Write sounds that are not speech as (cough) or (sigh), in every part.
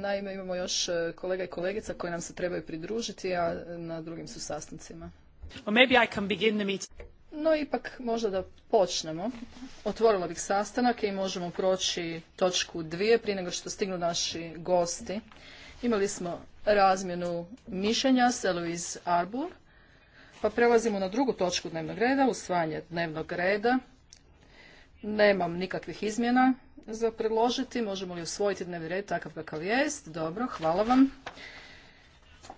Naime, imamo još e, kolega i kolegica koji nam se trebaju pridružiti, a e, na drugim su sastancima. No ipak možda da počnemo. Otvorila bih sastanak i možemo proći točku dvije prije nego što stignu naši gosti. Imali smo razmjenu mišljenja s iz Arbur, pa prelazimo na drugu točku dnevnog reda, usvajanje dnevnog reda. Nemam nikakvih izmjena za predložiti. Možemo li usvojiti dnevni red takav kakav jest? Dobro, hvala vam.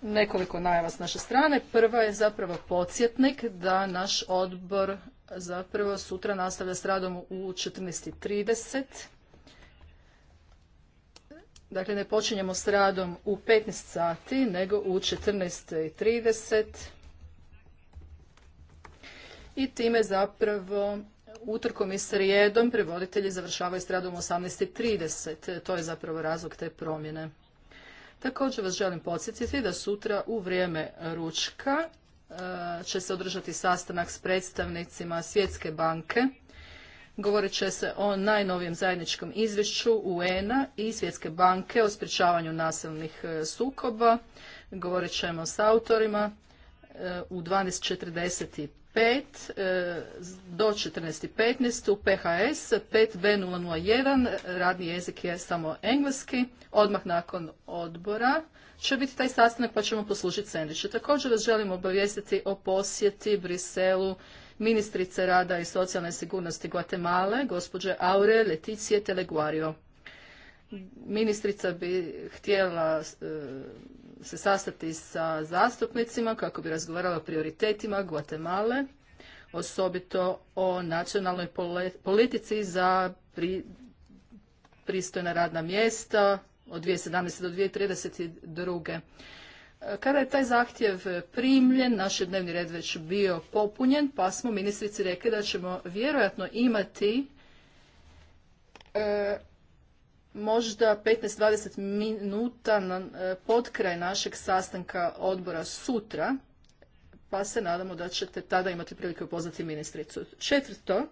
Nekoliko najava s naše strane. Prva je zapravo podsjetnik da naš odbor zapravo sutra nastavlja s radom u 14.30. Dakle, ne počinjemo s radom u 15 sati, nego u 14.30. I time zapravo utorkom i srijedom prevoditelji završavaju s radom 18.30. To je zapravo razlog te promjene. Također vas želim podsjetiti da sutra u vrijeme ručka e, će se održati sastanak s predstavnicima Svjetske banke. Govorit će se o najnovijem zajedničkom izvješću un i Svjetske banke o sprječavanju nasilnih e, sukoba. Govorit ćemo s autorima e, u 12.45 5 e, do 14.15 u PHS 5B001, radni jezik je samo engleski, odmah nakon odbora će biti taj sastanak pa ćemo poslužiti sendviče. Također vas želimo obavijestiti o posjeti Briselu ministrice rada i socijalne sigurnosti Guatemala, gospođe Aure Leticije Teleguario. Ministrica bi htjela e, se sastati sa zastupnicima kako bi razgovarala o prioritetima Guatemale, osobito o nacionalnoj politici za pristojna radna mjesta od 2017. do 2032. Kada je taj zahtjev primljen, naš je dnevni red već bio popunjen, pa smo ministrici rekli da ćemo vjerojatno imati e, možda 15-20 minuta na, e, pod kraj našeg sastanka odbora sutra, pa se nadamo da ćete tada imati prilike upoznati ministricu. Četvrto,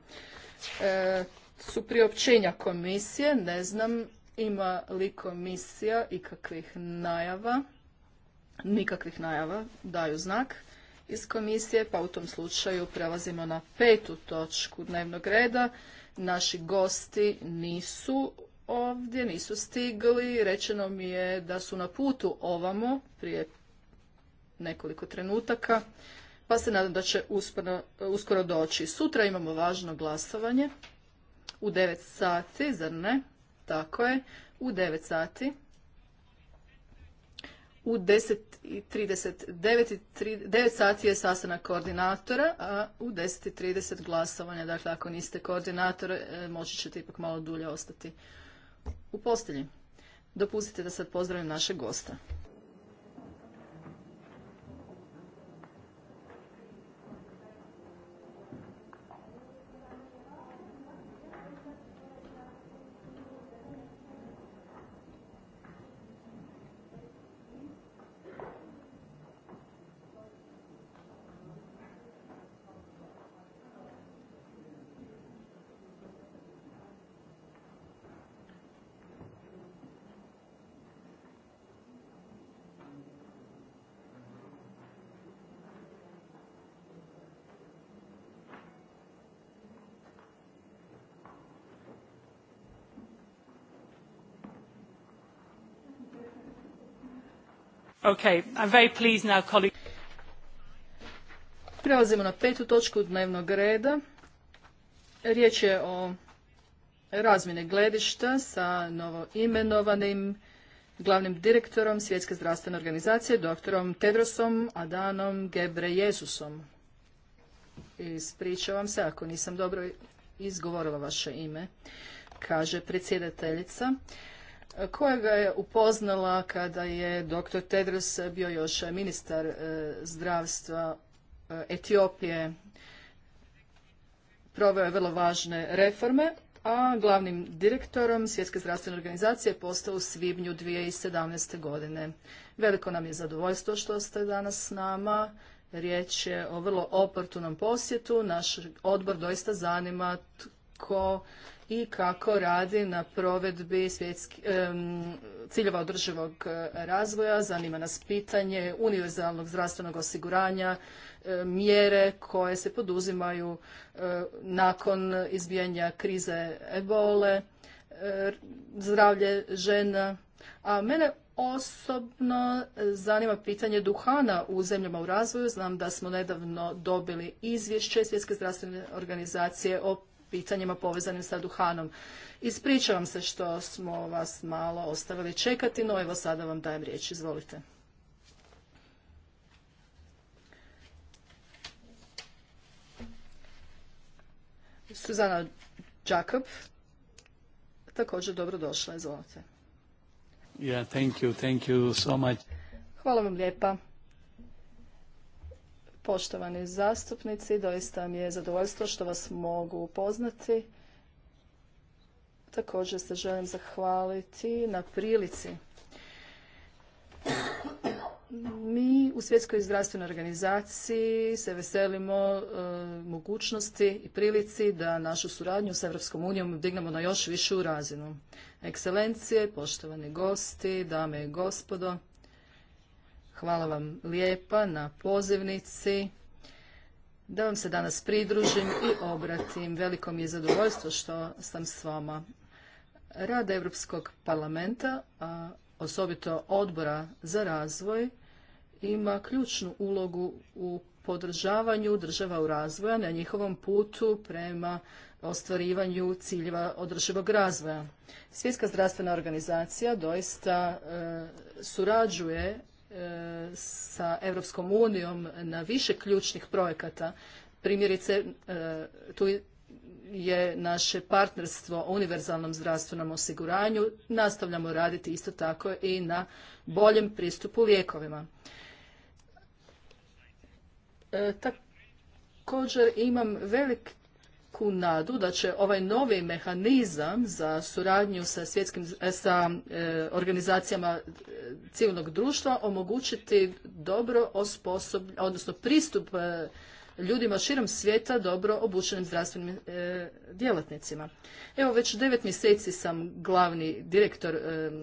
e, su priopćenja komisije, ne znam ima li komisija ikakvih najava, nikakvih najava daju znak iz komisije, pa u tom slučaju prelazimo na petu točku dnevnog reda. Naši gosti nisu ovdje, nisu stigli. Rečeno mi je da su na putu ovamo prije nekoliko trenutaka, pa se nadam da će uskoro doći. Sutra imamo važno glasovanje u 9 sati, zar ne? Tako je, u 9 sati. U 9 sati je sastanak koordinatora, a u 10.30 glasovanja. Dakle, ako niste koordinator, e, moći ćete ipak malo dulje ostati u postelji. Dopustite da sad pozdravim našeg gosta. Prelazimo na petu točku dnevnog reda. Riječ je o razmjene gledišta sa novo imenovanim glavnim direktorom Svjetske zdravstvene organizacije, doktorom Tedrosom Adanom Jezusom. Ispričavam se ako nisam dobro izgovorila vaše ime, kaže predsjedateljica koja ga je upoznala kada je dr. Tedros bio još ministar e, zdravstva e, Etiopije. Proveo je vrlo važne reforme, a glavnim direktorom Svjetske zdravstvene organizacije je postao u svibnju 2017. godine. Veliko nam je zadovoljstvo što ste danas s nama. Riječ je o vrlo oportunom posjetu. Naš odbor doista zanima tko i kako radi na provedbi svjetski, ciljeva održivog e, razvoja. Zanima nas pitanje univerzalnog zdravstvenog osiguranja, e, mjere koje se poduzimaju e, nakon izbijanja krize ebole, zdravlje žena. A mene osobno zanima pitanje duhana u zemljama u razvoju. Znam da smo nedavno dobili izvješće Svjetske zdravstvene organizacije o pitanjima povezanim sa duhanom. Ispričavam se što smo vas malo ostavili čekati, no evo sada vam dajem riječ. Izvolite. Suzana Jakob, također dobrodošla, izvolite. Yeah, thank Hvala vam lijepa. Poštovani zastupnici, doista mi je zadovoljstvo što vas mogu upoznati. Također se želim zahvaliti na prilici. Mi u Svjetskoj zdravstvenoj organizaciji se veselimo e, mogućnosti i prilici da našu suradnju s Europskom unijom dignemo na još višu razinu. Ekscelencije, poštovani gosti, dame i gospodo, Hvala vam lijepa na pozivnici da vam se danas pridružim i obratim. Veliko mi je zadovoljstvo što sam s vama. Rad Europskog parlamenta, a osobito odbora za razvoj, ima ključnu ulogu u podržavanju država u razvoja na njihovom putu prema ostvarivanju ciljeva održivog razvoja. Svjetska zdravstvena organizacija doista e, surađuje sa Europskom unijom na više ključnih projekata. Primjerice, e, tu je naše partnerstvo o univerzalnom zdravstvenom osiguranju. Nastavljamo raditi isto tako i na boljem pristupu lijekovima. E, također imam velik veliku nadu da će ovaj novi mehanizam za suradnju sa svjetskim e, organizacijama e, civilnog društva omogućiti dobro osposob, odnosno pristup e, ljudima širom svijeta dobro obučenim zdravstvenim djelatnicima. Evo već devet mjeseci sam glavni direktor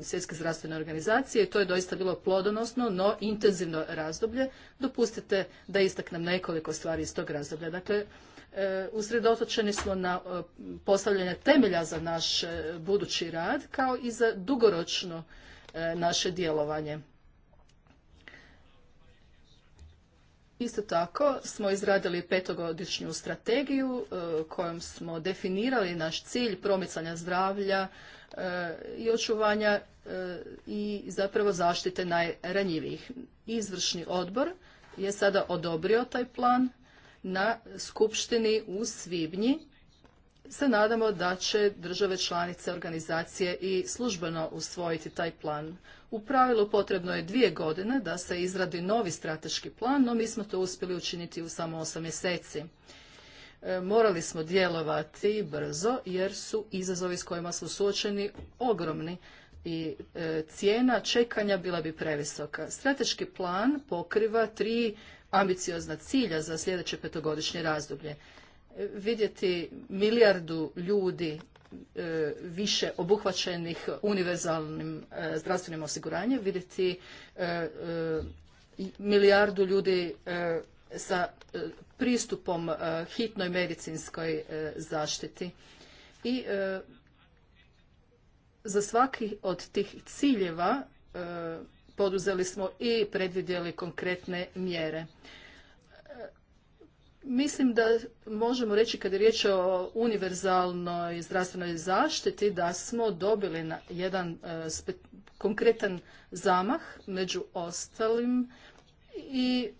Svjetske zdravstvene organizacije i to je doista bilo plodonosno, no intenzivno razdoblje. Dopustite da istaknem nekoliko stvari iz tog razdoblja. Dakle, E, usredotočeni smo na e, postavljanje temelja za naš e, budući rad kao i za dugoročno naše djelovanje. Isto tako smo izradili petogodišnju strategiju kojom smo definirali naš cilj promicanja zdravlja i očuvanja i zapravo zaštite najranjivijih. Izvršni odbor je sada odobrio taj plan na skupštini u svibnji se nadamo da će države članice organizacije i službeno usvojiti taj plan. U pravilu potrebno je dvije godine da se izradi novi strateški plan, no mi smo to uspjeli učiniti u samo osam mjeseci. E, morali smo djelovati brzo jer su izazovi s kojima su suočeni ogromni i e, cijena čekanja bila bi previsoka. Strateški plan pokriva tri ambiciozna cilja za sljedeće petogodišnje razdoblje. E, vidjeti milijardu ljudi e, više obuhvaćenih univerzalnim e, zdravstvenim osiguranjem, vidjeti milijardu ljudi sa pristupom hitnoj medicinskoj zaštiti. I za svaki od tih ciljeva poduzeli smo i predvidjeli konkretne mjere. E, mislim da možemo reći kada je riječ o univerzalnoj zdravstvenoj zaštiti da smo dobili na jedan e, konkretan zamah među ostalim i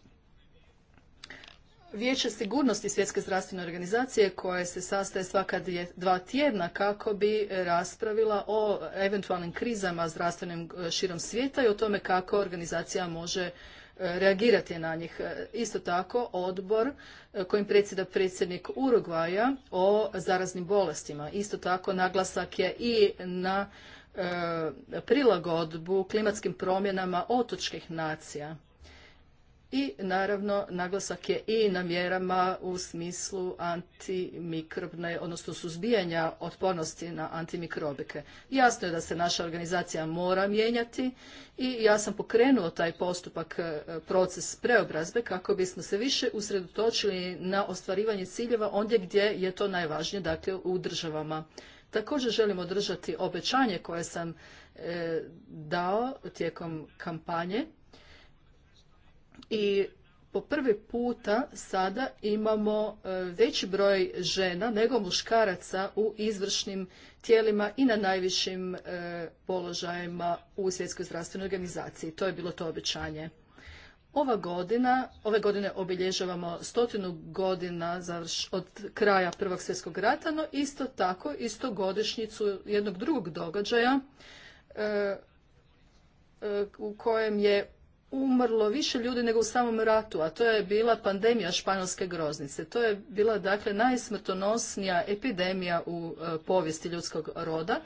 Vijeće sigurnosti Svjetske zdravstvene organizacije koje se sastaje svaka dva tjedna kako bi raspravila o eventualnim krizama zdravstvenim e, širom svijeta i o tome kako organizacija može e, reagirati na njih. E, isto tako odbor kojim predsjeda predsjednik Urugvaja o zaraznim bolestima. Isto tako naglasak je i na prilagodbu klimatskim promjenama otočkih nacija i naravno naglasak je i na mjerama u smislu antimikrobne, odnosno suzbijanja otpornosti na antimikrobike. Jasno je da se naša organizacija mora mijenjati i ja sam pokrenuo taj postupak, e, proces preobrazbe kako bismo se više usredotočili na ostvarivanje ciljeva ondje gdje je to najvažnije, dakle u državama. Također želim održati obećanje koje sam e, dao tijekom kampanje i po prvi puta sada imamo e, veći broj žena nego muškaraca u izvršnim tijelima i na najvišim e, položajima u Svjetskoj zdravstvenoj organizaciji. To je bilo to obećanje. Ova godina, ove godine obilježavamo stotinu godina od kraja Prvog svjetskog rata, no isto tako isto godišnjicu jednog drugog događaja e, u kojem je umrlo više ljudi nego u samom ratu, a to je bila pandemija španjolske groznice. To je bila dakle najsmrtonosnija epidemija u e, povijesti ljudskog roda,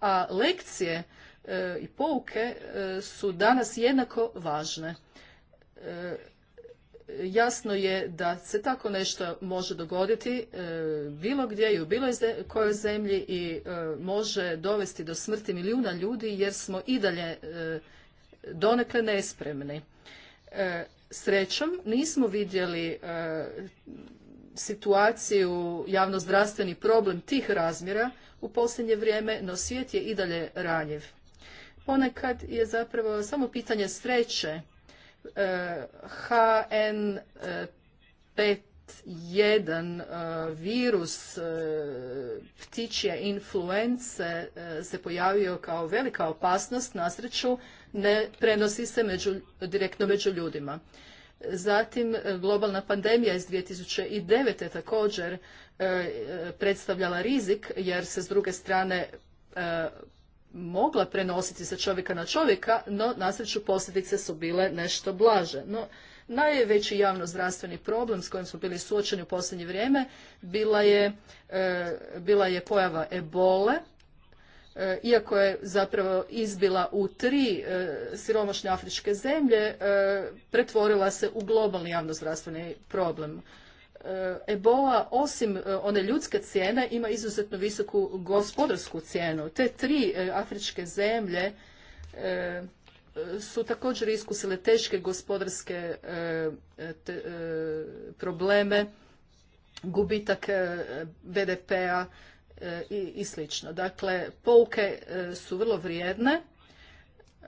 a lekcije e, i pouke e, su danas jednako važne. Jasno je da se tako nešto može dogoditi bilo gdje i u bilo kojoj zemlji i može dovesti do smrti milijuna ljudi jer smo i dalje donekle nespremni. E, srećom nismo vidjeli e, situaciju, javnozdravstveni problem tih razmjera u posljednje vrijeme, no svijet je i dalje ranjiv. Ponekad je zapravo samo pitanje sreće e, HN51 virus ptičje influence se pojavio kao velika opasnost na sreću ne prenosi se među, direktno među ljudima. Zatim e, globalna pandemija iz 2009. također e, predstavljala rizik jer se s druge strane e, mogla prenositi sa čovjeka na čovjeka, no nasreću posljedice su bile nešto blaže. No, najveći javnozdravstveni problem s kojim smo bili suočeni u posljednje vrijeme bila je, bila je pojava ebole E, iako je zapravo izbila u tri e, siromašne afričke zemlje, e, pretvorila se u globalni javnozdravstveni problem. Ebola, osim one ljudske cijene, ima izuzetno visoku gospodarsku cijenu. Te tri afričke zemlje su također iskusile teške gospodarske probleme, gubitak BDP-a, i, slično. Dakle, pouke e, su vrlo vrijedne,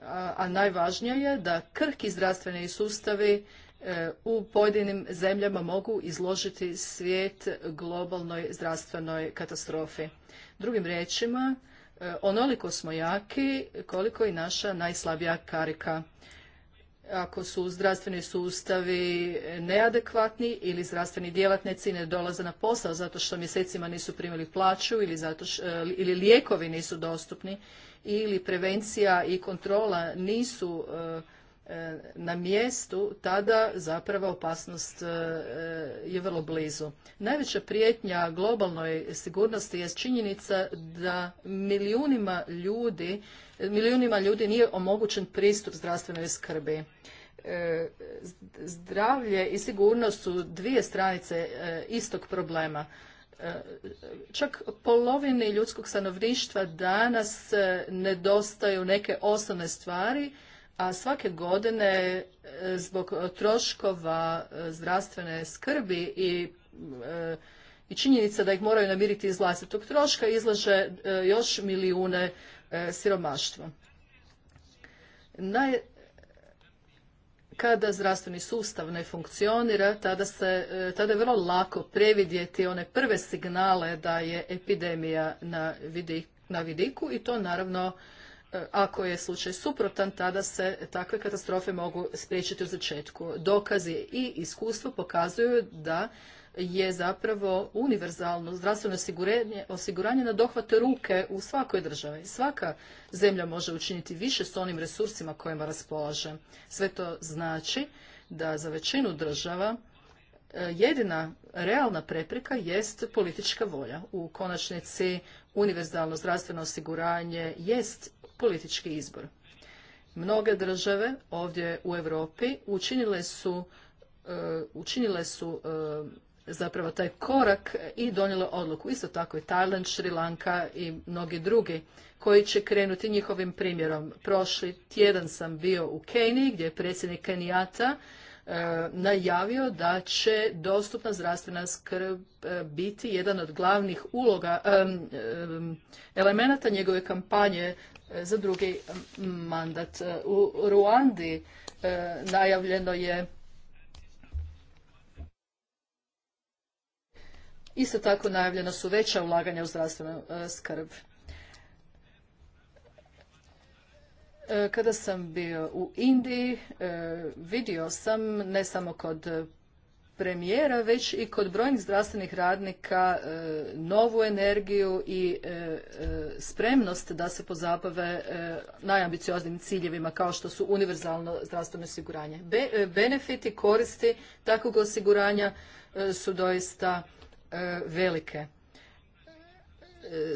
a, a najvažnije je da krhki zdravstveni sustavi e, u pojedinim zemljama mogu izložiti svijet globalnoj zdravstvenoj katastrofi. Drugim riječima, e, onoliko smo jaki koliko i naša najslabija karika ako su zdravstveni sustavi neadekvatni ili zdravstveni djelatnici ne dolaze na posao zato što mjesecima nisu primili plaću ili, zato e, ili lijekovi nisu dostupni ili prevencija i kontrola nisu e, E, na mjestu, tada zapravo opasnost e, je vrlo blizu. Najveća prijetnja globalnoj sigurnosti je činjenica da milijunima ljudi, milijunima ljudi nije omogućen pristup zdravstvenoj skrbi. E, zdravlje i sigurnost su dvije stranice istog problema. Čak polovini ljudskog stanovništva danas nedostaju neke osnovne stvari a svake godine e, zbog troškova e, zdravstvene skrbi i, e, i činjenica da ih moraju namiriti iz vlastitog troška izlaže još milijune siromaštva. kada zdravstveni sustav ne funkcionira, tada, se, tada je vrlo lako previdjeti one prve signale da je epidemija na, na vidiku i to naravno ako je slučaj suprotan, tada se takve katastrofe mogu spriječiti u začetku. Dokazi i iskustvo pokazuju da je zapravo univerzalno zdravstveno osiguranje, osiguranje na dohvate ruke u svakoj državi. Svaka zemlja može učiniti više s onim resursima kojima raspolaže. Sve to znači da za većinu država e, jedina realna prepreka jest politička volja. U konačnici univerzalno zdravstveno osiguranje jest politički izbor. Mnoge države ovdje u Europi učinile su, eh, učinile su eh, zapravo taj korak i donijele odluku. Isto tako i Tajland, Šri Lanka i mnogi drugi koji će krenuti njihovim primjerom. Prošli tjedan sam bio u Keniji gdje je predsjednik Kenijata E, najavio da će dostupna zdravstvena skrb e, biti jedan od glavnih uloga e, elemenata njegove kampanje za drugi mandat. U Ruandi najavljeno je Isto tako najavljena su veća ulaganja u zdravstvenu skrb. E, kada sam bio u Indiji, e, vidio sam ne samo kod premijera, već i kod brojnih zdravstvenih radnika e, novu energiju i spremnost da se pozabave najambicioznim ciljevima kao što su univerzalno zdravstveno osiguranje. benefiti koristi takvog osiguranja su doista velike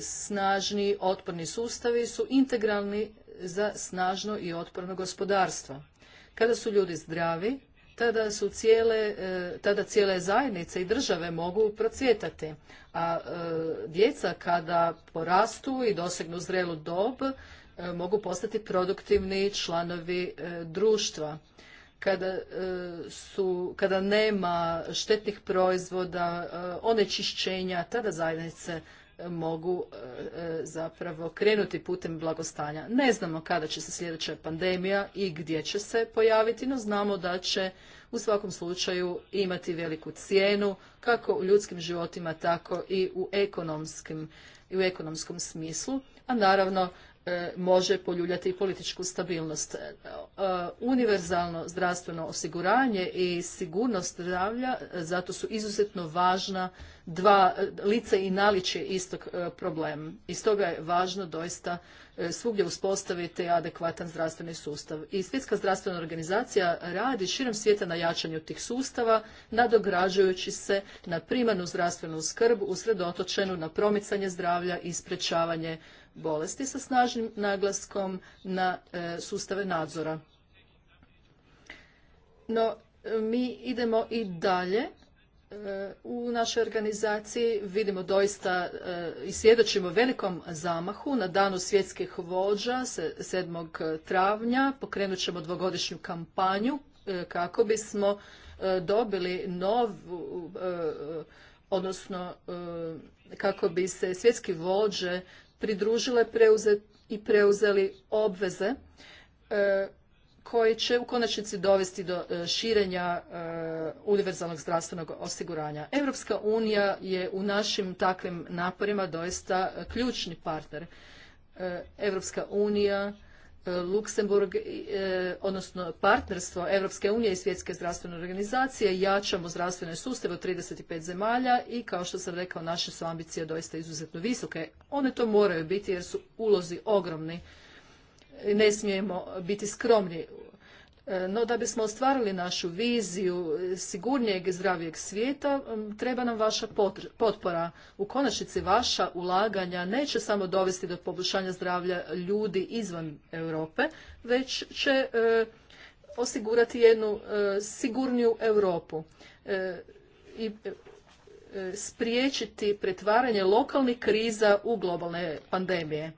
snažni otporni sustavi su integralni za snažno i otporno gospodarstvo. Kada su ljudi zdravi, tada su cijele, e, tada cijele zajednice i države mogu procvjetati. A e, djeca kada porastu i dosegnu zrelu dob, e, mogu postati produktivni članovi društva. Kada, su, kada nema štetnih proizvoda, onečišćenja, tada zajednice mogu e, e, zapravo krenuti putem blagostanja. Ne znamo kada će se sljedeća pandemija i gdje će se pojaviti, no znamo da će u svakom slučaju imati veliku cijenu kako u ljudskim životima, tako i u ekonomskim i u ekonomskom smislu, a naravno E, može poljuljati i političku stabilnost. E, e, univerzalno zdravstveno osiguranje i sigurnost zdravlja zato su izuzetno važna dva lice i naličje istog problema. I stoga je važno doista svugdje uspostaviti adekvatan zdravstveni sustav. I Svjetska zdravstvena organizacija radi širom svijeta na jačanju tih sustava, nadograđujući se na primarnu zdravstvenu skrb usredotočenu na promicanje zdravlja i sprečavanje bolesti sa snažnim naglaskom na e, sustave nadzora. No, e, mi idemo i dalje e, u našoj organizaciji vidimo doista i svjedočimo velikom zamahu. Na danu svjetskih vođa 7. travnja pokrenut ćemo dvogodišnju kampanju kako bismo dobili nov, odnosno kako bi se svjetski vođe pridružile preuze, i preuzeli obveze e, koje će u konačnici dovesti do e, širenja e, univerzalnog zdravstvenog osiguranja. Europska unija je u našim takvim naporima doista ključni partner. Europska unija Luksemburg, e, odnosno partnerstvo Europske unije i Svjetske zdravstvene organizacije, jačamo zdravstvene sustave od 35 zemalja i kao što sam rekao, naše su ambicije doista izuzetno visoke. One to moraju biti jer su ulozi ogromni. Ne smijemo biti skromni E, no, da bismo ostvarili našu viziju sigurnijeg i zdravijeg svijeta, treba nam vaša potpora. U konačnici vaša ulaganja neće samo dovesti do poboljšanja zdravlja ljudi izvan Europe, već će e, osigurati jednu e, sigurniju Europu i spriječiti pretvaranje lokalnih kriza u globalne pandemije.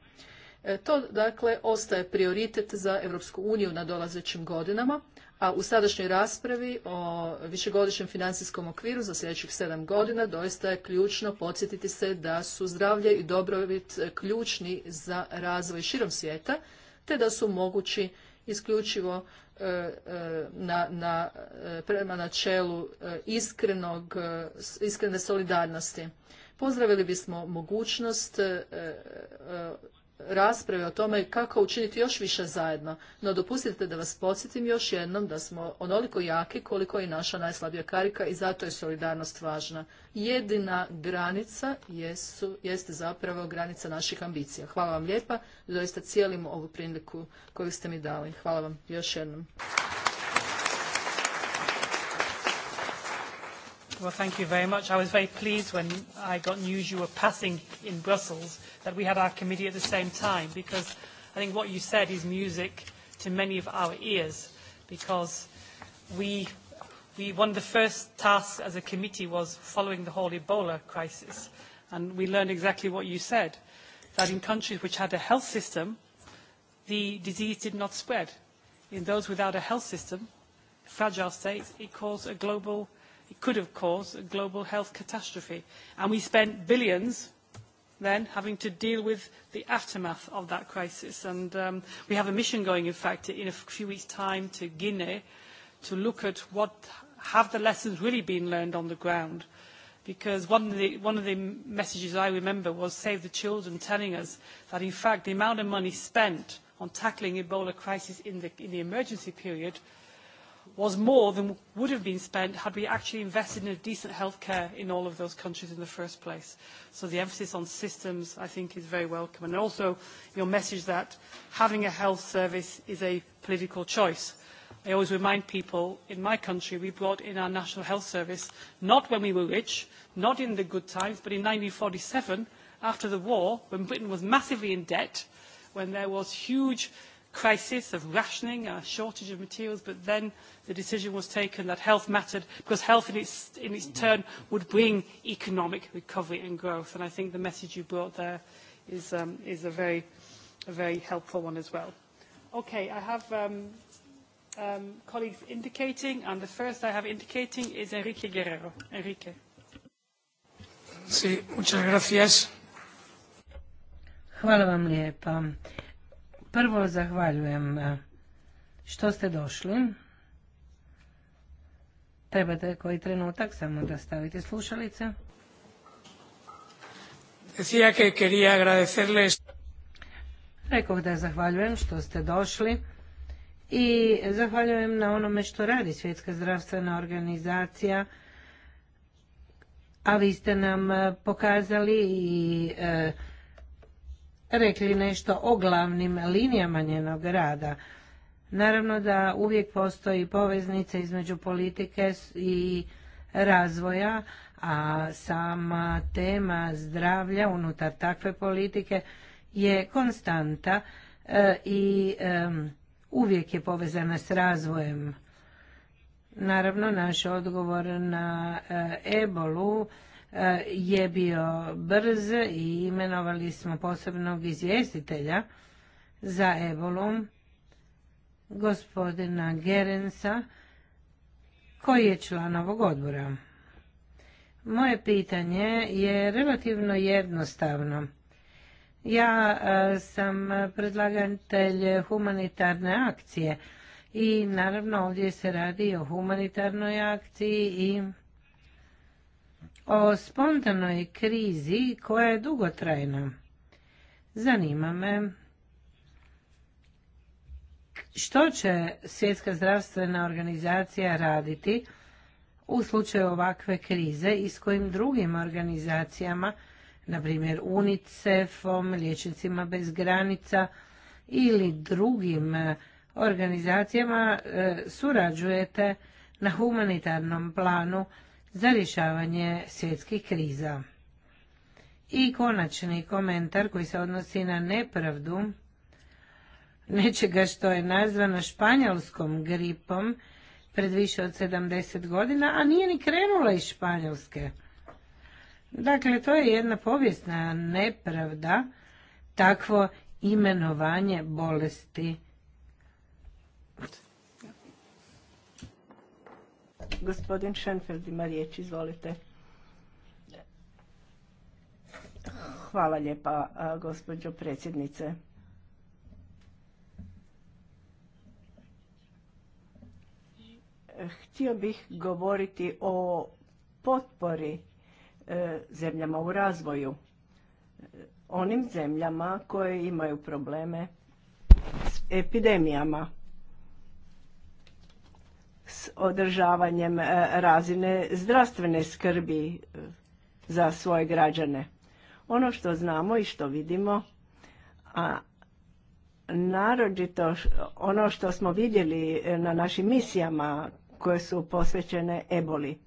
E, to dakle ostaje prioritet za Europsku uniju na dolazećim godinama, a u sadašnjoj raspravi o višegodišnjem financijskom okviru za sljedećih sedam godina doista je ključno podsjetiti se da su zdravlje i dobrobit ključni za razvoj širom svijeta, te da su mogući isključivo e, e, na, na, prema načelu iskrenog, iskrene solidarnosti. Pozdravili bismo mogućnost rasprave o tome kako učiniti još više zajedno. No dopustite da vas podsjetim još jednom da smo onoliko jaki koliko je naša najslabija karika i zato je solidarnost važna. Jedina granica jesu, jeste zapravo granica naših ambicija. Hvala vam lijepa, doista cijelim ovu priliku koju ste mi dali. Hvala vam još jednom. Well, thank you very much. I was very pleased when I got news you were passing in Brussels that we had our committee at the same time because I think what you said is music to many of our ears because we, we one of the first tasks as a committee was following the whole Ebola crisis and we learned exactly what you said, that in countries which had a health system, the disease did not spread. In those without a health system, fragile states, it caused a global It could have caused a global health catastrophe. And we spent billions then having to deal with the aftermath of that crisis. And um, we have a mission going, in fact, in a few weeks' time to Guinea to look at what have the lessons really been learned on the ground. Because one of, the, one of the messages I remember was Save the Children telling us that, in fact, the amount of money spent on tackling Ebola crisis in the, in the emergency period was more than would have been spent had we actually invested in a decent health care in all of those countries in the first place. So the emphasis on systems, I think, is very welcome. And also your message that having a health service is a political choice. I always remind people in my country we brought in our National Health Service not when we were rich, not in the good times, but in 1947 after the war when Britain was massively in debt, when there was huge crisis of rationing, a shortage of materials, but then the decision was taken that health mattered because health in its, in its turn would bring economic recovery and growth. And I think the message you brought there is, um, is a, very, a very helpful one as well. Okay, I have um, um, colleagues indicating, and the first I have indicating is Enrique Guerrero. Enrique. Sí, muchas gracias. Hvala vam lijepa. Prvo zahvaljujem e, što ste došli. Trebate koji trenutak samo da stavite slušalice. Decía que quería da zahvaljujem što ste došli i zahvaljujem na onome što radi Svjetska zdravstvena organizacija, a vi ste nam e, pokazali i e, rekli nešto o glavnim linijama njenog rada. Naravno da uvijek postoji poveznica između politike i razvoja, a sama tema zdravlja unutar takve politike je konstanta e, i uvijek je povezana s razvojem. Naravno, naš odgovor na e, ebolu E, je bio brz i imenovali smo posebnog izvjestitelja za ebolu, gospodina Gerensa, koji je član ovog odbora. Moje pitanje je relativno jednostavno. Ja e, sam predlagatelj humanitarne akcije i naravno ovdje se radi o humanitarnoj akciji i o spontanoj krizi koja je dugotrajna. Zanima me što će Svjetska zdravstvena organizacija raditi u slučaju ovakve krize i s kojim drugim organizacijama, na primjer UNICEF-om, Liječnicima bez granica ili drugim e, organizacijama e, surađujete na humanitarnom planu za rješavanje svjetskih kriza. I konačni komentar koji se odnosi na nepravdu nečega što je nazvano španjolskom gripom pred više od 70 godina, a nije ni krenula iz Španjolske. Dakle, to je jedna povijesna nepravda, takvo imenovanje bolesti. Gospodin Šenfeld ima riječ, izvolite. Hvala lijepa, gospođo predsjednice. Htio bih govoriti o potpori e, zemljama u razvoju. Onim zemljama koje imaju probleme s epidemijama s održavanjem e, razine zdravstvene skrbi e, za svoje građane. Ono što znamo i što vidimo, a naročito ono što smo vidjeli e, na našim misijama koje su posvećene eboli.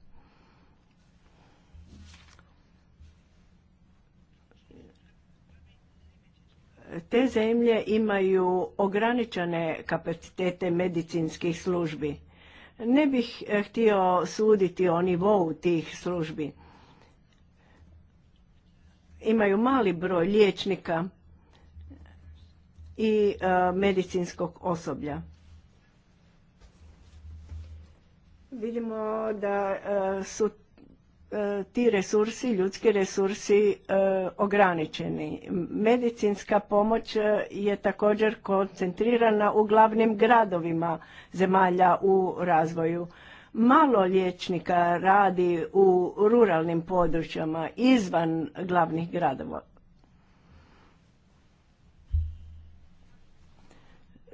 Te zemlje imaju ograničene kapacitete medicinskih službi ne bih eh, htio suditi o nivou tih službi. Imaju mali broj liječnika i eh, medicinskog osoblja. Vidimo da eh, su E, ti resursi, ljudski resursi e, ograničeni. Medicinska pomoć e, je također koncentrirana u glavnim gradovima zemalja u razvoju. Malo liječnika radi u ruralnim područjama izvan glavnih gradova.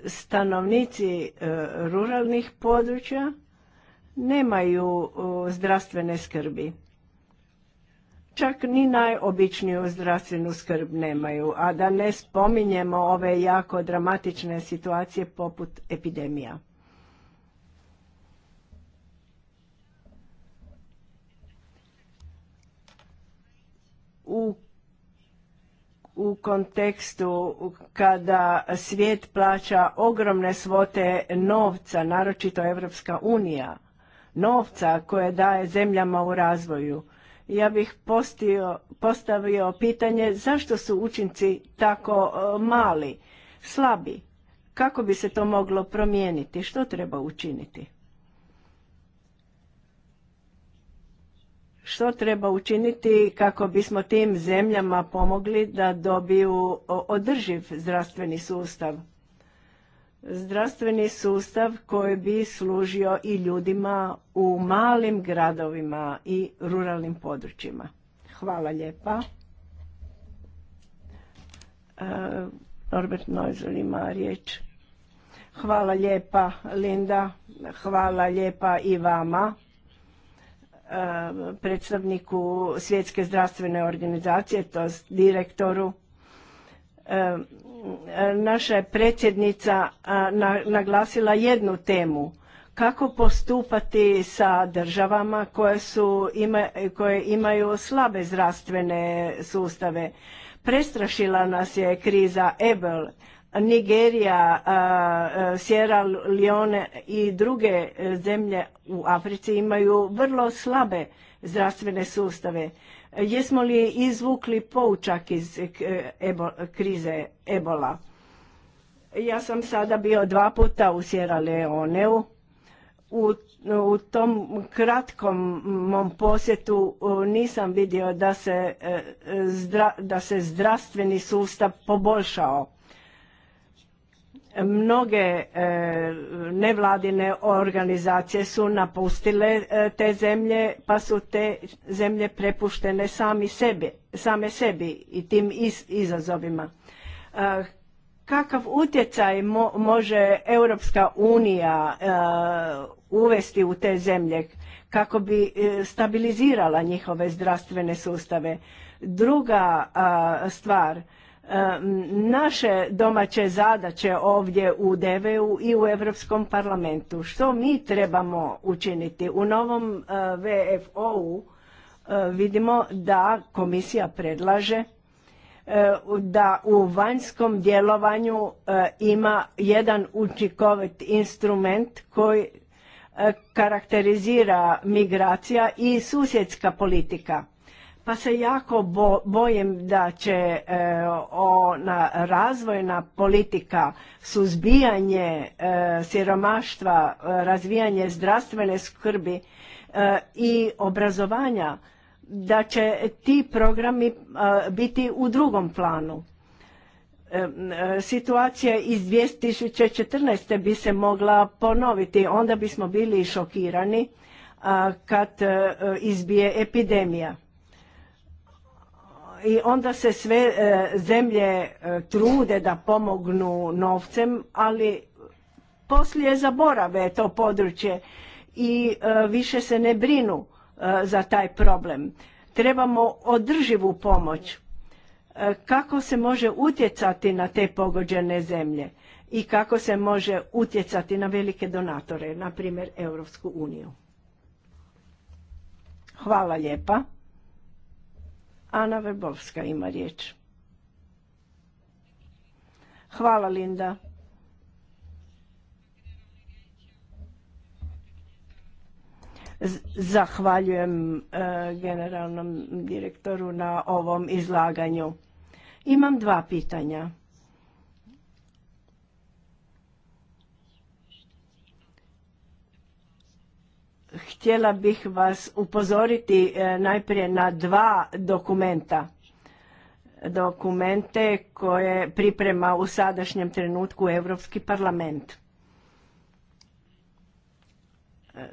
Stanovnici ruralnih područja nemaju zdravstvene skrbi čak ni najobičniju zdravstvenu skrb nemaju, a da ne spominjemo ove jako dramatične situacije poput epidemija. U, u kontekstu kada svijet plaća ogromne svote novca, naročito Evropska unija, novca koje daje zemljama u razvoju, ja bih postio, postavio pitanje zašto su učinci tako e, mali, slabi, kako bi se to moglo promijeniti, što treba učiniti? Što treba učiniti kako bismo tim zemljama pomogli da dobiju održiv zdravstveni sustav? zdravstveni sustav koji bi služio i ljudima u malim gradovima i ruralnim područjima. Hvala lijepa. E, Norbert Neuser ima riječ. Hvala lijepa Linda, hvala lijepa i vama e, predstavniku Svjetske zdravstvene organizacije, to direktoru e, naša je predsjednica naglasila jednu temu kako postupati sa državama koje, su, koje imaju slabe zdravstvene sustave. Prestrašila nas je kriza Ebel, Nigerija, Sierra Leone i druge zemlje u Africi imaju vrlo slabe zdravstvene sustave. Jesmo li izvukli poučak iz eh, krize ebola? Ja sam sada bio dva puta u Sierra Leoneu. U, u tom kratkom mom posjetu eh, nisam vidio eh, da se zdravstveni sustav poboljšao Mnoge e, nevladine organizacije su napustile e, te zemlje pa su te zemlje prepuštene sami sebi, same sebi i tim izazovima. E, kakav utjecaj može Europska unija uvesti u te zemlje kako bi stabilizirala njihove zdravstvene sustave? Druga stvar, naše domaće zadaće ovdje u DVU i u Europskom parlamentu. Što mi trebamo učiniti? U novom eh, VFO-u eh, vidimo da komisija predlaže eh, da u vanjskom djelovanju ima jedan učinkovit instrument koji karakterizira migracija i susjedska politika pa se jako bo, bojim da će e, ona razvojna politika, suzbijanje e, siromaštva, e, razvijanje zdravstvene skrbi i obrazovanja, da će ti programi biti u drugom planu. Situacija iz 2014. bi se mogla ponoviti, onda bismo bili šokirani kad izbije epidemija i onda se sve e, zemlje e, trude da pomognu novcem, ali poslije zaborave to područje i e, više se ne brinu za taj problem. Trebamo održivu pomoć. Kako se može utjecati na te pogođene zemlje i kako se može utjecati na velike donatore, na primjer Europsku uniju. Hvala lijepa. Ana Vrbovska ima riječ. Hvala Linda. Zahvaljujem e, generalnom direktoru na ovom izlaganju. Imam dva pitanja. Htjela bih vas upozoriti e, najprije na dva dokumenta. Dokumente koje priprema u sadašnjem trenutku Europski parlament. E,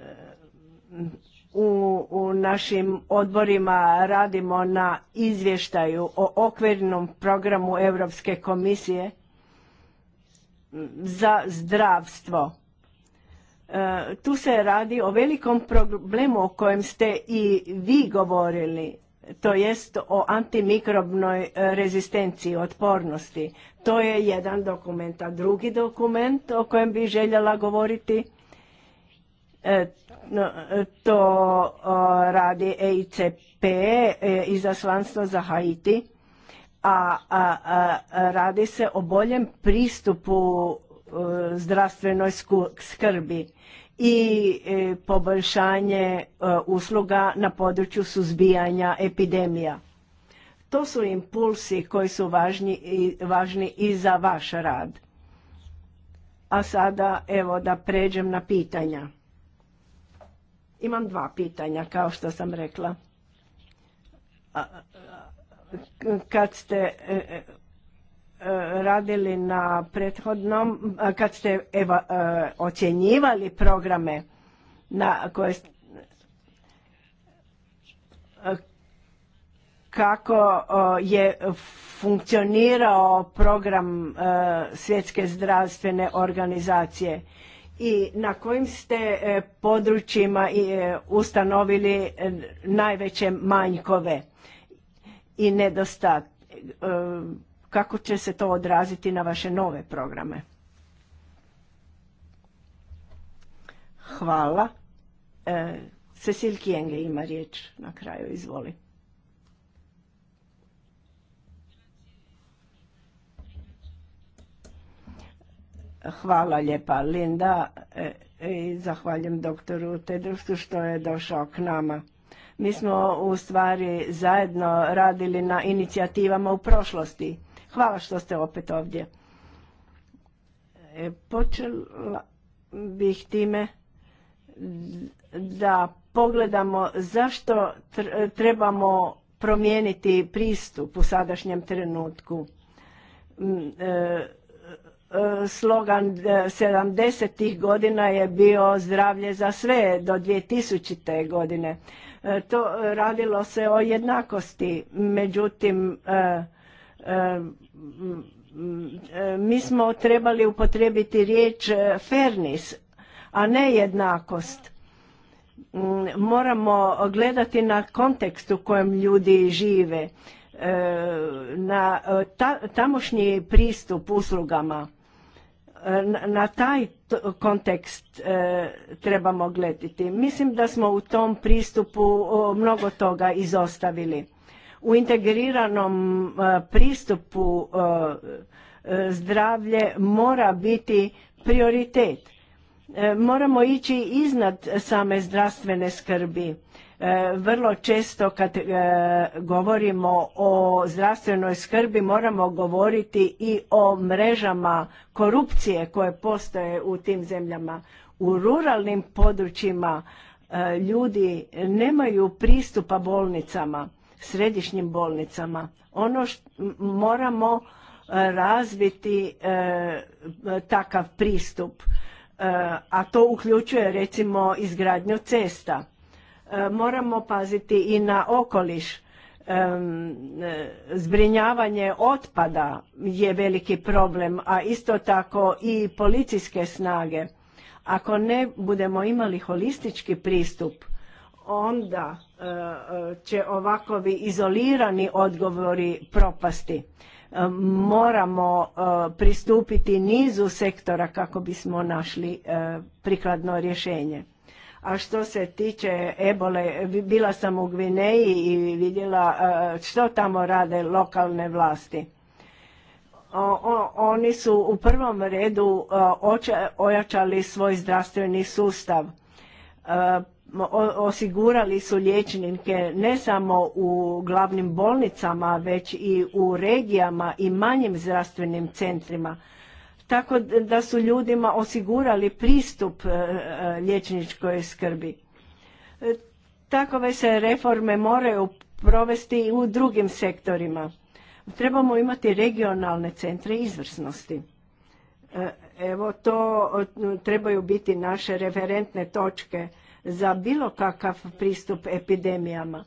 u, u našim odborima radimo na izvještaju o okvirnom programu Europske komisije za zdravstvo E, tu se radi o velikom problemu o kojem ste i vi govorili, to jest o antimikrobnoj e, rezistenciji, otpornosti. To je jedan dokument, a drugi dokument o kojem bi željela govoriti, e, to radi EICP, izaslanstvo za Haiti, a radi se o boljem pristupu E, zdravstvenoj skrbi i e, poboljšanje e, usluga na području suzbijanja epidemija. To su impulsi koji su važni i, za vaš rad. A sada evo da pređem na pitanja. Imam dva pitanja kao što sam rekla. Kad ste radili na prethodnom, kad ste eva, ocjenjivali programe na koje kako je funkcionirao program svjetske zdravstvene organizacije i na kojim ste e, područjima e, ustanovili e, najveće manjkove i nedostatke kako će se to odraziti na vaše nove programe? Hvala. E, Cecil Kijenge ima riječ na kraju, izvoli. Hvala lijepa Linda e, e, i zahvaljujem doktoru Tedrovstu što je došao k nama. Mi smo u stvari zajedno radili na inicijativama u prošlosti Hvala što ste opet ovdje. E, počela bih time da pogledamo zašto trebamo promijeniti pristup u sadašnjem trenutku. E, slogan 70. E, godina je bio zdravlje za sve do 2000. godine. To radilo se o jednakosti, međutim Mm, mm, mm, e, mi smo trebali upotrijebiti riječ e, fairness, a ne jednakost. Moramo gledati na kontekst u kojem ljudi žive, e, na tamošnji pristup uslugama. Na taj kontekst trebamo gledati. Mislim da smo u tom pristupu mnogo toga izostavili u integriranom e, pristupu e, e, zdravlje mora biti prioritet. Moramo ići iznad same zdravstvene skrbi. Vrlo često kad govorimo o zdravstvenoj skrbi moramo govoriti i o mrežama korupcije koje postoje u tim zemljama. U ruralnim područjima ljudi nemaju pristupa bolnicama središnjim bolnicama. Ono što moramo e, razviti e, takav pristup, e, a to uključuje recimo izgradnju cesta. moramo paziti i na okoliš. Zbrinjavanje otpada je veliki problem, a isto tako i policijske snage. Ako ne budemo imali holistički pristup, onda će ovakovi izolirani odgovori propasti. E, moramo e, pristupiti nizu sektora kako bismo našli e, prikladno rješenje. A što se tiče ebole, bila sam u Gvineji i vidjela što tamo rade lokalne vlasti. Oni su u prvom redu ojačali svoj zdravstveni sustav osigurali su liječnike ne samo u glavnim bolnicama, već i u regijama i manjim zdravstvenim centrima. Tako da su ljudima osigurali pristup e, e, liječničkoj skrbi. E, takove se reforme moraju provesti i u drugim sektorima. Trebamo imati regionalne centre izvrsnosti. Evo to trebaju biti naše referentne točke za bilo kakav pristup epidemijama.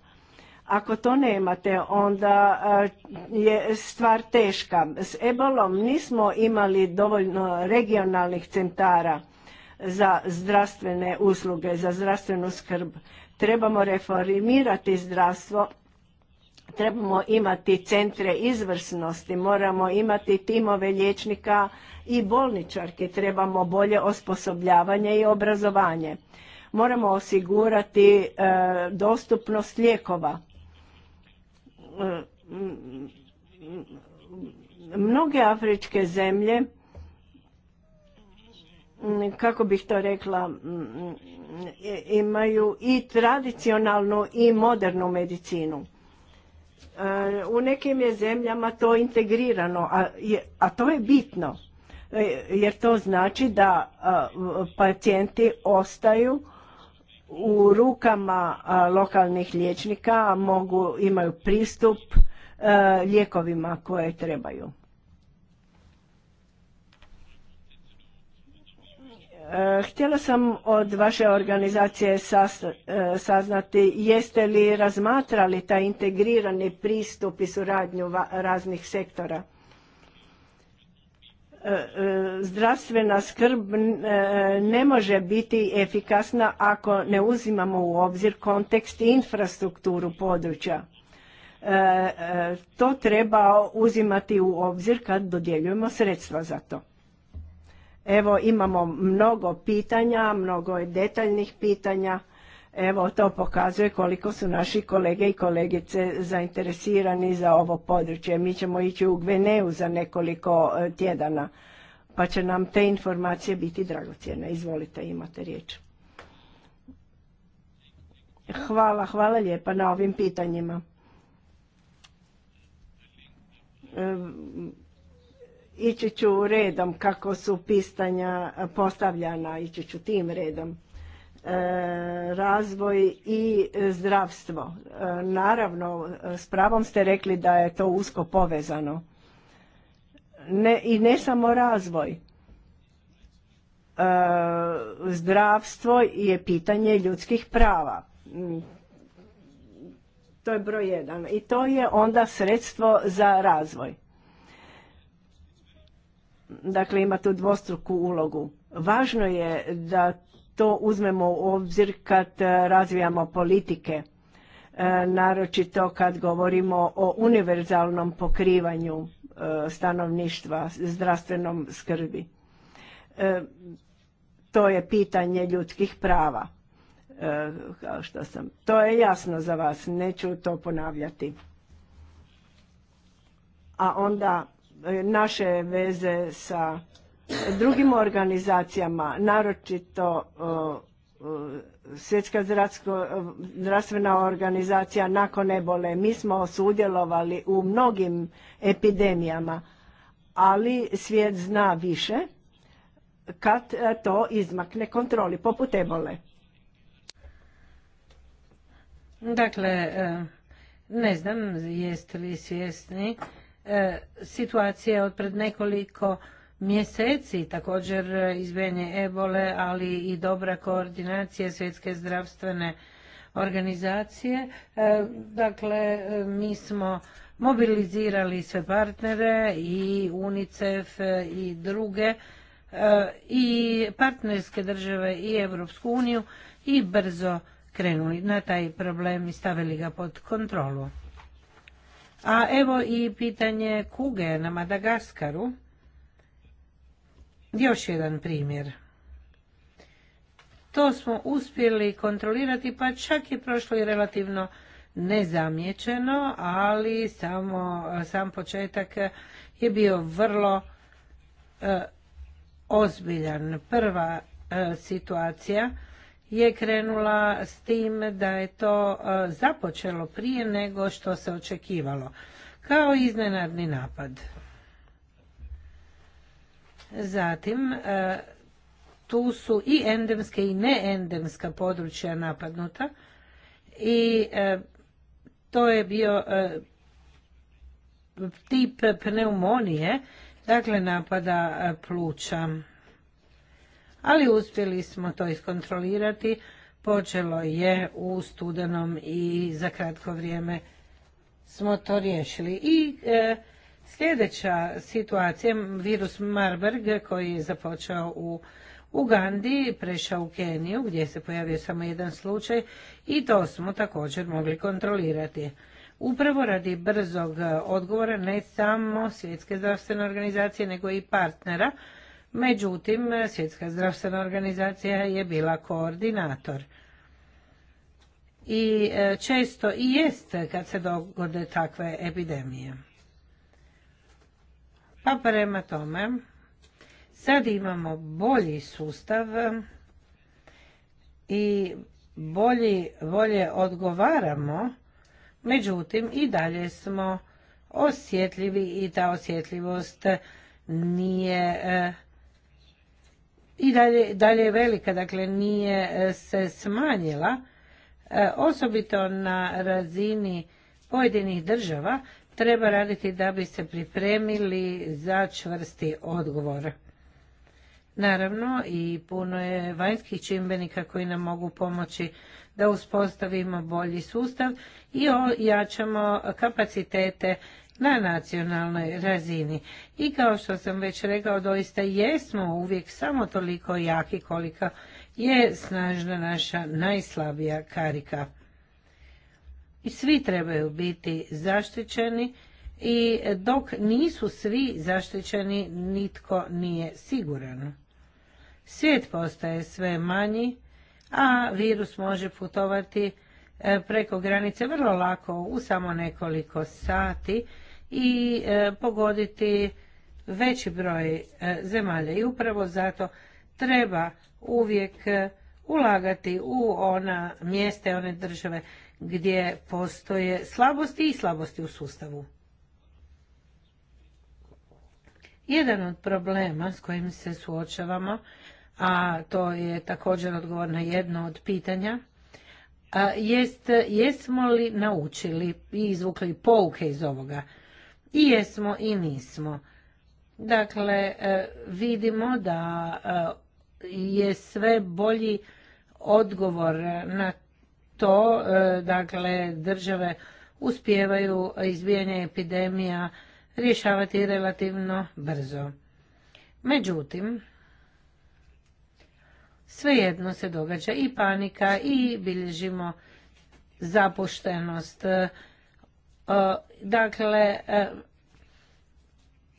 Ako to nemate, onda je stvar teška. S ebolom nismo imali dovoljno regionalnih centara za zdravstvene usluge, za zdravstvenu skrb. Trebamo reformirati zdravstvo, trebamo imati centre izvrsnosti, moramo imati timove liječnika i bolničarke, trebamo bolje osposobljavanje i obrazovanje. Moramo osigurati e, dostupnost lijekova. Mnoge afričke zemlje kako bih to rekla, imaju i tradicionalnu i modernu medicinu. E, u nekim je zemljama to integrirano, a, to je bitno, e, jer to znači da pacijenti ostaju u rukama lokalnih liječnika mogu imaju pristup e, lijekovima koje trebaju. E, htjela sam od vaše organizacije e, saznati jeste li razmatrali taj integrirani pristup i suradnju raznih sektora. E, e, zdravstvena skrb e, ne može biti efikasna ako ne uzimamo u obzir kontekst i infrastrukturu područja. To treba uzimati u obzir kad dodjeljujemo sredstva za to. Evo imamo mnogo pitanja, mnogo detaljnih pitanja. Evo, to pokazuje koliko su naši kolege i kolegice zainteresirani za ovo područje. Mi ćemo ići u Gveneu za nekoliko e, tjedana, pa će nam te informacije biti dragocjene. Izvolite, imate riječ. Hvala, hvala lijepa na ovim pitanjima. E, ići ću redom kako su pistanja postavljana, ići ću tim redom. E, razvoj i zdravstvo. E, naravno, s pravom ste rekli da je to usko povezano. Ne, I ne samo razvoj. E, zdravstvo je pitanje ljudskih prava. Mm. To je broj jedan. I to je onda sredstvo za razvoj. Dakle, ima tu dvostruku ulogu. Važno je da to uzmemo u obzir kad e, razvijamo politike, e, naročito kad govorimo o univerzalnom pokrivanju e, stanovništva, zdravstvenom skrbi. To je pitanje ljudskih prava. Kao što sam. To je jasno za vas, neću to ponavljati. A onda naše veze sa drugim organizacijama, naročito Svjetska zdravstvena organizacija nakon ebole, mi smo sudjelovali u mnogim epidemijama, ali svijet zna više kad to izmakne kontroli, poput ebole. Dakle, e, ne znam jeste li svjesni e, situacije od pred nekoliko mjeseci. Također e, izbijanje ebole, ali i dobra koordinacija svjetske zdravstvene organizacije. E, dakle, e, mi smo mobilizirali sve partnere i UNICEF i druge i partnerske države i Europsku uniju i brzo krenuli na taj problem i stavili ga pod kontrolu. A evo i pitanje kuge na Madagaskaru. Još jedan primjer. To smo uspjeli kontrolirati, pa čak je prošlo i relativno nezamječeno, ali samo, sam početak je bio vrlo e, ozbiljan. Prva e, situacija je krenula s tim da je to e, započelo prije nego što se očekivalo, kao iznenadni napad. Zatim, e, tu su i endemske i neendemska područja napadnuta i e, to je bio e, tip pneumonije, dakle napada pluća. Ali uspjeli smo to iskontrolirati, počelo je u studenom i za kratko vrijeme smo to riješili. I Sljedeća situacija, virus Marburg koji je započeo u Ugandi, prešao u Keniju gdje se pojavio samo jedan slučaj i to smo također mogli kontrolirati. Upravo radi brzog odgovora ne samo svjetske zdravstvene organizacije nego i partnera, međutim svjetska zdravstvena organizacija je bila koordinator. I e, često i jest kad se dogode takve epidemije. Pa prema tome, sad imamo bolji sustav i bolji, bolje odgovaramo, međutim i dalje smo osjetljivi i ta osjetljivost nije e, i dalje, dalje je velika, dakle nije e, se smanjila, e, osobito na razini pojedinih država, treba raditi da bi se pripremili za čvrsti odgovor. Naravno i puno je vanjskih čimbenika koji nam mogu pomoći da uspostavimo bolji sustav i ojačamo kapacitete na nacionalnoj razini. I kao što sam već rekao, doista jesmo uvijek samo toliko jaki kolika je snažna naša najslabija karika i svi trebaju biti zaštićeni i dok nisu svi zaštićeni nitko nije siguran. Svijet postaje sve manji, a virus može putovati e, preko granice vrlo lako u samo nekoliko sati i e, pogoditi veći broj e, zemalja i upravo zato treba uvijek ulagati u ona mjesta i one države gdje postoje slabosti i slabosti u sustavu. Jedan od problema s kojim se suočavamo, a to je također odgovor na jedno od pitanja, jest jesmo li naučili i izvukli pouke iz ovoga. I jesmo i nismo. Dakle, e, vidimo da e, je sve bolji odgovor na to e, dakle države uspijevaju izbijanje epidemija rješavati relativno brzo. Međutim, svejedno se događa i panika i bilježimo zapuštenost. E, dakle, e,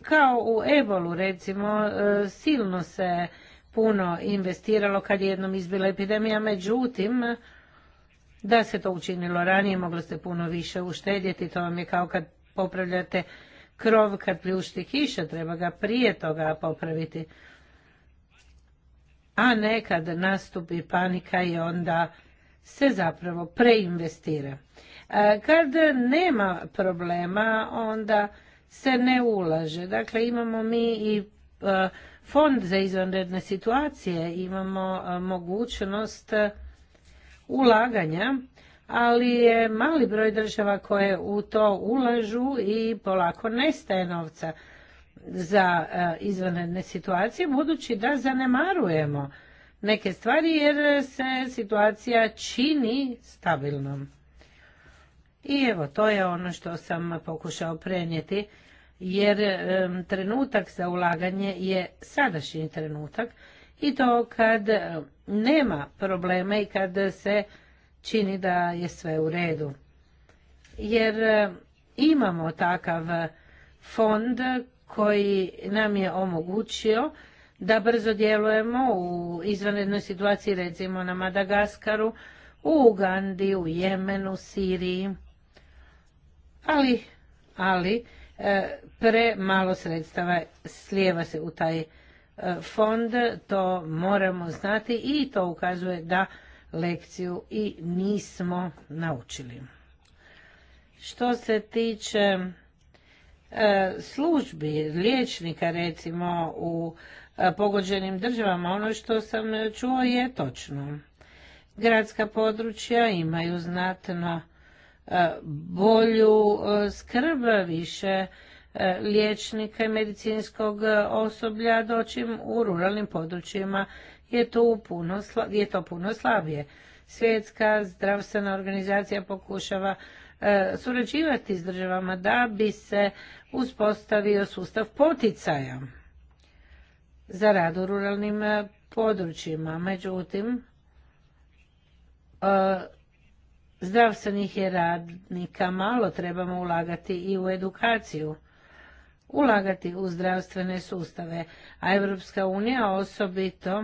kao u ebolu recimo, silno se puno investiralo kad je jednom izbila epidemija, međutim, da se to učinilo ranije, moglo ste puno više uštedjeti, to vam je kao kad popravljate krov kad pljušti kiša, treba ga prije toga popraviti. A nekad nastupi panika i onda se zapravo preinvestira. E, kad nema problema, onda se ne ulaže. Dakle, imamo mi i e, fond za izvanredne situacije, imamo e, mogućnost ulaganja, ali je mali broj država koje u to ulažu i polako nestaje novca za e, izvanredne situacije, budući da zanemarujemo neke stvari jer se situacija čini stabilnom. I evo, to je ono što sam pokušao prenijeti, jer trenutak za ulaganje je sadašnji trenutak i to kad e, nema problema i kad se čini da je sve u redu. Jer e, imamo takav fond koji nam je omogućio da brzo djelujemo u izvanrednoj situaciji recimo na Madagaskaru, u Ugandi, u Jemenu, Siriji. Ali, ali e, premalo sredstava slijeva se u taj fond, to moramo znati i to ukazuje da lekciju i nismo naučili. Što se tiče e, službi liječnika recimo u e, pogođenim državama, ono što sam čuo je točno. Gradska područja imaju znatno e, bolju skrb, više E, liječnika i medicinskog e, osoblja, doći u ruralnim područjima je to puno, je to puno slabije. Svjetska zdravstvena organizacija pokušava e, surađivati s državama da bi se uspostavio sustav poticaja za rad u ruralnim područjima. Međutim, zdravstvenih radnika malo, trebamo ulagati i u edukaciju ulagati u zdravstvene sustave, a Europska unija osobito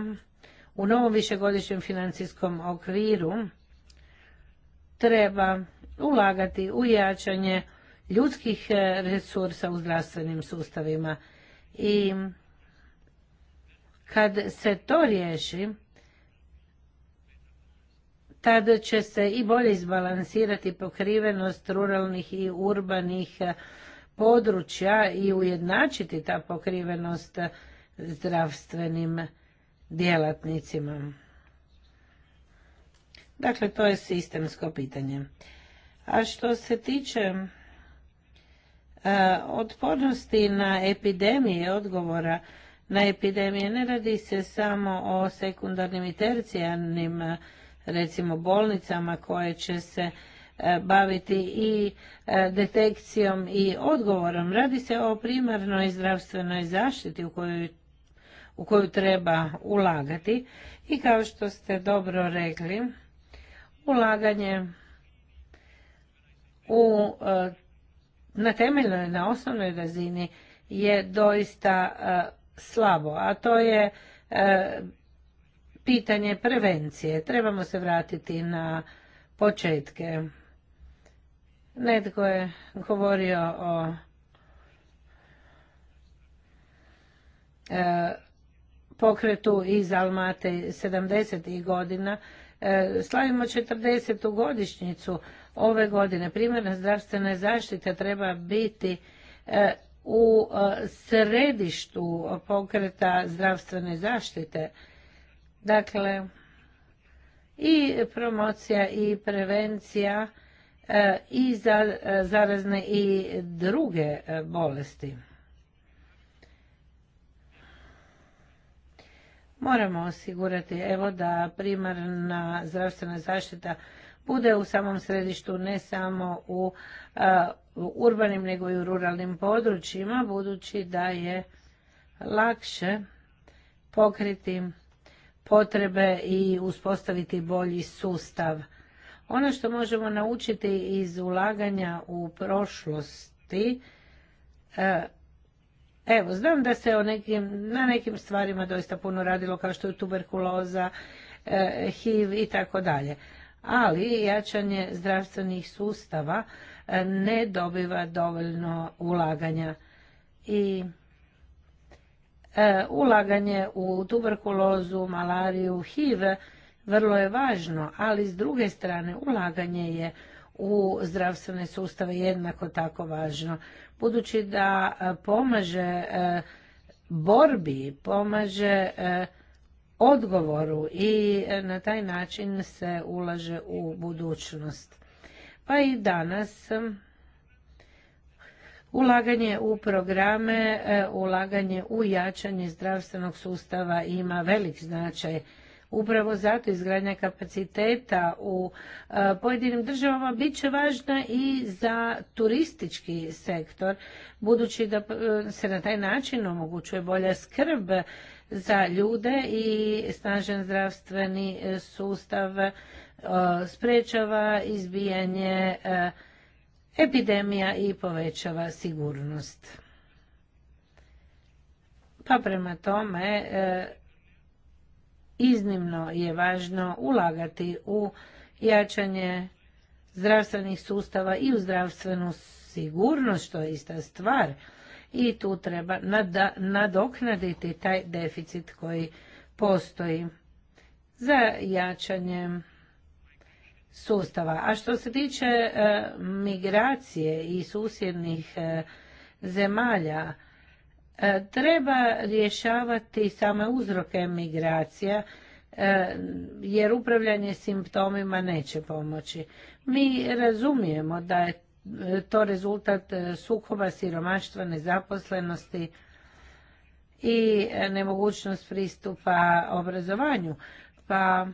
u novom višegodišnjem financijskom okviru treba ulagati u jačanje ljudskih e, resursa u zdravstvenim sustavima. I kad se to riješi, tada će se i bolje izbalansirati pokrivenost ruralnih i urbanih e, područja i ujednačiti ta pokrivenost zdravstvenim djelatnicima. Dakle, to je sistemsko pitanje. A što se tiče e, otpornosti na epidemije, odgovora na epidemije, ne radi se samo o sekundarnim i tercijarnim, recimo bolnicama koje će se E, baviti i e, detekcijom i odgovorom. Radi se o primarnoj zdravstvenoj zaštiti u koju, u treba ulagati i kao što ste dobro rekli, ulaganje u, e, na temeljnoj, na osnovnoj razini je doista slabo, a to je pitanje prevencije. Trebamo se vratiti na početke. Netko je govorio o e, pokretu iz Almate 70. godina. E, slavimo 40. godišnjicu ove godine. Primjerna zdravstvena zaštita treba biti e, u e, središtu pokreta zdravstvene zaštite. Dakle, i promocija i prevencija E, i za e, zarazne i druge e, bolesti. Moramo osigurati evo da primarna zdravstvena zaštita bude u samom središtu ne samo u, urbanim nego i u ruralnim područjima budući da je lakše pokriti potrebe i uspostaviti bolji sustav ono što možemo naučiti iz ulaganja u prošlosti, e, evo, znam da se nekim, na nekim stvarima doista puno radilo, kao što je tuberkuloza, e, HIV i tako dalje. Ali jačanje zdravstvenih sustava e, ne dobiva dovoljno ulaganja i ulaganje u tuberkulozu, malariju, HIV vrlo je važno, ali s druge strane ulaganje je u zdravstvene sustave jednako tako važno. Budući da e, pomaže e, borbi, pomaže e, odgovoru i na taj način se ulaže u budućnost. Pa i danas ulaganje u programe, ulaganje u jačanje zdravstvenog sustava ima velik značaj Upravo zato izgradnja kapaciteta u e, pojedinim državama bit će važna i za turistički sektor, budući da e, se na taj način omogućuje bolja skrb za ljude i snažen zdravstveni e, sustav sprečava izbijanje epidemija i povećava sigurnost. Pa prema tome iznimno je važno ulagati u jačanje zdravstvenih sustava i u zdravstvenu sigurnost, što je ista stvar. I tu treba nadoknaditi taj deficit koji postoji za jačanje sustava. A što se tiče e, migracije i susjednih e, zemalja, E, treba rješavati same uzroke migracija, e, jer upravljanje simptomima neće pomoći. Mi razumijemo da je e, to rezultat sukoba, siromaštva, nezaposlenosti i nemogućnost pristupa obrazovanju. Pa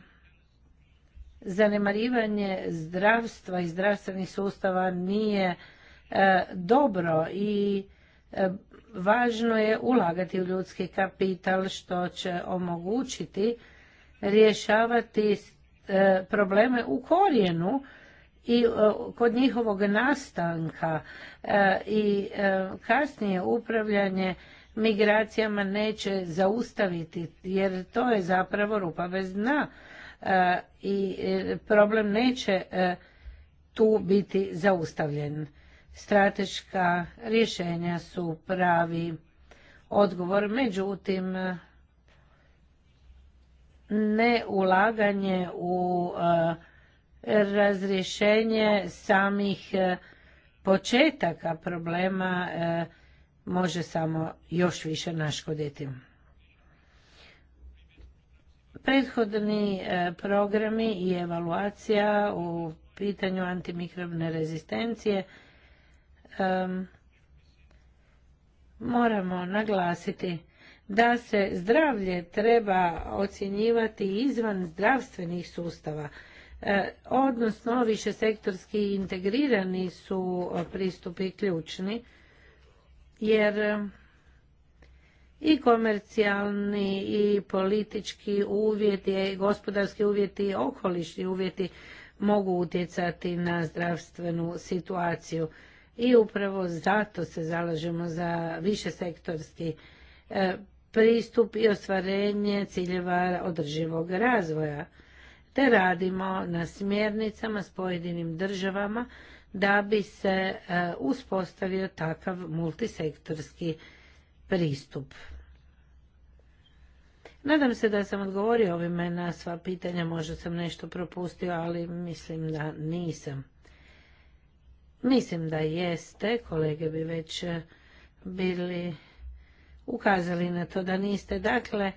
zanemarivanje zdravstva i zdravstvenih sustava nije dobro i važno je ulagati u ljudski kapital što će omogućiti rješavati e, probleme u korijenu i e, kod njihovog nastanka e, i kasnije upravljanje migracijama neće zaustaviti jer to je zapravo rupa bez dna i problem neće tu biti zaustavljen strateška rješenja su pravi odgovor. Međutim, ne ulaganje u e, razrješenje samih e, početaka problema e, može samo još više naškoditi. Prethodni programi i evaluacija u pitanju antimikrobne rezistencije moramo naglasiti da se zdravlje treba ocjenjivati izvan zdravstvenih sustava e, odnosno više sektorski integrirani su e, pristupi ključni jer i komercijalni i politički uvjeti i gospodarski uvjeti i okolišni uvjeti mogu utjecati na zdravstvenu situaciju i upravo zato se zalažemo za više sektorski e, pristup i ostvarenje ciljeva održivog razvoja, te radimo na smjernicama s pojedinim državama da bi se e, uspostavio takav multisektorski pristup. Nadam se da sam odgovorio ovime na sva pitanja, možda sam nešto propustio, ali mislim da nisam. Mislim da jeste, kolege bi već eh, bili ukazali na to da niste. Dakle,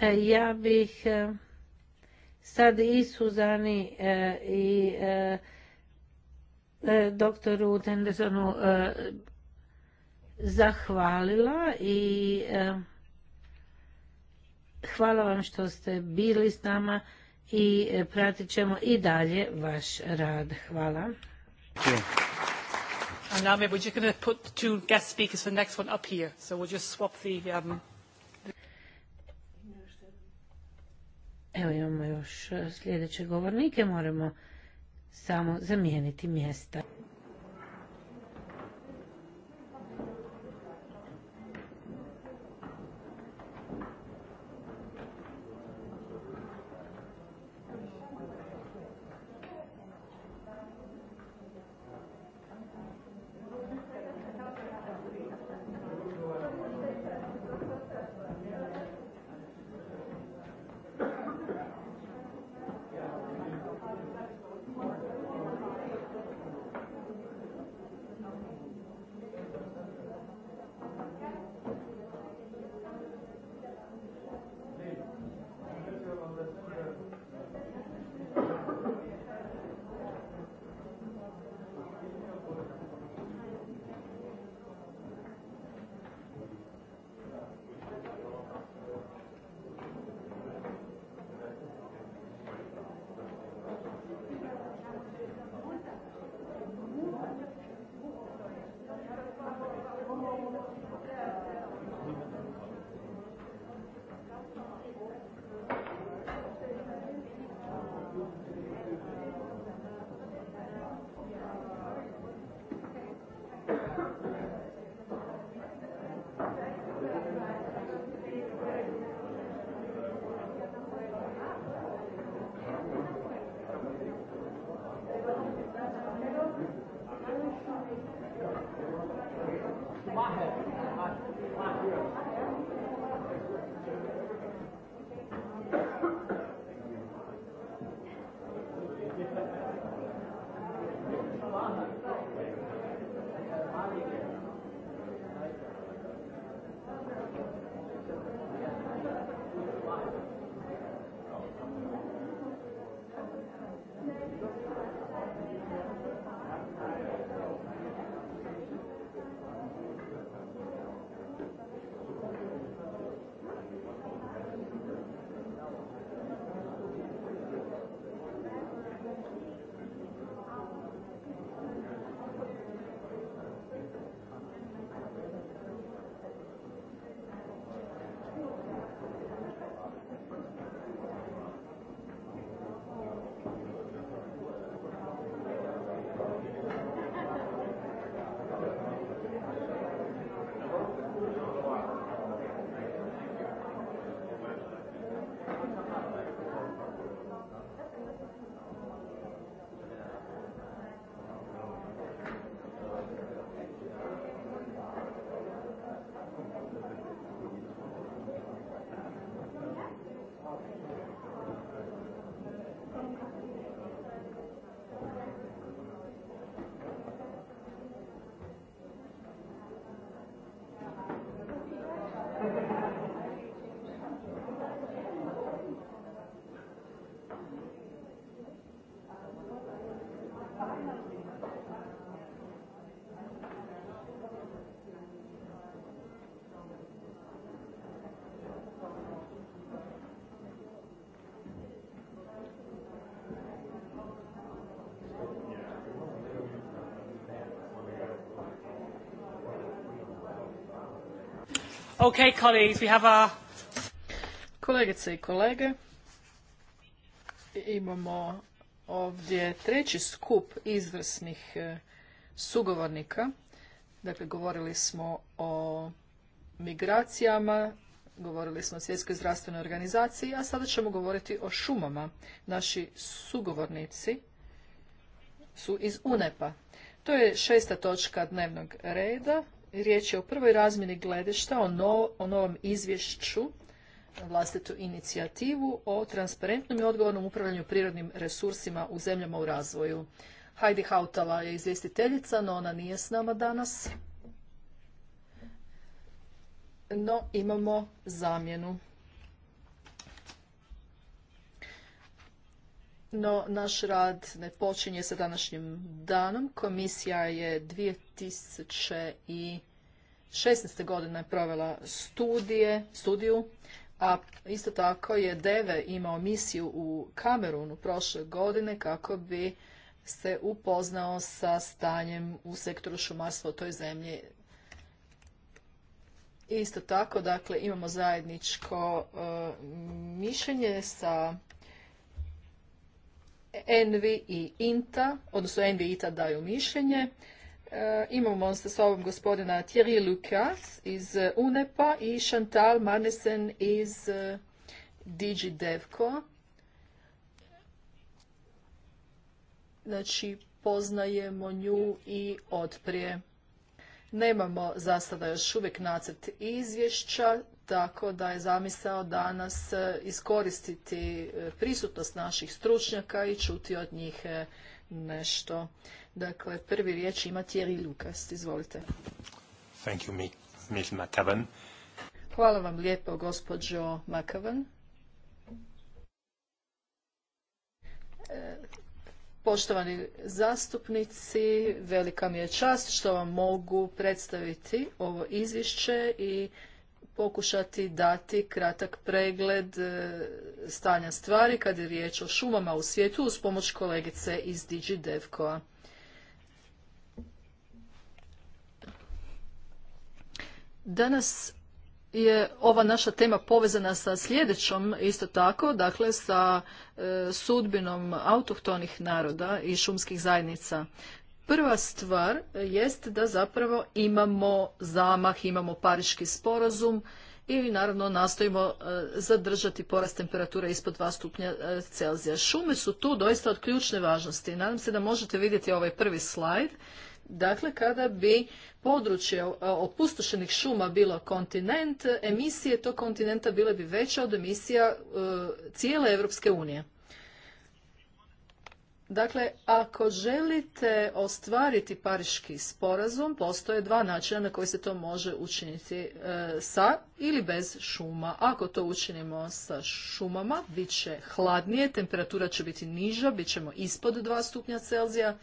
eh, ja bih eh, sad i Suzani i doktoru Tendersonu zahvalila i hvala vam što ste bili s nama i pratit ćemo i dalje vaš rad. Hvala. And now maybe we're just going to put two guest speakers for the next one up here. So we'll just swap the... Um... Evo imamo još eh, sljedeće govornike, moramo samo zamijeniti mjesta. Okay, colleagues, we Kolegice i kolege, imamo ovdje treći skup izvrsnih e, sugovornika. Dakle, govorili smo o migracijama, govorili smo o svjetskoj zdravstvenoj organizaciji, a sada ćemo govoriti o šumama. Naši sugovornici su iz UNEP-a. To je šesta točka dnevnog reda. Riječ je o prvoj razmjeni gledišta o, novom izvješću vlastitu inicijativu o transparentnom i odgovornom upravljanju prirodnim resursima u zemljama u razvoju. Heidi Hautala je izvjestiteljica, no ona nije s nama danas. No, imamo zamjenu. No, naš rad ne počinje sa današnjim danom. Komisija je 2016. godine provela studije, studiju, a isto tako je Deve imao misiju u Kamerunu prošle godine kako bi se upoznao sa stanjem u sektoru šumarstva u toj zemlji. Isto tako, dakle, imamo zajedničko e, mišljenje sa Envi i Inta, odnosno Envi i Ita daju mišljenje. Imamo e, imamo sa sobom gospodina Thierry Lucas iz UNEPA i Chantal Manesen iz e, DigiDevco. Znači, poznajemo nju i odprije. Nemamo za sada još uvijek nacrt izvješća, tako da je zamisao danas e, iskoristiti e, prisutnost naših stručnjaka i čuti od njih e, nešto. Dakle, prvi riječ ima Thierry Lucas, Izvolite. Thank you, Ms. Hvala vam lijepo, gospođo McAvan. poštovani zastupnici, velika mi je čast što vam mogu predstaviti ovo izvješće i pokušati dati kratak pregled e, stanja stvari kad je riječ o šumama u svijetu uz pomoć kolegice iz devkoa. Danas je ova naša tema povezana sa sljedećom isto tako, dakle sa e, sudbinom autohtonih naroda i šumskih zajednica. Prva stvar jest da zapravo imamo zamah, imamo pariški sporazum i naravno nastojimo e, zadržati porast temperature ispod 2 stupnja e, Celzija. Šume su tu doista od ključne važnosti. Nadam se da možete vidjeti ovaj prvi slajd. Dakle, kada bi područje e, opustošenih šuma bilo kontinent, emisije tog kontinenta bile bi veće od emisija cijele Europske unije. Dakle, ako želite ostvariti pariški sporazum, postoje dva načina na koji se to može učiniti e, sa ili bez šuma. Ako to učinimo sa šumama, bit će hladnije, temperatura će biti niža, bit ćemo ispod 2 stupnja Celzija,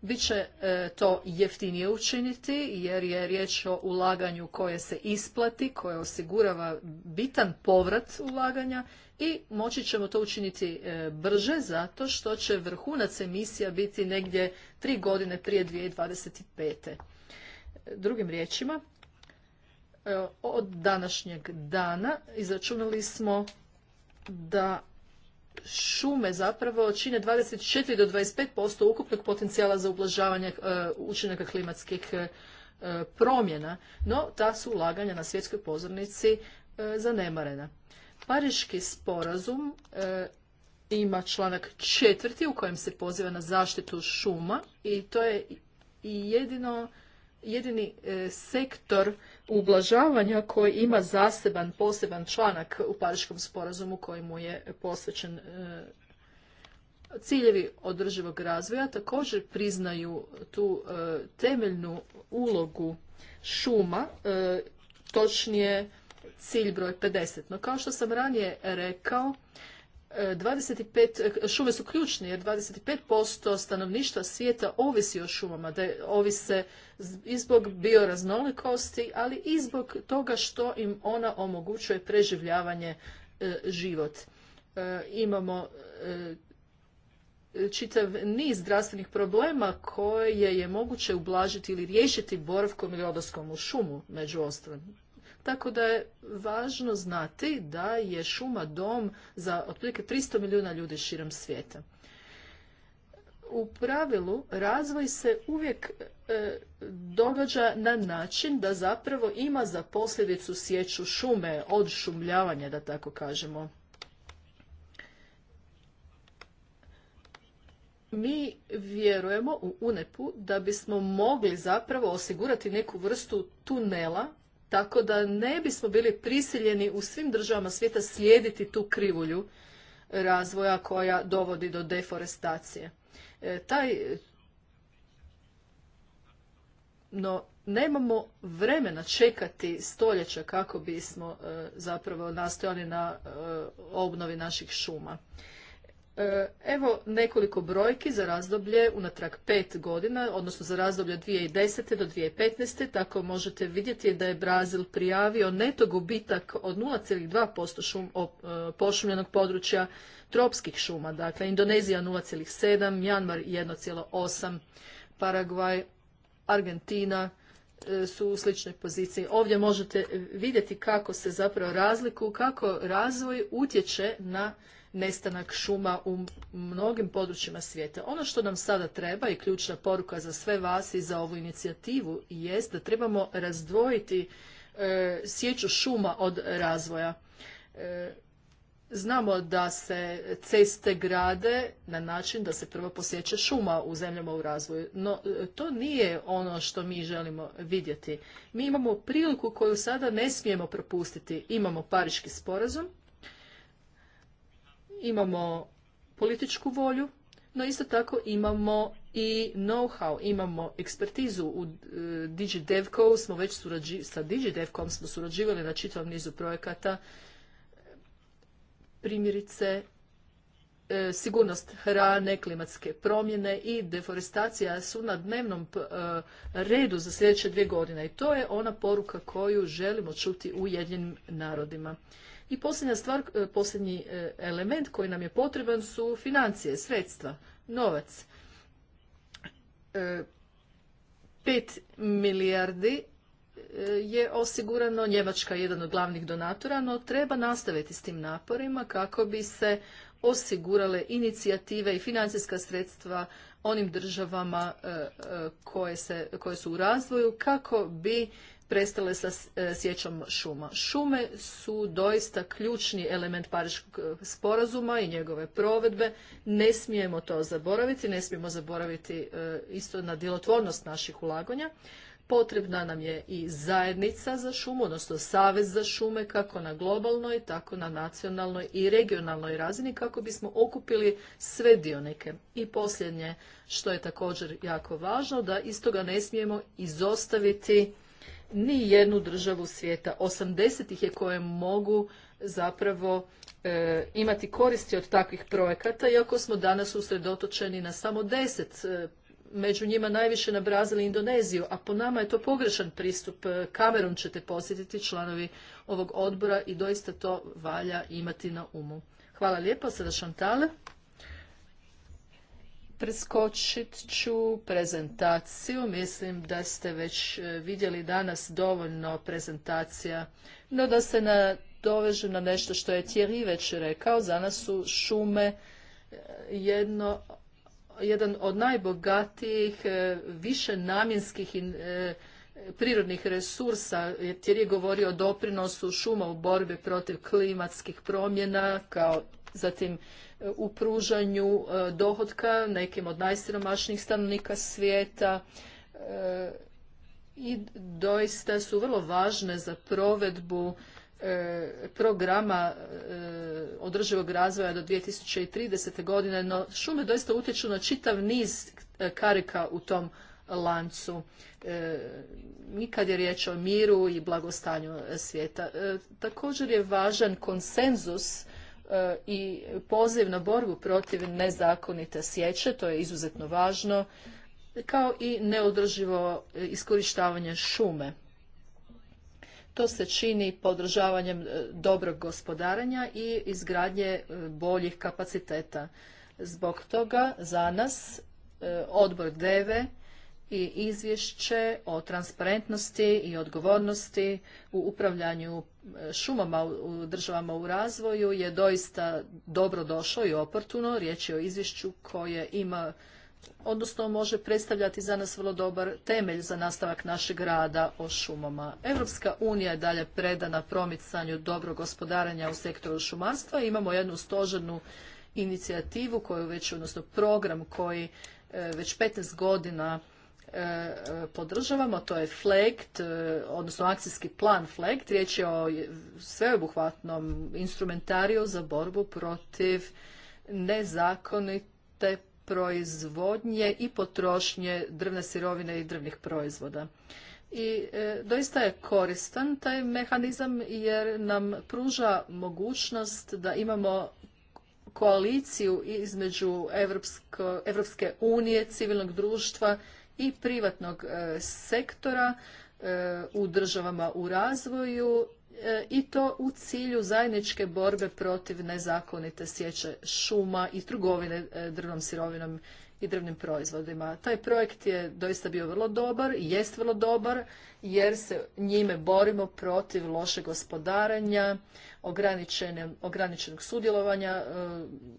bit će e, to jeftinije učiniti jer je riječ o ulaganju koje se isplati, koje osigurava bitan povrat ulaganja i moći ćemo to učiniti e, brže zato što će vrhunac emisija biti negdje tri godine prije 2025. E, drugim riječima, e, od današnjeg dana izračunali smo da šume zapravo čine 24 do 25% ukupnog potencijala za ublažavanje učinaka klimatskih promjena, no ta su ulaganja na svjetskoj pozornici zanemarena. Pariški sporazum e, ima članak četvrti u kojem se poziva na zaštitu šuma i to je i jedino jedini e, sektor ublažavanja koji ima zaseban poseban članak u Pariškom sporazumu kojemu je posvećen e, ciljevi održivog razvoja također priznaju tu temeljnu ulogu šuma, točnije cilj broj 50. No kao što sam ranije rekao, 25, e, e, šume su ključne jer 25% stanovništva svijeta ovisi o šumama, da ovise i zbog bioraznolikosti, ali i zbog toga što im ona omogućuje preživljavanje e, život. imamo čitav niz zdravstvenih problema koje je moguće ublažiti ili riješiti boravkom ili odlaskom u šumu, među ostalim. Tako da je važno znati da je šuma dom za otprilike 300 milijuna ljudi širom svijeta. U pravilu razvoj se uvijek e, događa na način da zapravo ima za posljedicu sjeću šume, od šumljavanja da tako kažemo. Mi vjerujemo u UNEP-u da bismo mogli zapravo osigurati neku vrstu tunela tako da ne bismo bili prisiljeni u svim državama svijeta slijediti tu krivulju razvoja koja dovodi do deforestacije. E, taj, no, nemamo vremena čekati stoljeća kako bismo e, zapravo nastojali na e, obnovi naših šuma. E, evo nekoliko brojki za razdoblje unatrag pet godina, odnosno za razdoblje 2010. do 2015. Tako možete vidjeti da je Brazil prijavio neto gubitak od 0,2% e, pošumljenog područja tropskih šuma. Dakle, Indonezija 0,7, Mjanmar 1,8, Paragvaj, Argentina e, su u sličnoj poziciji. Ovdje možete vidjeti kako se zapravo razliku, kako razvoj utječe na nestanak šuma u mnogim područjima svijeta. Ono što nam sada treba i ključna poruka za sve vas i za ovu inicijativu jest da trebamo razdvojiti e, sjeću šuma od razvoja. E, znamo da se ceste grade na način da se prvo posjeće šuma u zemljama u razvoju, no e, to nije ono što mi želimo vidjeti. Mi imamo priliku koju sada ne smijemo propustiti. Imamo Pariški sporazum imamo političku volju, no isto tako imamo i know-how, imamo ekspertizu. U e, DigiDevCo smo već surađi, sa DigiDevCom smo surađivali na čitavom nizu projekata, primjerice e, sigurnost hrane, klimatske promjene i deforestacija su na dnevnom e, redu za sljedeće dvije godine. I to je ona poruka koju želimo čuti u jednim narodima. I posljednja stvar, e, posljednji e, element koji nam je potreban su financije, sredstva, novac. 5 e, milijardi je osigurano, Njemačka je jedan od glavnih donatora, no treba nastaviti s tim naporima kako bi se osigurale inicijative i financijska sredstva onim državama koje, se, koje su u razvoju kako bi prestale sa e, sjećom šuma. Šume su doista ključni element Pariškog e, sporazuma i njegove provedbe. Ne smijemo to zaboraviti, ne smijemo zaboraviti e, isto na djelotvornost naših ulaganja. Potrebna nam je i zajednica za šumu, odnosno savez za šume, kako na globalnoj, tako na nacionalnoj i regionalnoj razini, kako bismo okupili sve dionike. I posljednje, što je također jako važno, da iz toga ne smijemo izostaviti ni jednu državu svijeta. 80 ih je koje mogu zapravo e, imati koristi od takvih projekata, iako smo danas usredotočeni na samo 10 e, među njima najviše na Brazil i Indoneziju, a po nama je to pogrešan pristup. Kamerom e, ćete posjetiti članovi ovog odbora i doista to valja imati na umu. Hvala lijepo, sada Šantale preskočit ću prezentaciju. Mislim da ste već e, vidjeli danas dovoljno prezentacija, no da se dovežem na nešto što je Thierry već rekao. Za nas su šume e, jedno, jedan od najbogatijih e, više namjenskih in, prirodnih resursa, jer je govorio o doprinosu šuma u borbi protiv klimatskih promjena, kao zatim u pružanju e, dohodka nekim od najsiromašnijih stanovnika svijeta e, i doista su vrlo važne za provedbu e, programa održivog razvoja do 2030. godine, no šume doista utječu na čitav niz karika u tom lancu Nikad je riječ o miru i blagostanju svijeta. Također je važan konsenzus E, i poziv na borbu protiv nezakonite sječe, to je izuzetno važno, kao i neodrživo iskorištavanje šume. To se čini podržavanjem e, dobrog gospodaranja i izgradnje e, boljih kapaciteta. Zbog toga za nas odbor DEVE i izvješće o transparentnosti i odgovornosti u upravljanju e, šumama u državama u razvoju je doista dobro došlo i oportuno. Riječ je o izvješću koje ima, odnosno može predstavljati za nas vrlo dobar temelj za nastavak našeg rada o šumama. Europska unija je dalje predana promicanju dobrog gospodaranja u sektoru šumarstva. Imamo jednu stožernu inicijativu koju već, odnosno program koji e, već 15 godina E, podržavamo, to je FLEGT, e, odnosno akcijski plan FLEGT. Riječ je o sveobuhvatnom instrumentariju za borbu protiv nezakonite proizvodnje i potrošnje drvne sirovine i drvnih proizvoda. I e, doista je koristan taj mehanizam jer nam pruža mogućnost da imamo koaliciju između Europske Evropske unije, civilnog društva i privatnog e, sektora e, u državama u razvoju e, i to u cilju zajedničke borbe protiv nezakonite sječe šuma i trgovine drvnom sirovinom i drvnim proizvodima. Taj projekt je doista bio vrlo dobar i jest vrlo dobar jer se njime borimo protiv lošeg gospodaranja, ograničenog sudjelovanja,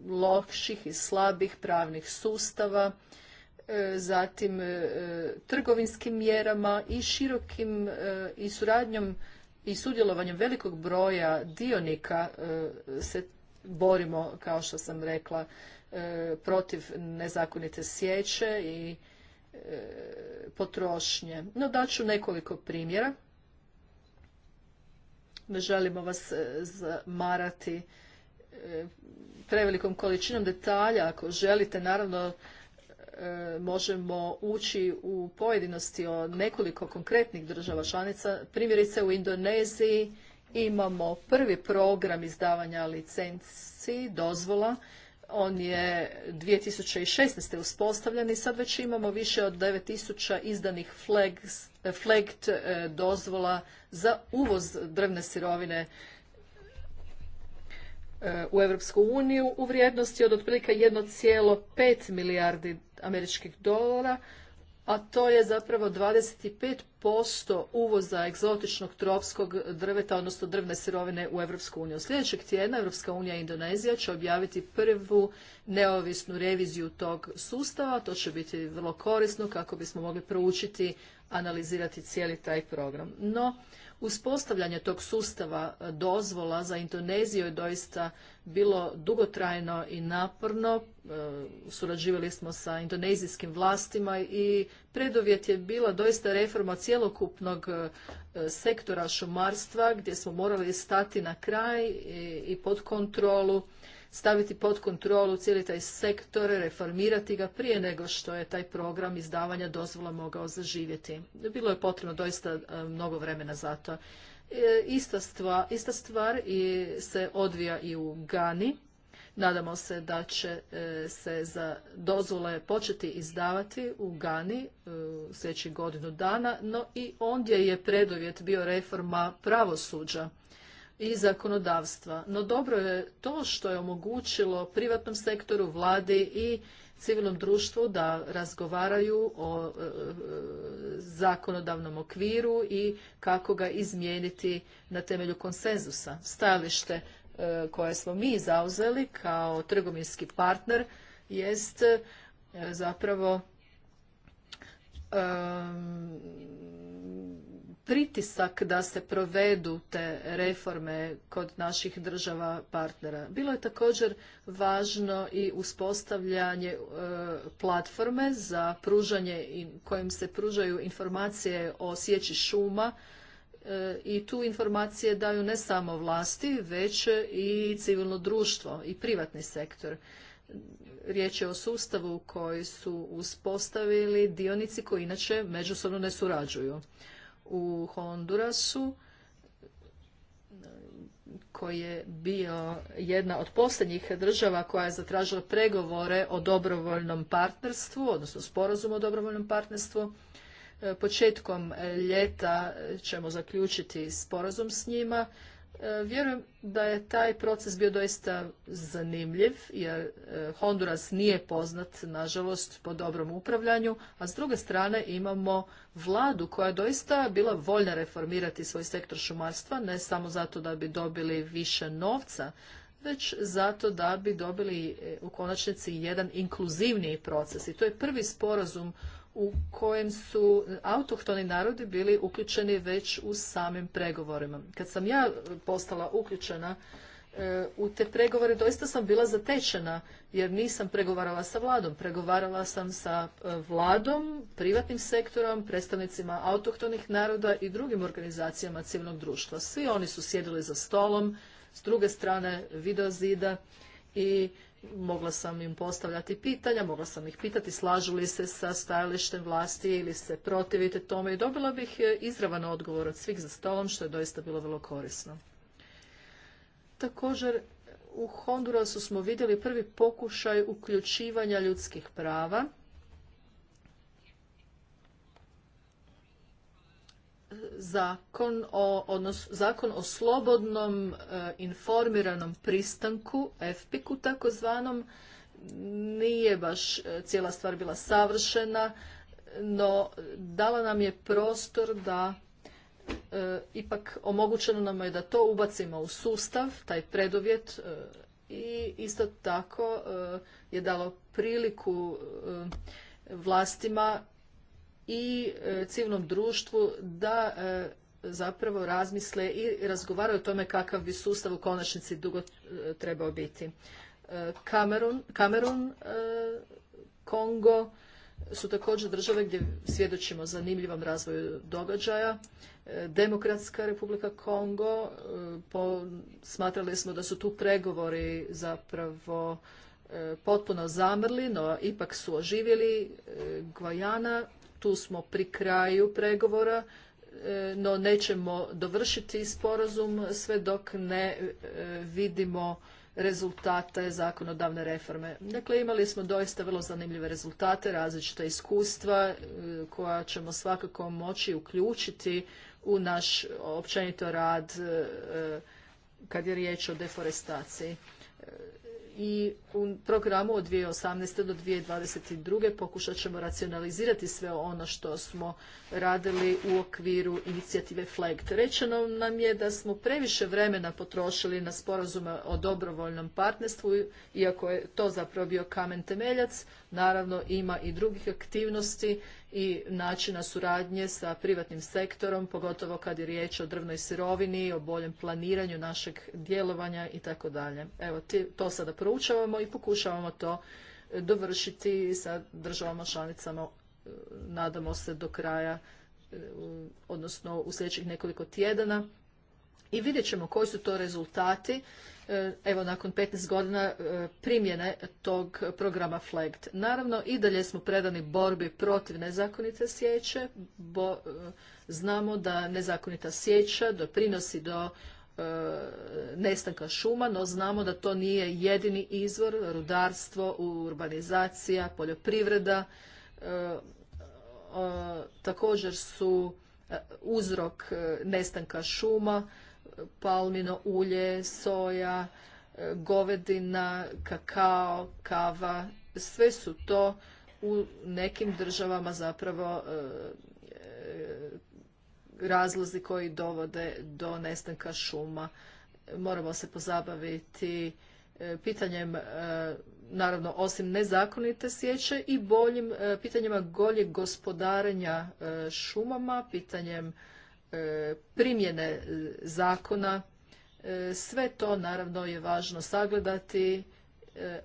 loših i slabih pravnih sustava E, zatim e, trgovinskim mjerama i širokim e, i suradnjom i sudjelovanjem velikog broja dionika se borimo, kao što sam rekla, protiv nezakonite sječe i potrošnje. No daću nekoliko primjera. Ne želimo vas zamarati prevelikom količinom detalja. Ako želite, naravno, E, možemo ući u pojedinosti o nekoliko konkretnih država članica. Primjerice u Indoneziji imamo prvi program izdavanja licenci, dozvola. On je 2016. uspostavljen i sad već imamo više od 9000 izdanih flags, e, dozvola za uvoz drvne sirovine e, u Europsku uniju u vrijednosti od otprilike 1,5 milijardi američkih dolara, a to je zapravo 25% uvoza egzotičnog tropskog drveta, odnosno drvne sirovine u Europsku uniju. Sljedećeg tjedna Europska unija i Indonezija će objaviti prvu neovisnu reviziju tog sustava. To će biti vrlo korisno kako bismo mogli proučiti, analizirati cijeli taj program. No, Uspostavljanje tog sustava e, dozvola za Indoneziju je doista bilo dugotrajno i naporno. E, surađivali smo sa indonezijskim vlastima i predovjet je bila doista reforma cjelokupnog e, sektora šumarstva gdje smo morali stati na kraj i pod kontrolu staviti pod kontrolu cijeli taj sektor, reformirati ga prije nego što je taj program izdavanja dozvola mogao zaživjeti. Bilo je potrebno doista e, mnogo vremena za to. E, ista stvar, ista stvar i se odvija i u Gani. Nadamo se da će e, se za dozvole početi izdavati u Gani u sljedećih godinu dana, no i ondje je predovjet bio reforma pravosuđa i zakonodavstva. No dobro je to što je omogućilo privatnom sektoru, vladi i civilnom društvu da razgovaraju o e, zakonodavnom okviru i kako ga izmijeniti na temelju konsenzusa. Stajalište e, koje smo mi zauzeli kao trgovinski partner jest e, zapravo pritisak da se provedu te reforme kod naših država partnera. Bilo je također važno i uspostavljanje e, platforme za pružanje kojim se pružaju informacije o sjeći šuma e, i tu informacije daju ne samo vlasti, već i civilno društvo i privatni sektor. Riječ je o sustavu koji su uspostavili dionici koji inače međusobno ne surađuju u Hondurasu koji je bio jedna od posljednjih država koja je zatražila pregovore o dobrovoljnom partnerstvu, odnosno sporazum o dobrovoljnom partnerstvu. E, početkom ljeta ćemo zaključiti sporazum s njima. E, vjerujem da je taj proces bio doista zanimljiv, jer e, Honduras nije poznat, nažalost, po dobrom upravljanju, a s druge strane imamo vladu koja je doista bila voljna reformirati svoj sektor šumarstva, ne samo zato da bi dobili više novca, već zato da bi dobili e, u konačnici jedan inkluzivniji proces. I to je prvi sporazum u kojem su autohtoni narodi bili uključeni već u samim pregovorima. Kad sam ja postala uključena e, u te pregovore, doista sam bila zatečena, jer nisam pregovarala sa vladom. Pregovarala sam sa e, vladom, privatnim sektorom, predstavnicima autohtonih naroda i drugim organizacijama civilnog društva. Svi oni su sjedili za stolom, s druge strane videozida i mogla sam im postavljati pitanja, mogla sam ih pitati slažu li se sa stajalištem vlasti ili se protivite tome i dobila bih e, izravan odgovor od svih za stolom što je doista bilo vrlo korisno. Također u Hondurasu smo vidjeli prvi pokušaj uključivanja ljudskih prava zakon o, odnos, zakon o slobodnom e, informiranom pristanku, fpic u takozvanom, nije baš e, cijela stvar bila savršena, no dala nam je prostor da e, ipak omogućeno nam je da to ubacimo u sustav, taj predovjet, i isto tako je dalo priliku vlastima i e, civilnom društvu da e, zapravo razmisle i razgovaraju o tome kakav bi sustav u konačnici dugo e, trebao biti. Kamerun, Kongo su također države gdje svjedočimo zanimljivom razvoju događaja. Demokratska republika Kongo, po, smatrali smo da su tu pregovori zapravo potpuno zamrli, no ipak su oživjeli. Gvajana tu smo pri kraju pregovora, e, no nećemo dovršiti sporazum sve dok ne e, vidimo rezultate zakonodavne reforme. Dakle, imali smo doista vrlo zanimljive rezultate, različita iskustva e, koja ćemo svakako moći uključiti u naš općenito rad kad je riječ o deforestaciji i u programu od 2018. do 2022. pokušat ćemo racionalizirati sve ono što smo radili u okviru inicijative FLEGT. Rečeno nam je da smo previše vremena potrošili na sporazume o dobrovoljnom partnerstvu, iako je to zapravo bio kamen temeljac. Naravno, ima i drugih aktivnosti i načina suradnje sa privatnim sektorom, pogotovo kad je riječ o drvnoj sirovini, o boljem planiranju našeg djelovanja i tako dalje. Evo, to sada prvo učavamo i pokušavamo to e, dovršiti sa državama članicama, e, nadamo se do kraja, e, odnosno u sljedećih nekoliko tjedana. I vidjet ćemo koji su to rezultati, evo nakon 15 godina primjene tog programa FLEGT. Naravno i dalje smo predani borbi protiv nezakonite sjeće, bo, znamo da nezakonita sjeća doprinosi do E, nestanka šuma, no znamo da to nije jedini izvor, rudarstvo, urbanizacija, poljoprivreda e, e, također su uzrok nestanka šuma, palmino ulje, soja, govedina, kakao, kava, sve su to u nekim državama zapravo razlozi koji dovode do nestanka šuma. Moramo se pozabaviti e, pitanjem, e, naravno, osim nezakonite sjeće i boljim e, pitanjima goljeg gospodarenja šumama, pitanjem primjene zakona. Sve to, naravno, je važno sagledati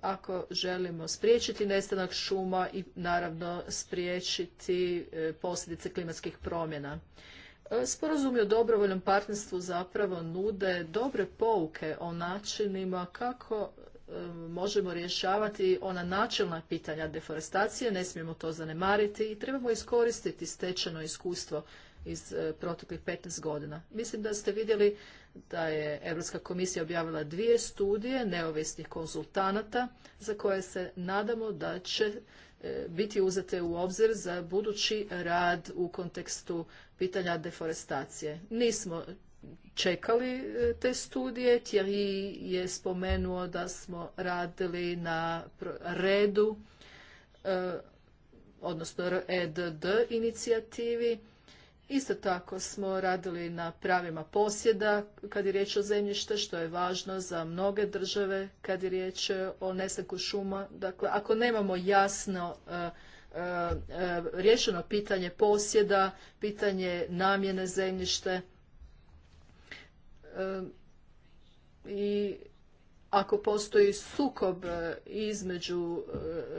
ako želimo spriječiti nestanak šuma i naravno spriječiti posljedice klimatskih promjena. E, sporazumi o dobrovoljnom partnerstvu zapravo nude dobre pouke o načinima kako e, možemo rješavati ona načelna pitanja deforestacije, ne smijemo to zanemariti i trebamo iskoristiti stečeno iskustvo iz e, proteklih 15 godina. Mislim da ste vidjeli da je Europska komisija objavila dvije studije neovisnih konzultanata za koje se nadamo da će E, biti uzete u obzir za budući rad u kontekstu pitanja deforestacije. Nismo čekali e, te studije. Thierry je spomenuo da smo radili na redu, e, odnosno EDD inicijativi Isto tako smo radili na pravima posjeda kad je riječ o zemljište, što je važno za mnoge države kad je riječ o nestanku šuma. Dakle, ako nemamo jasno e, e, e, riješeno rješeno pitanje posjeda, pitanje namjene zemljište i ako postoji sukob između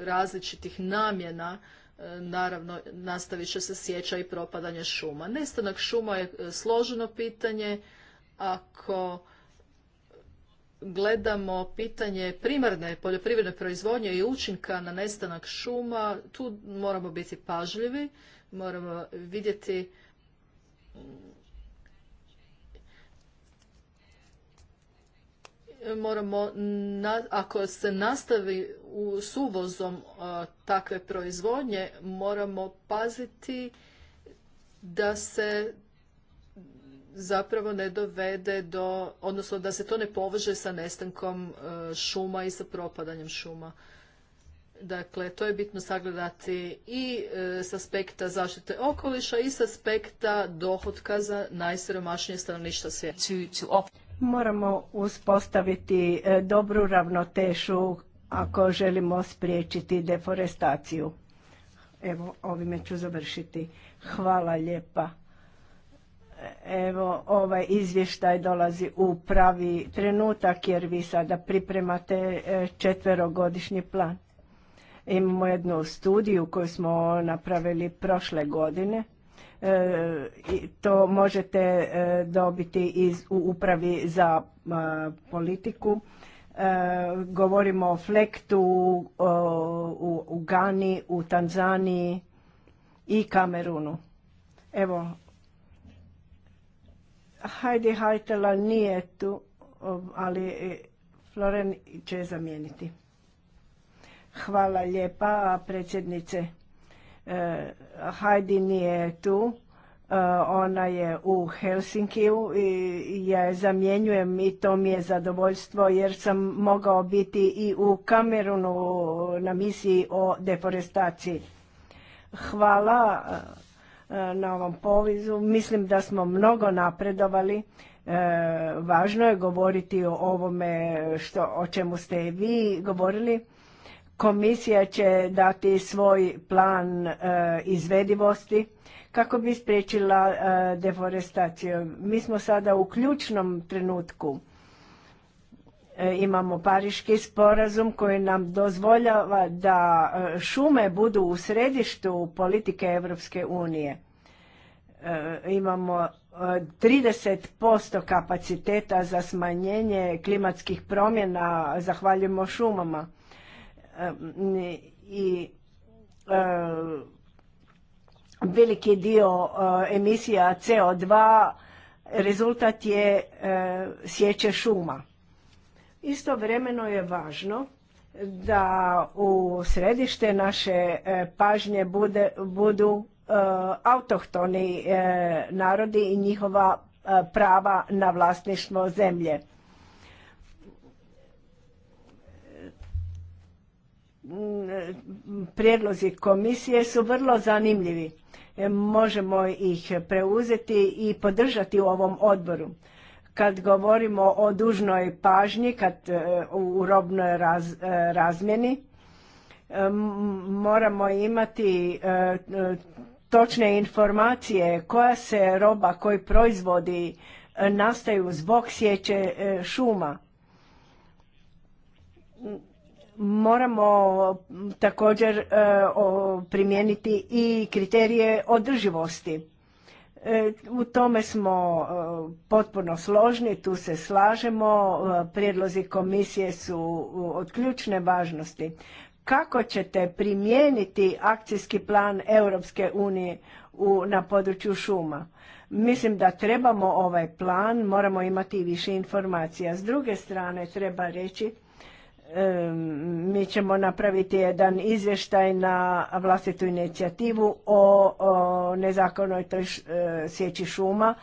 različitih namjena, E, naravno nastavit će se sjeća i propadanje šuma. Nestanak šuma je e, složeno pitanje. Ako gledamo pitanje primarne poljoprivredne proizvodnje i učinka na nestanak šuma, tu moramo biti pažljivi, moramo vidjeti moramo, na, ako se nastavi u, s uvozom takve proizvodnje, moramo paziti da se zapravo ne dovede do, odnosno da se to ne poveže sa nestankom e, šuma i sa propadanjem šuma. Dakle, to je bitno sagledati i e, s aspekta zaštite okoliša i s aspekta dohotka za najsiromašnije stanovništvo svijeta. Moramo uspostaviti e, dobru ravnotešu ako želimo spriječiti deforestaciju. Evo, ovime ću završiti. Hvala lijepa. Evo, ovaj izvještaj dolazi u pravi trenutak jer vi sada pripremate e, četverogodišnji plan. Imamo jednu studiju koju smo napravili prošle godine E, to možete e, dobiti iz, u upravi za e, politiku. Govorimo o Flektu u, u Gani, u Tanzaniji i Kamerunu. Evo, Heidi Heitela nije tu, ali Floren će zamijeniti. Hvala lijepa predsjednice. Hajdi nije tu, e, ona je u Helsinkiju i ja je zamjenjujem i to mi je zadovoljstvo jer sam mogao biti i u Kamerunu na misiji o deforestaciji. Hvala e, na ovom povizu. Mislim da smo mnogo napredovali. E, važno je govoriti o ovome što, o čemu ste vi govorili Komisija će dati svoj plan e, izvedivosti kako bi spriječila e, deforestaciju. Mi smo sada u ključnom trenutku. E, imamo Pariški sporazum koji nam dozvoljava da šume budu u središtu politike Europske unije. Imamo 30% kapaciteta za smanjenje klimatskih promjena zahvaljujemo šumama i e, veliki dio e, emisija CO2 rezultat je e, sjeće šuma. Istovremeno je važno da u središte naše pažnje budu autohtoni narodi i njihova prava na vlasništvo zemlje. prijedlozi komisije su vrlo zanimljivi. E, možemo ih preuzeti i podržati u ovom odboru. Kad govorimo o dužnoj pažnji, kad e, u robnoj e, razmjeni, moramo imati točne informacije koja se roba, koji proizvodi nastaju zbog sjeće šuma moramo također e, primijeniti i kriterije održivosti. E, u tome smo e, potpuno složni, tu se slažemo, prijedlozi komisije su od ključne važnosti. Kako ćete primijeniti akcijski plan Europske unije na području šuma? Mislim da trebamo ovaj plan, moramo imati više informacija. S druge strane treba reći mi ćemo napraviti jedan izvještaj na vlastitu inicijativu o, nezakonoj nezakonitoj e, sjeći šuma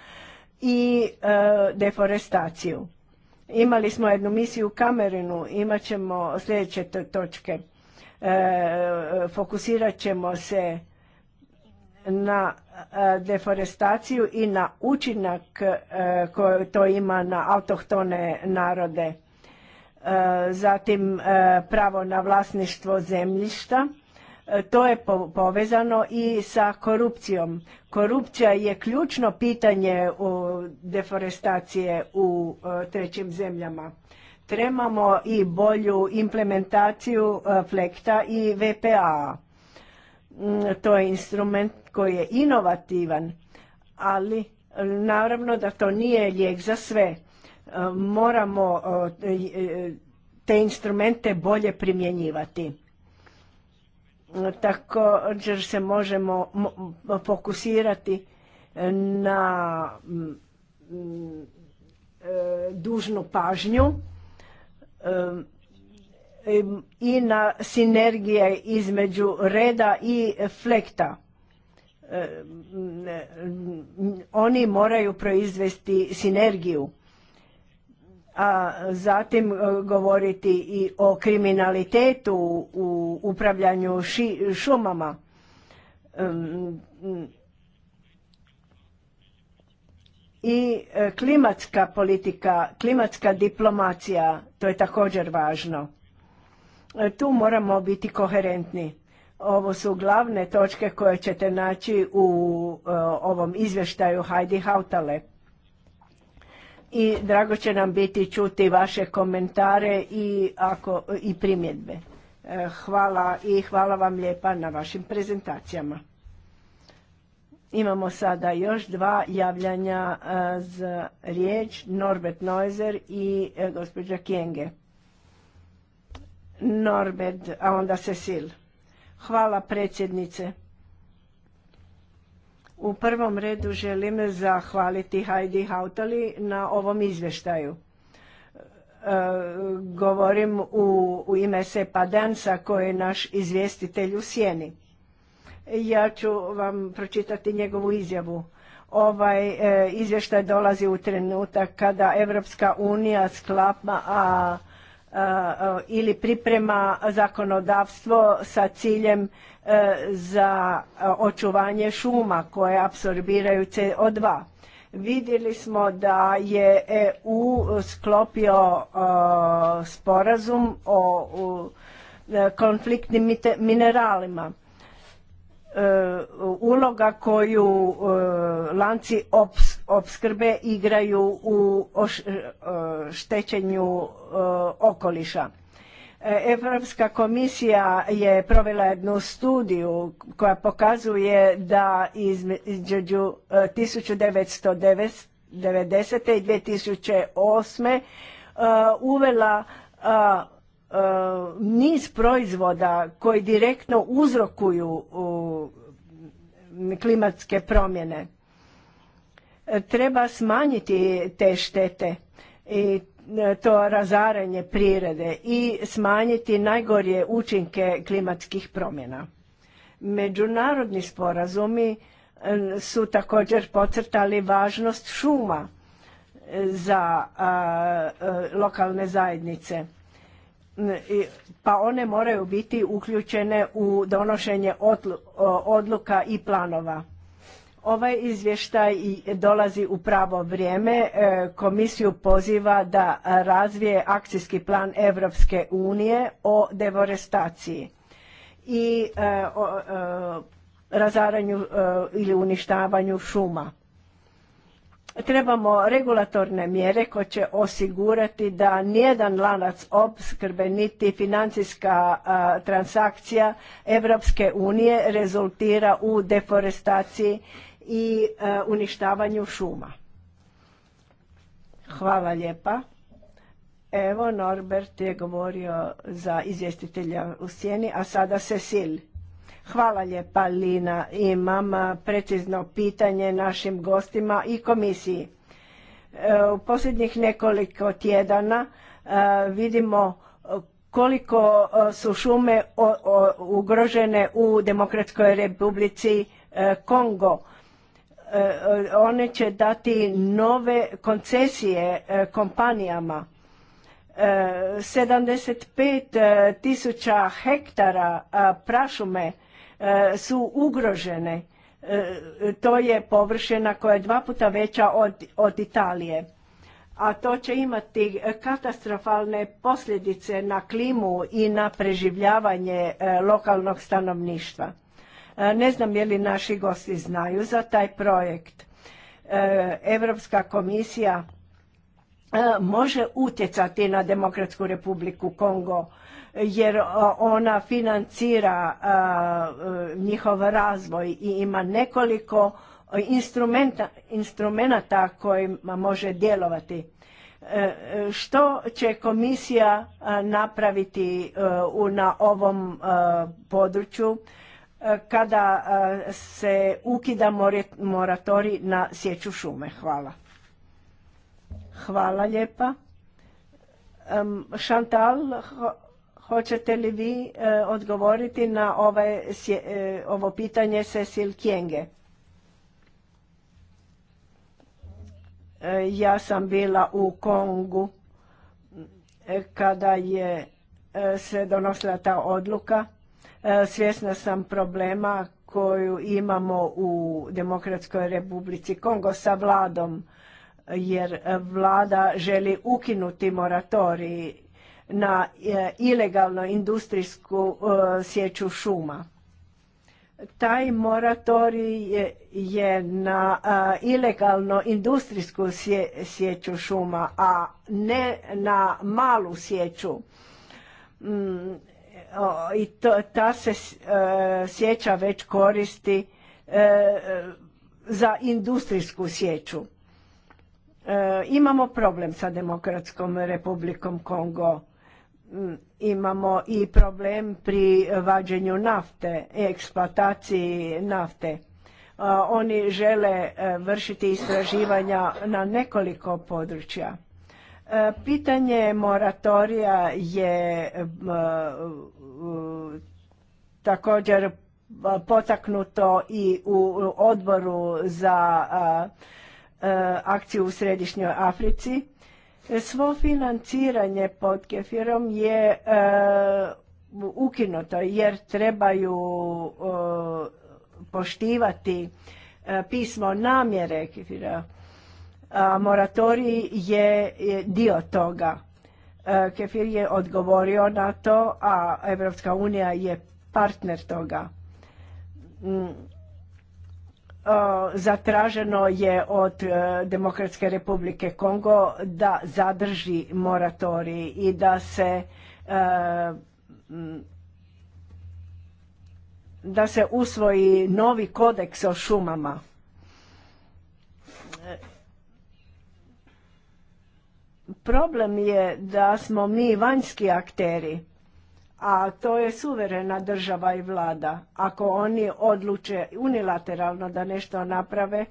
i e, deforestaciju. Imali smo jednu misiju u Kamerinu, imat ćemo sljedeće točke. E, fokusirat ćemo se na deforestaciju i na učinak koji to ima na autohtone narode E, zatim e, pravo na vlasništvo zemljišta. E, to je povezano i sa korupcijom. Korupcija je ključno pitanje u deforestacije u trećim zemljama. Trebamo i bolju implementaciju flekta i VPA. Mm, to je instrument koji je inovativan, ali naravno da to nije lijek za sve E, moramo e, e, te instrumente bolje primjenjivati. Također se možemo fokusirati na dužnu pažnju i na sinergije između reda i flekta. Oni moraju proizvesti sinergiju a zatim e, govoriti i o kriminalitetu u upravljanju ši, šumama. I e, klimatska politika, klimatska diplomacija, to je također važno. E, tu moramo biti koherentni. Ovo su glavne točke koje ćete naći u ovom izvještaju Heidi Hautalep i drago će nam biti čuti vaše komentare i, ako, i primjedbe. E, hvala i hvala vam lijepa na vašim prezentacijama. Imamo sada još dva javljanja e, za riječ, Norbert Neuser i e, gospođa Kjenge. Norbert, a onda Cecil. Hvala predsjednice. U prvom redu želim zahvaliti Heidi Hautali na ovom izvještaju. E, govorim u, ime Sepa Dansa koji je naš izvjestitelj u Sjeni. Ja ću vam pročitati njegovu izjavu. Ovaj e, izvještaj dolazi u trenutak kada Evropska unija sklapa a, ili priprema zakonodavstvo sa ciljem E, za e, očuvanje šuma koje apsorbiraju CO2. Vidjeli smo da je EU sklopio e, sporazum o konfliktnim mineralima. Uloga koju lanci opskrbe igraju u štećenju okoliša Europska komisija je provela jednu studiju koja pokazuje da između 1990. E, i 2008. E, uvela e, niz proizvoda koji direktno uzrokuju klimatske promjene. Treba smanjiti te štete i E, to razaranje prirode i smanjiti najgorije učinke klimatskih promjena. Međunarodni sporazumi e, su također pocrtali važnost šuma e, za lokalne zajednice. Pa one moraju biti uključene u donošenje odluka i planova Ovaj izvještaj dolazi u pravo vrijeme. E, komisiju poziva da razvije akcijski plan Europske unije o deforestaciji i e, e, razaranju ili uništavanju šuma. Trebamo regulatorne mjere koje će osigurati da nijedan lanac opskrbe niti financijska transakcija Europske unije rezultira u deforestaciji i e, uništavanju šuma. Hvala lijepa. Evo, Norbert je govorio za izvjestitelja u sjeni, a sada Cecil. Hvala lijepa, Lina. Imam e, precizno pitanje našim gostima i komisiji. E, u posljednjih nekoliko tjedana vidimo koliko su šume ugrožene u Demokratskoj republici Kongo Eh, one će dati nove koncesije eh, kompanijama. 75 eh, tisuća hektara prašume su ugrožene. To je površina koja je dva puta veća od, od Italije. A to će imati katastrofalne posljedice na klimu i na preživljavanje lokalnog stanovništva. E, ne znam je li naši gosti znaju za taj projekt. Europska komisija e, može utjecati na Demokratsku republiku Kongo jer e, ona financira njihov razvoj i ima nekoliko instrumenta kojima može djelovati. Što će komisija napraviti na ovom području? kada se ukida moratorij na sjeću šume. Hvala. Hvala lijepa. Šantal, hoćete li vi e, odgovoriti na e, ovo pitanje Cecil Kjenge? E, ja sam bila u Kongu kada je se donosila ta odluka E, svjesna sam problema koju imamo u Demokratskoj republici Kongo sa vladom, jer vlada želi ukinuti moratorij na e, ilegalno industrijsku e, sjeću šuma. Taj moratorij je na ilegalno industrijsku sjeću šuma, a ne na malu sjeću mm, i to, ta se e, sjeća već koristi e, za industrijsku sjeću. E, imamo problem sa Demokratskom republikom Kongo. Imamo i problem pri vađenju nafte, eksploataciji nafte. Oni žele vršiti istraživanja na nekoliko područja E, pitanje moratorija je e, e, također potaknuto i u odboru za akciju u Središnjoj Africi. Svo financiranje pod kefirom je ukinuto jer trebaju poštivati pismo namjere kefira moratorij je dio toga. E, kefir je odgovorio na to, a Evropska unija je partner toga. Mm. Zatraženo je od e, Demokratske republike Kongo da zadrži moratorij i da se e, mm, da se usvoji novi kodeks o šumama. Problem je da smo mi vanjski akteri, a to je suverena država i vlada. Ako oni odluče unilateralno da nešto naprave,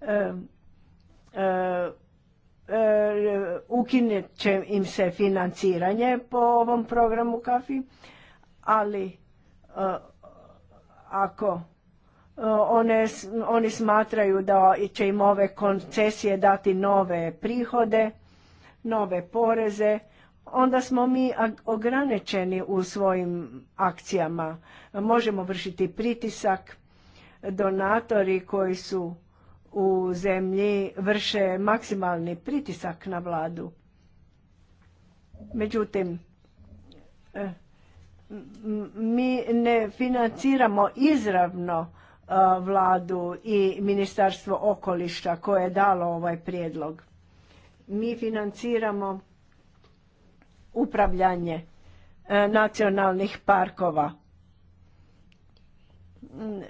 e, će im se financiranje po ovom programu KAFI, ali e, ako e, one, oni smatraju da će im ove koncesije dati nove prihode, nove poreze, onda smo mi ograničeni u svojim akcijama. Možemo vršiti pritisak, donatori koji su u zemlji vrše maksimalni pritisak na vladu. Međutim, eh, mi ne financiramo izravno eh, vladu i Ministarstvo okoliša koje je dalo ovaj prijedlog. Mi financiramo upravljanje e, nacionalnih parkova. Mm,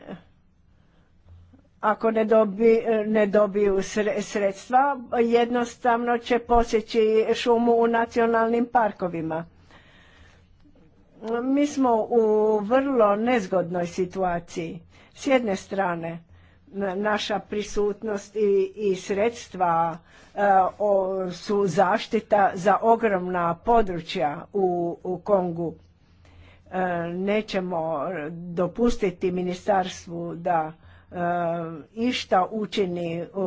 ako ne, dobi, ne dobiju sredstva, jednostavno će posjeći šumu u nacionalnim parkovima. Mi smo u vrlo nezgodnoj situaciji. S jedne strane, naša prisutnost i, sredstva e, su zaštita za ogromna područja u, u Kongu. E, nećemo dopustiti ministarstvu da e, išta učini u,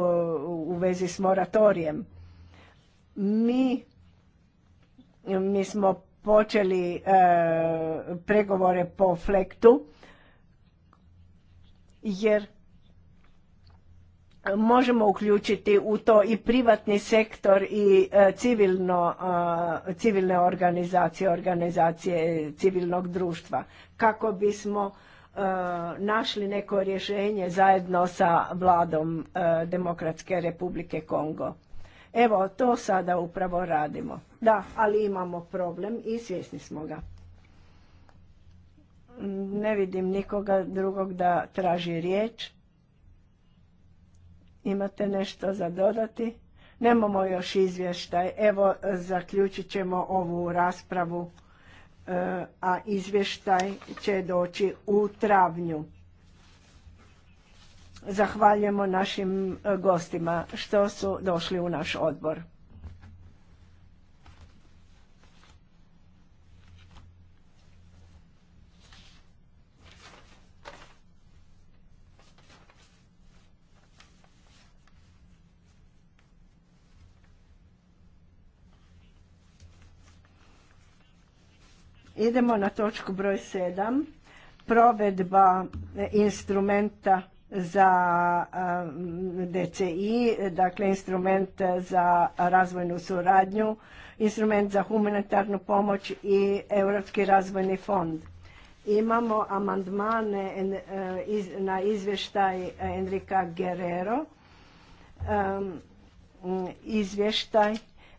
u vezi s moratorijem. Mi, mi smo počeli e, pregovore po flektu jer možemo uključiti u to i privatni sektor i e, civilno, civilne organizacije, organizacije civilnog društva, kako bismo e, našli neko rješenje zajedno sa vladom e, Demokratske republike Kongo. Evo, to sada upravo radimo. Da, ali imamo problem i svjesni smo ga. Ne vidim nikoga drugog da traži riječ. Imate nešto za dodati? Nemamo još izvještaj. Evo, zaključit ćemo ovu raspravu, e, a izvještaj će doći u travnju. Zahvaljujemo našim gostima što su došli u naš odbor. Idemo na točku broj 7. Provedba e, instrumenta za DCI, dakle instrument za razvojnu suradnju, instrument za humanitarnu pomoć i Europski razvojni fond. Imamo amandmane e, na izvještaj Enrika Guerrero, izvještaj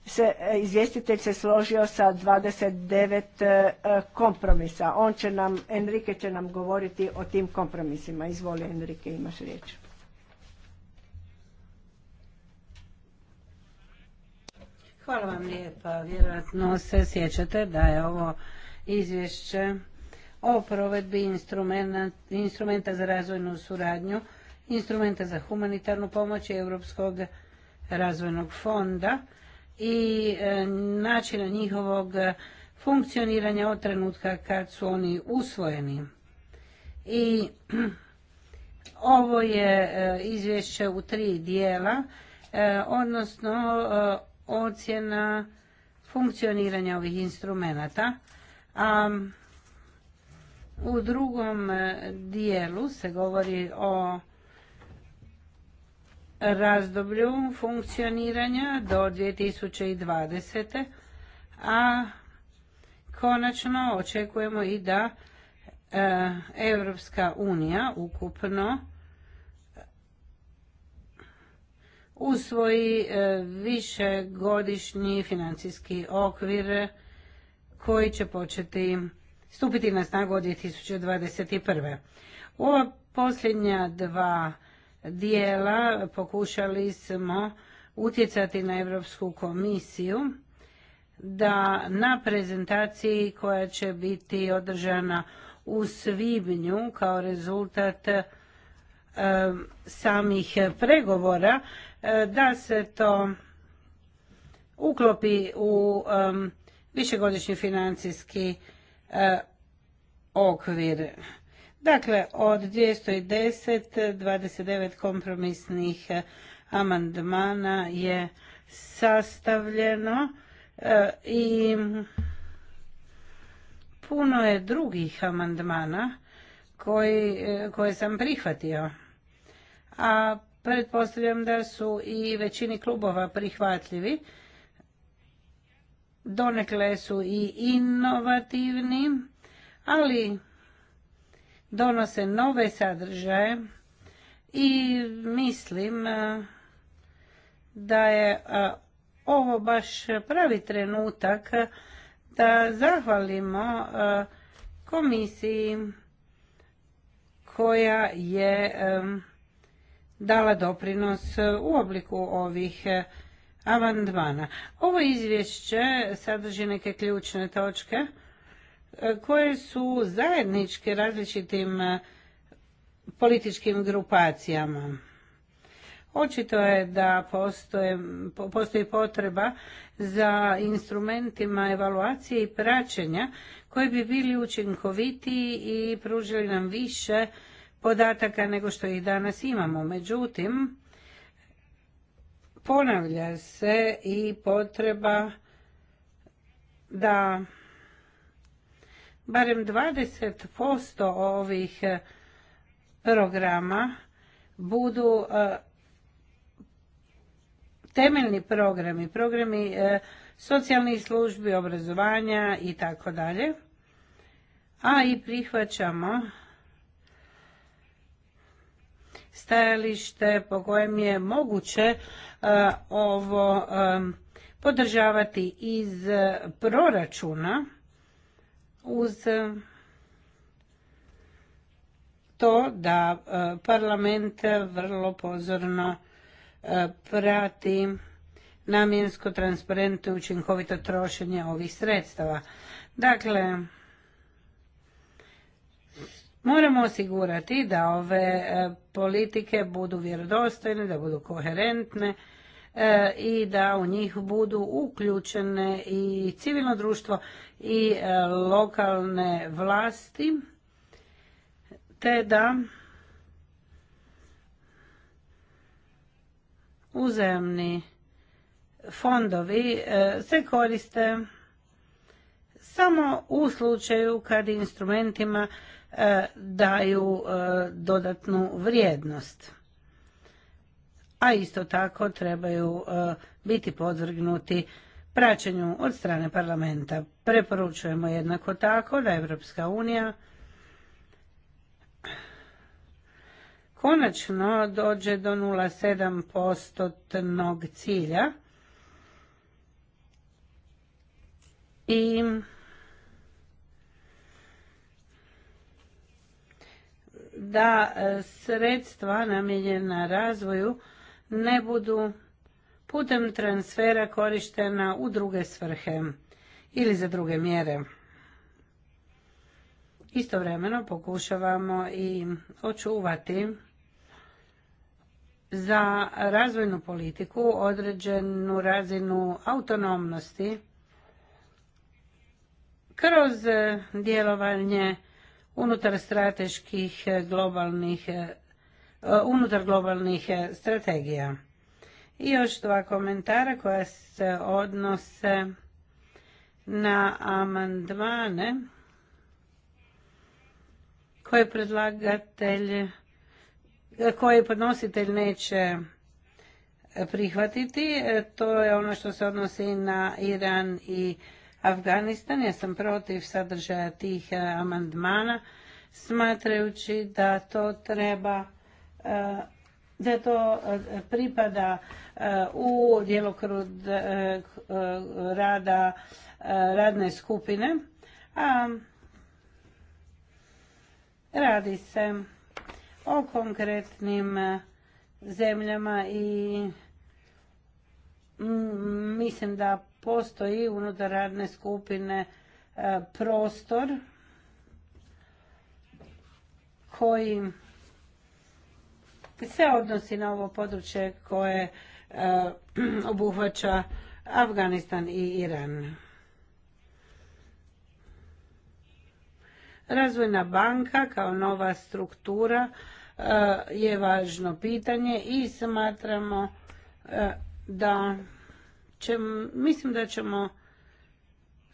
se, e, izvjestitelj se složio sa 29 e, e, kompromisa. On će nam, Enrique će nam govoriti o tim kompromisima. Izvoli Enrique, imaš riječ. Hvala vam lijepa. Vjerojatno se sjećate da je ovo izvješće o provedbi instrumenta za razvojnu suradnju, instrumenta za humanitarnu pomoć i Europskog razvojnog fonda i e, načina njihovog funkcioniranja od trenutka kad su oni usvojeni. I ovo je e, izvješće u tri dijela, e, odnosno ocjena funkcioniranja ovih instrumenata. A u drugom dijelu se govori o razdoblju funkcioniranja do 2020. A konačno očekujemo i da Europska unija ukupno usvoji e, godišnji financijski okvir koji će početi stupiti na snagu od 2021. Ova posljednja dva dijela pokušali smo utjecati na Europsku komisiju da na prezentaciji koja će biti održana u svibnju kao rezultat e, samih pregovora e, da se to uklopi u e, višegodišnji financijski okvir Dakle, od 210, 29 kompromisnih e, amandmana je sastavljeno e, i puno je drugih amandmana e, koje sam prihvatio. A pretpostavljam da su i većini klubova prihvatljivi. Donekle su i inovativni, ali donose nove sadržaje i mislim e, da je e, ovo baš pravi trenutak e, da zahvalimo komisiji koja je dala doprinos u obliku ovih amandmana. Ovo izvješće sadrži neke ključne točke E, koje su zajedničke različitim e, političkim grupacijama. Očito je da postoji potreba za instrumentima evaluacije i praćenja koji bi bili učinkovitiji i pružili nam više podataka nego što ih danas imamo. Međutim, ponavlja se i potreba da barem 20% ovih eh, programa budu eh, temeljni programi, programi eh, socijalnih službi, obrazovanja i tako dalje. A i prihvaćamo stajalište po kojem je moguće ovo podržavati iz proračuna uz e, to da e, parlament vrlo pozorno e, prati namjensko, transparentno i učinkovito trošenje ovih sredstava. Dakle, moramo osigurati da ove politike budu vjerodostojne, da budu koherentne E, i da u njih budu uključene i civilno društvo i e, lokalne vlasti te da uzemni fondovi e, se koriste samo u slučaju kad instrumentima daju dodatnu vrijednost a isto tako trebaju e, biti podvrgnuti praćenju od strane parlamenta. Preporučujemo jednako tako da Evropska unija konačno dođe do 0,7% cilja i da e, sredstva namijenjena razvoju ne budu putem transfera korištena u druge svrhe ili za druge mjere. Istovremeno pokušavamo i očuvati za razvojnu politiku određenu razinu autonomnosti kroz djelovanje unutar strateških globalnih Eh, unutar globalnih eh, strategija. I još dva komentara koja se odnose na amandmane koje predlagatelj eh, koje podnositelj neće prihvatiti. To je ono što se odnosi na Iran i Afganistan. Ja sam protiv sadržaja tih amandmana, smatrajući da to treba da to e, pripada e, u djelokrug e, rada radne skupine, a radi se o konkretnim zemljama i mislim da postoji unutar radne skupine prostor koji se odnosi na ovo područje koje e, (clears throat) obuhvaća Afganistan i Iran. Razvojna banka kao nova struktura e, je važno pitanje i smatramo e, da ćemo mislim da ćemo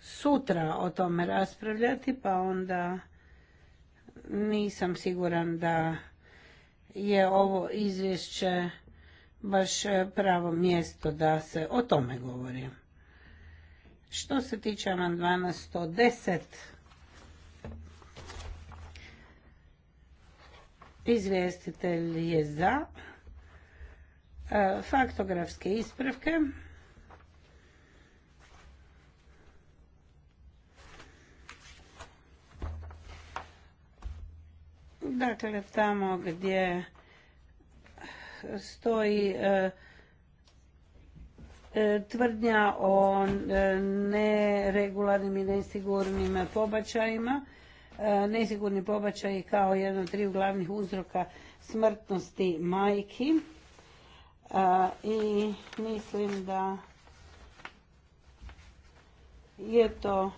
sutra o tome raspravljati, pa onda nisam siguran da je ovo izvješće baš pravo mjesto da se o tome govori. Što se tiče amandmana 110, izvjestitelj je za e, faktografske ispravke. Dakle, tamo gdje stoji e, e, tvrdnja o e, neregularnim i nesigurnim pobačajima, nesigurni pobačaj kao jedan od tri glavnih uzroka smrtnosti majki i mislim da je to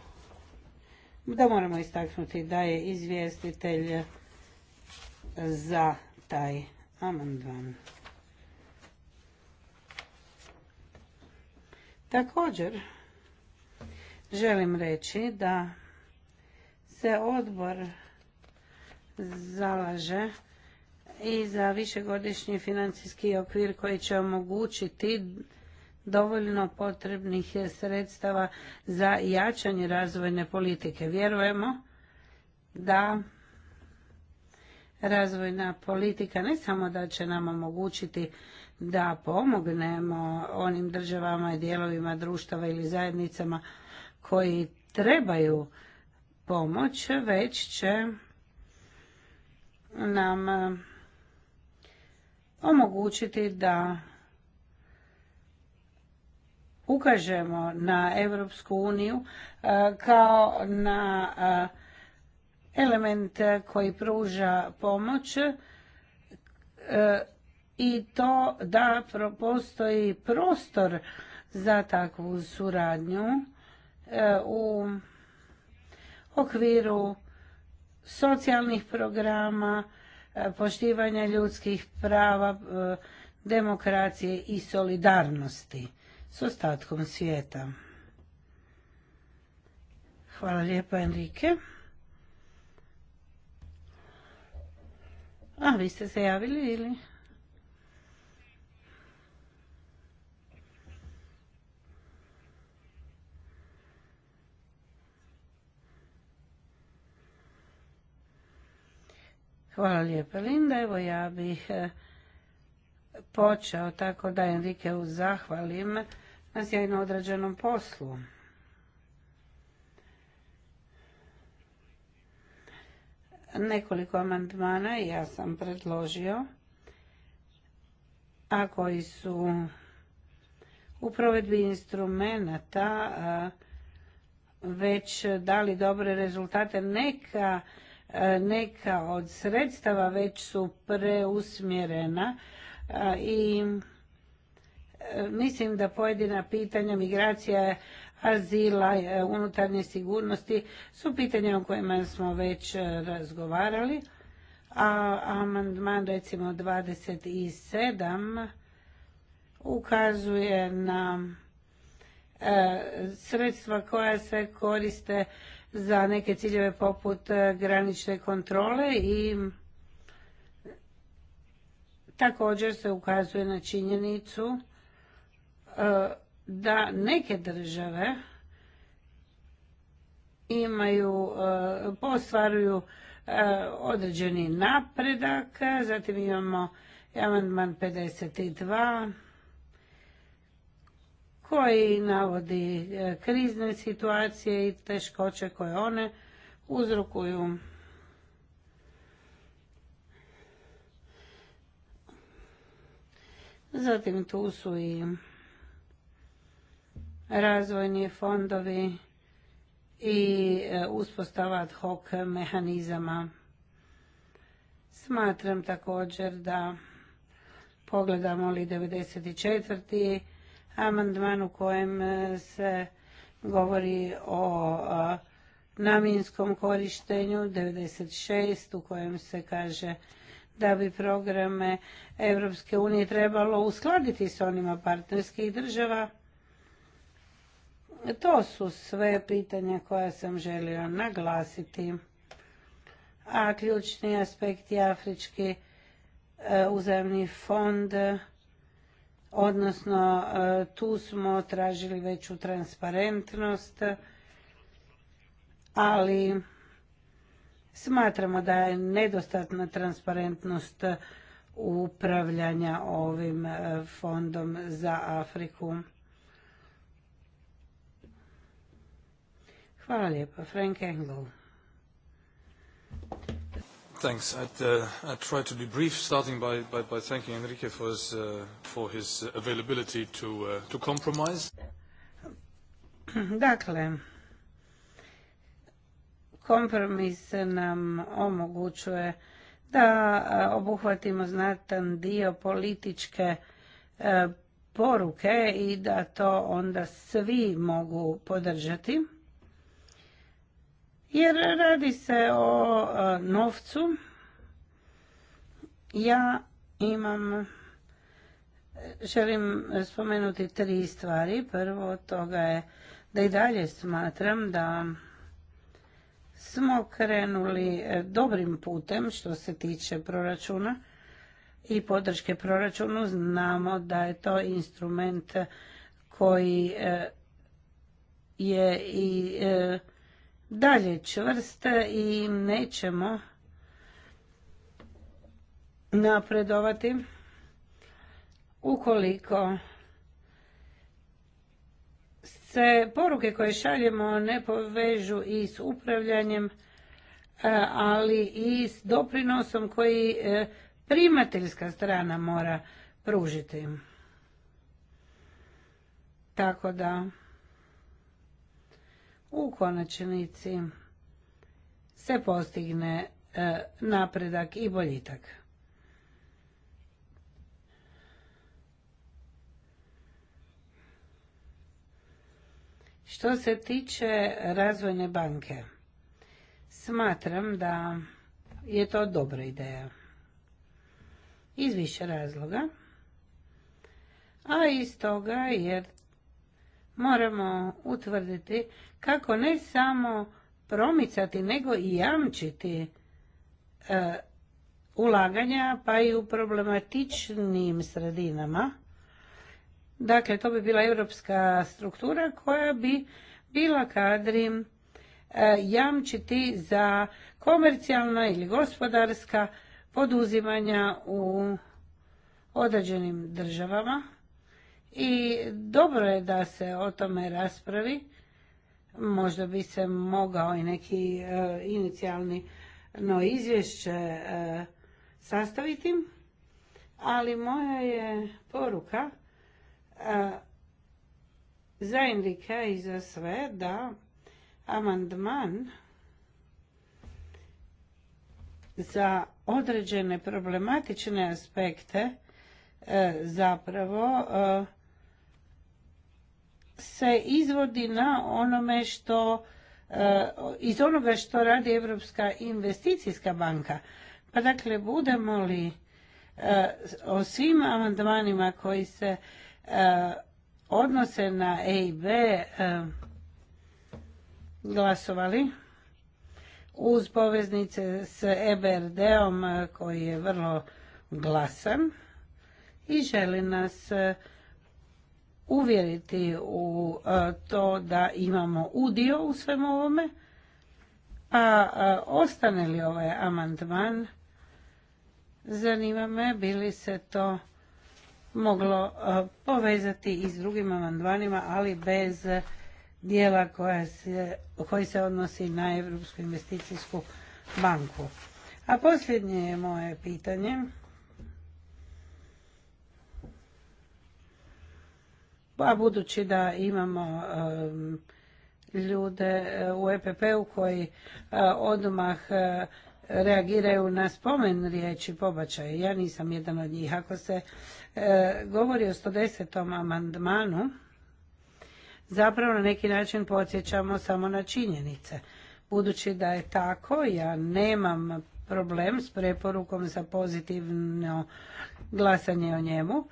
da moramo istaknuti da je izvjestitelj za taj amandman. Također, želim reći da se odbor zalaže i za višegodišnji financijski okvir koji će omogućiti dovoljno potrebnih sredstava za jačanje razvojne politike. Vjerujemo da razvojna politika ne samo da će nam omogućiti da pomognemo onim državama i dijelovima društava ili zajednicama koji trebaju pomoć, već će nam e, omogućiti da ukažemo na Europsku uniju e, kao na e, element koji pruža pomoć e, i to da postoji prostor za takvu suradnju e, u okviru socijalnih programa, e, poštivanja ljudskih prava, demokracije i solidarnosti s ostatkom svijeta. Hvala lijepa Enrique. A, vi ste se javili ili? Hvala lijepa Linda. Evo ja bih eh, počeo tako da Enrique zahvalim na sjajno odrađenom poslu. nekoliko amandmana ja sam predložio, a koji su u provedbi instrumenata već dali dobre rezultate. Neka, neka od sredstava već su preusmjerena i e, mislim da pojedina pitanja migracija azila, e, unutarnje sigurnosti su pitanja o kojima smo već e, razgovarali. A amandman recimo 27 ukazuje na e, sredstva koja se koriste za neke ciljeve poput granične kontrole i također se ukazuje na činjenicu da neke države imaju, postvaruju e, e, određeni napredak, zatim imamo amandman 52 koji navodi e, krizne situacije i teškoće koje one uzrokuju. Zatim tu su i razvojni fondovi i e, uspostava ad hoc mehanizama. Smatram također da pogledamo li 94. amandman u kojem e, se govori o namjenskom korištenju, 96. u kojem se kaže da bi programe Europske unije trebalo uskladiti s onima partnerskih država to su sve pitanja koja sam želio naglasiti. A ključni aspekt je Afrički e, uzajemni fond, odnosno e, tu smo tražili veću transparentnost, ali smatramo da je nedostatna transparentnost upravljanja ovim e, fondom za Afriku. Hvala lijepa. Frank Engel. Thanks. I'd, uh, I'd try to be brief, starting by, by, by thanking Enrique for his, uh, for his availability to, uh, to compromise. Dakle, kompromis nam omogućuje da uh, obuhvatimo znatan dio političke uh, poruke i da to onda svi mogu podržati jer radi se o e, novcu. Ja imam, e, želim spomenuti tri stvari. Prvo od toga je da i dalje smatram da smo krenuli e, dobrim putem što se tiče proračuna i podrške proračunu. Znamo da je to instrument koji je i dalje čvrste i nećemo napredovati ukoliko se poruke koje šaljemo ne povežu i s upravljanjem, e, ali i s doprinosom koji e, primateljska strana mora pružiti. Tako da u konačnici se postigne e, napredak i boljitak. Što se tiče razvojne banke, smatram da je to dobra ideja. Iz više razloga. A iz toga jer moramo utvrditi kako ne samo promicati, nego i jamčiti e, ulaganja, pa i u problematičnim sredinama. Dakle, to bi bila europska struktura koja bi bila kadrim e, jamčiti za komercijalna ili gospodarska poduzimanja u određenim državama i dobro je da se o tome raspravi. Možda bi se mogao i neki e, inicijalni no izvješće e, sastaviti, ali moja je poruka e, za Indika i za sve da amandman za određene problematične aspekte zapravo se izvodi na onome što e, iz onoga što radi Europska investicijska banka. Pa dakle, budemo li e, o svim amandmanima koji se e, odnose na EIB glasovali uz poveznice s EBRD-om koji je vrlo glasan i želi nas uvjeriti u e, to da imamo udio u svemu ovome, a e, ostane li ovaj amandman, zanima me bi li se to moglo e, povezati i s drugim amandmanima, ali bez dijela koja koji se odnosi na Europsku investicijsku banku. A posljednje je moje pitanje. A pa budući da imamo ljude e, u EPP-u koji e, odmah e, reagiraju na spomen riječi pobačaj. Ja nisam jedan od njih. Ako se govori o 110. amandmanu, zapravo na neki način podsjećamo samo na činjenice. Budući da je tako, ja nemam problem s preporukom za pozitivno glasanje o njemu,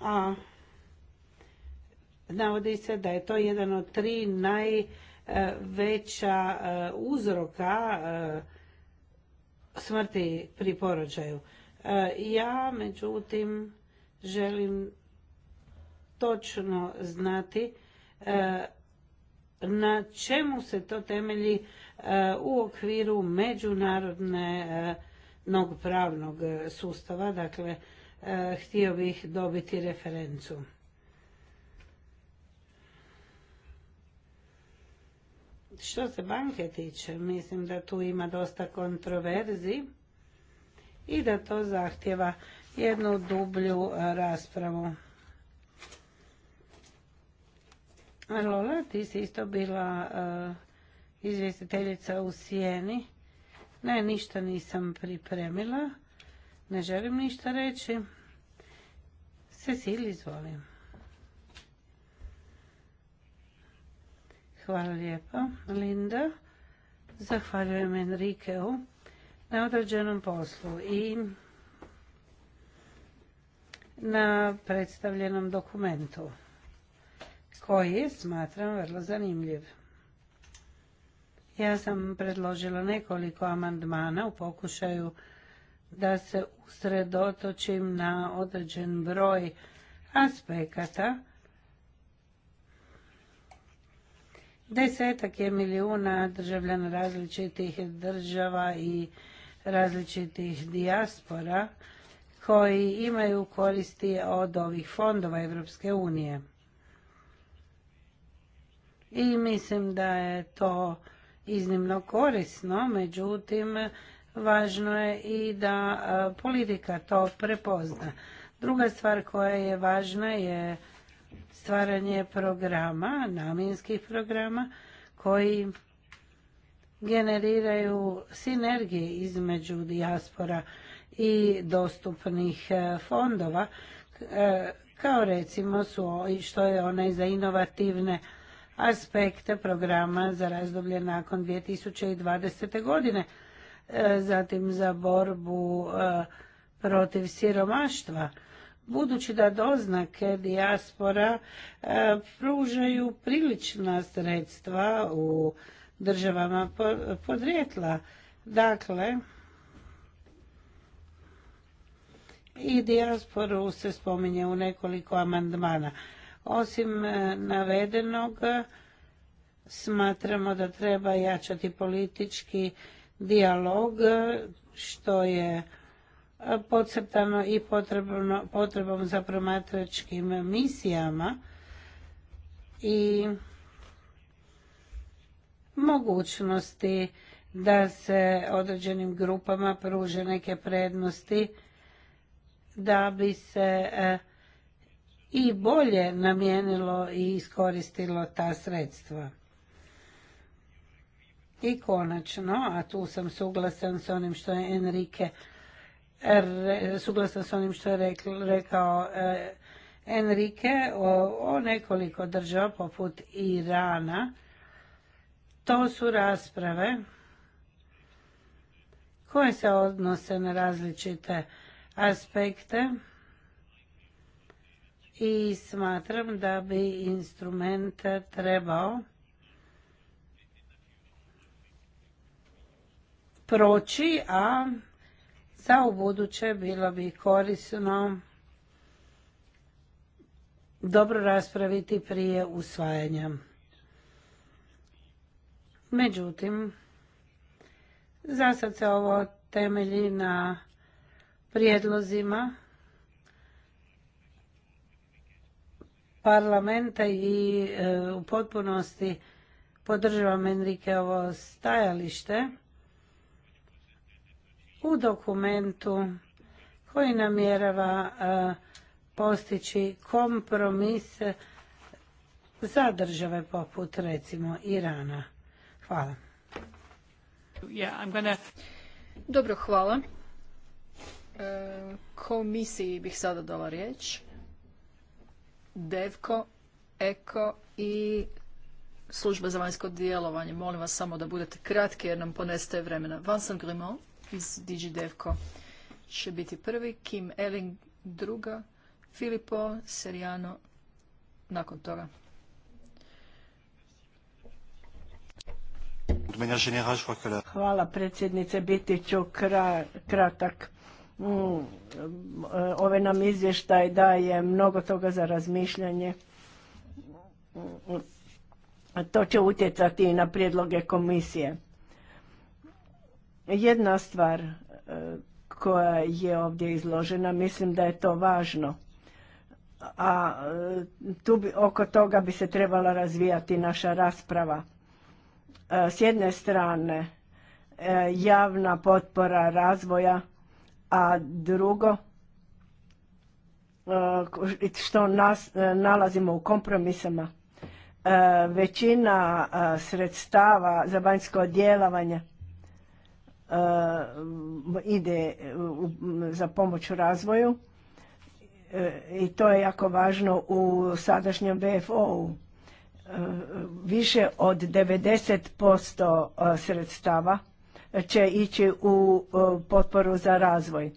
a navodi se da je to jedan od tri najveća eh, uzroka eh, smrti pri porođaju. Eh, ja, međutim, želim točno znati na čemu se to temelji u okviru međunarodne pravnog sustava. Dakle, htio bih dobiti referencu. Što se banke tiče, mislim da tu ima dosta kontroverzi i da to zahtjeva jednu dublju e, raspravu. Lola, ti si isto bila e, izvjestiteljica u Sijeni. Ne, ništa nisam pripremila. Ne želim ništa reći. Cecil, izvolim. Hvala lijepa, Linda. Zahvaljujem Enrikeu na određenom poslu i na predstavljenom dokumentu koji smatram vrlo zanimljiv. Ja sam predložila nekoliko amandmana u pokušaju da se usredotočim na određen broj aspekata Desetak je milijuna državljana različitih država i različitih dijaspora koji imaju koristi od ovih fondova Europske unije. I mislim da je to iznimno korisno, međutim važno je i da politika to prepozna. Druga stvar koja je važna je stvaranje programa, namjenskih programa koji generiraju sinergije između dijaspora i dostupnih e, fondova, e, kao recimo su što je onaj za inovativne aspekte programa za razdoblje nakon 2020. godine, e, zatim za borbu protiv siromaštva budući da doznake dijaspora e, pružaju prilična sredstva u državama podrijetla. Dakle, i dijasporu se spominje u nekoliko amandmana. Osim e, navedenog, smatramo da treba jačati politički dijalog, što je podcrtano i potrebom za promatračkim misijama i mogućnosti da se određenim grupama pruže neke prednosti da bi se e, i bolje namijenilo i iskoristilo ta sredstva. I konačno, a tu sam suglasan s onim što je Enrique suglasan s onim što je rekao e, Enrique o nekoliko država poput Irana. To su rasprave koje se odnose na različite aspekte i smatram da bi instrument trebao proći, a da u buduće bilo bi korisno dobro raspraviti prije usvajanja. Međutim, za sad se ovo temelji na prijedlozima parlamenta i e, u potpunosti podržavam ovo stajalište u dokumentu koji namjerava e, postići kompromis za države poput recimo Irana. Hvala. Dobro, hvala. E, komisiji bih sada dala riječ. Devko, Eko i služba za vanjsko djelovanje. Molim vas samo da budete kratki jer nam ponestaje vremena. Vincent Grimaud iz DigiDevco će biti prvi, Kim Elling druga, Filipo Serjano nakon toga. Hvala predsjednice, biti ću kratak. Mm, eh, Ove ovaj nam izvještaj daje mnogo toga za razmišljanje. Mm, to će utjecati i na prijedloge komisije. Jedna stvar e, koja je ovdje izložena, mislim da je to važno, a e, tu bi, oko toga bi se trebala razvijati naša rasprava. E, s jedne strane javna potpora razvoja, a drugo što nas, nalazimo u kompromisama. Većina sredstava za vanjsko djelovanje E, ide e, za pomoć razvoju e, i to je jako važno u sadašnjem bfo u Više od 90% sredstava će ići u potporu za razvoj.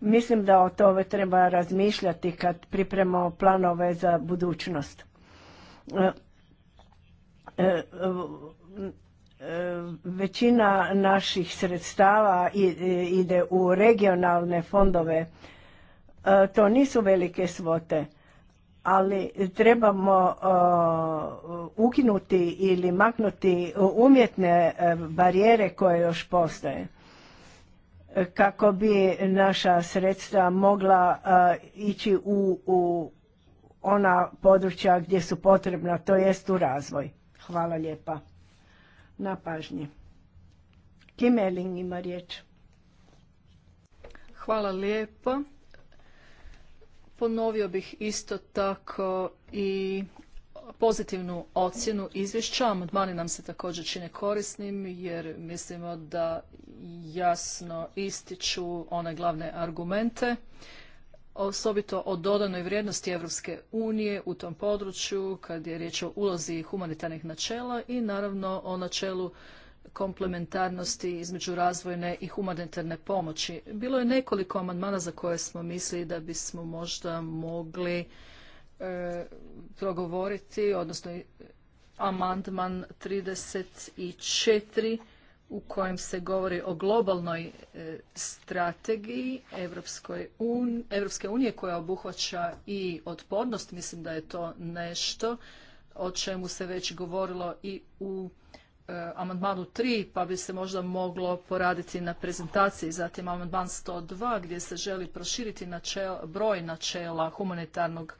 Mislim da o tome treba razmišljati kad pripremamo planove za budućnost Većina naših sredstava ide u regionalne fondove. E, to nisu velike svote, ali trebamo ukinuti ili maknuti umjetne e, barijere koje još postoje e, kako bi naša sredstva mogla ići u, ona područja gdje su potrebna, to jest u razvoj. Hvala lijepa na pažnji. Kim ima riječ. Hvala lijepo. Ponovio bih isto tako i pozitivnu ocjenu izvješća. Amandmani nam se također čine korisnim jer mislimo da jasno ističu one glavne argumente osobito o dodanoj vrijednosti Europske unije u tom području kad je riječ o ulozi humanitarnih načela i naravno o načelu komplementarnosti između razvojne i humanitarne pomoći. Bilo je nekoliko amandmana za koje smo mislili da bismo možda mogli e, progovoriti, odnosno amandman 34 u kojem se govori o globalnoj e, strategiji Europske unije koja obuhvaća i otpornost. Mislim da je to nešto o čemu se već govorilo i u e, amandmanu 3, pa bi se možda moglo poraditi na prezentaciji. Zatim amandman 102 gdje se želi proširiti broj načela humanitarnog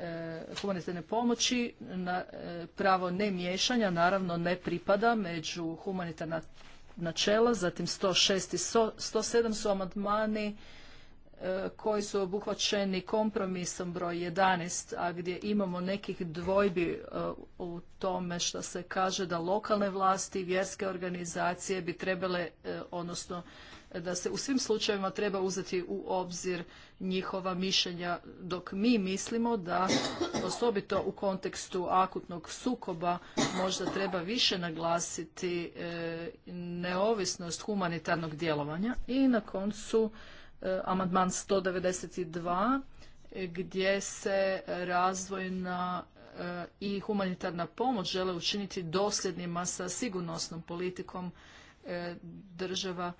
E, humanitarne pomoći na e, pravo ne miješanja naravno ne pripada među humanitarna načela, zatim 106 i 107 su amandmani e, koji su obuhvaćeni kompromisom broj 11, a gdje imamo nekih dvojbi u tome što se kaže da lokalne vlasti, vjerske organizacije bi trebale, odnosno da se u svim slučajevima treba uzeti u obzir njihova mišljenja dok mi mislimo da osobito u kontekstu akutnog sukoba možda treba više naglasiti e, neovisnost humanitarnog djelovanja i na koncu e, sto amandman 192 gdje se razvojna e, i humanitarna pomoć žele učiniti dosljednima sa sigurnosnom politikom država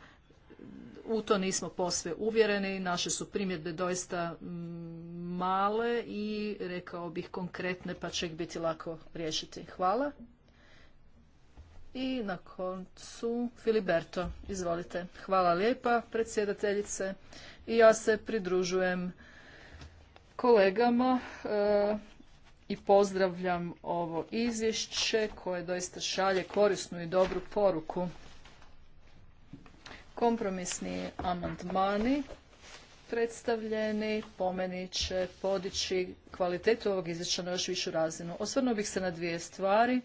u to nismo posve uvjereni, naše su primjedbe doista mm, male i rekao bih konkretne pa će ih biti lako riješiti. Hvala. I na koncu Filiberto, izvolite. Hvala lijepa predsjedateljice i ja se pridružujem kolegama eh, i pozdravljam ovo izvješće koje doista šalje korisnu i dobru poruku. Kompromisni amandmani predstavljeni po meni će podići kvalitetu ovog izvješća na još višu razinu. Osvrnuo bih se na dvije stvari.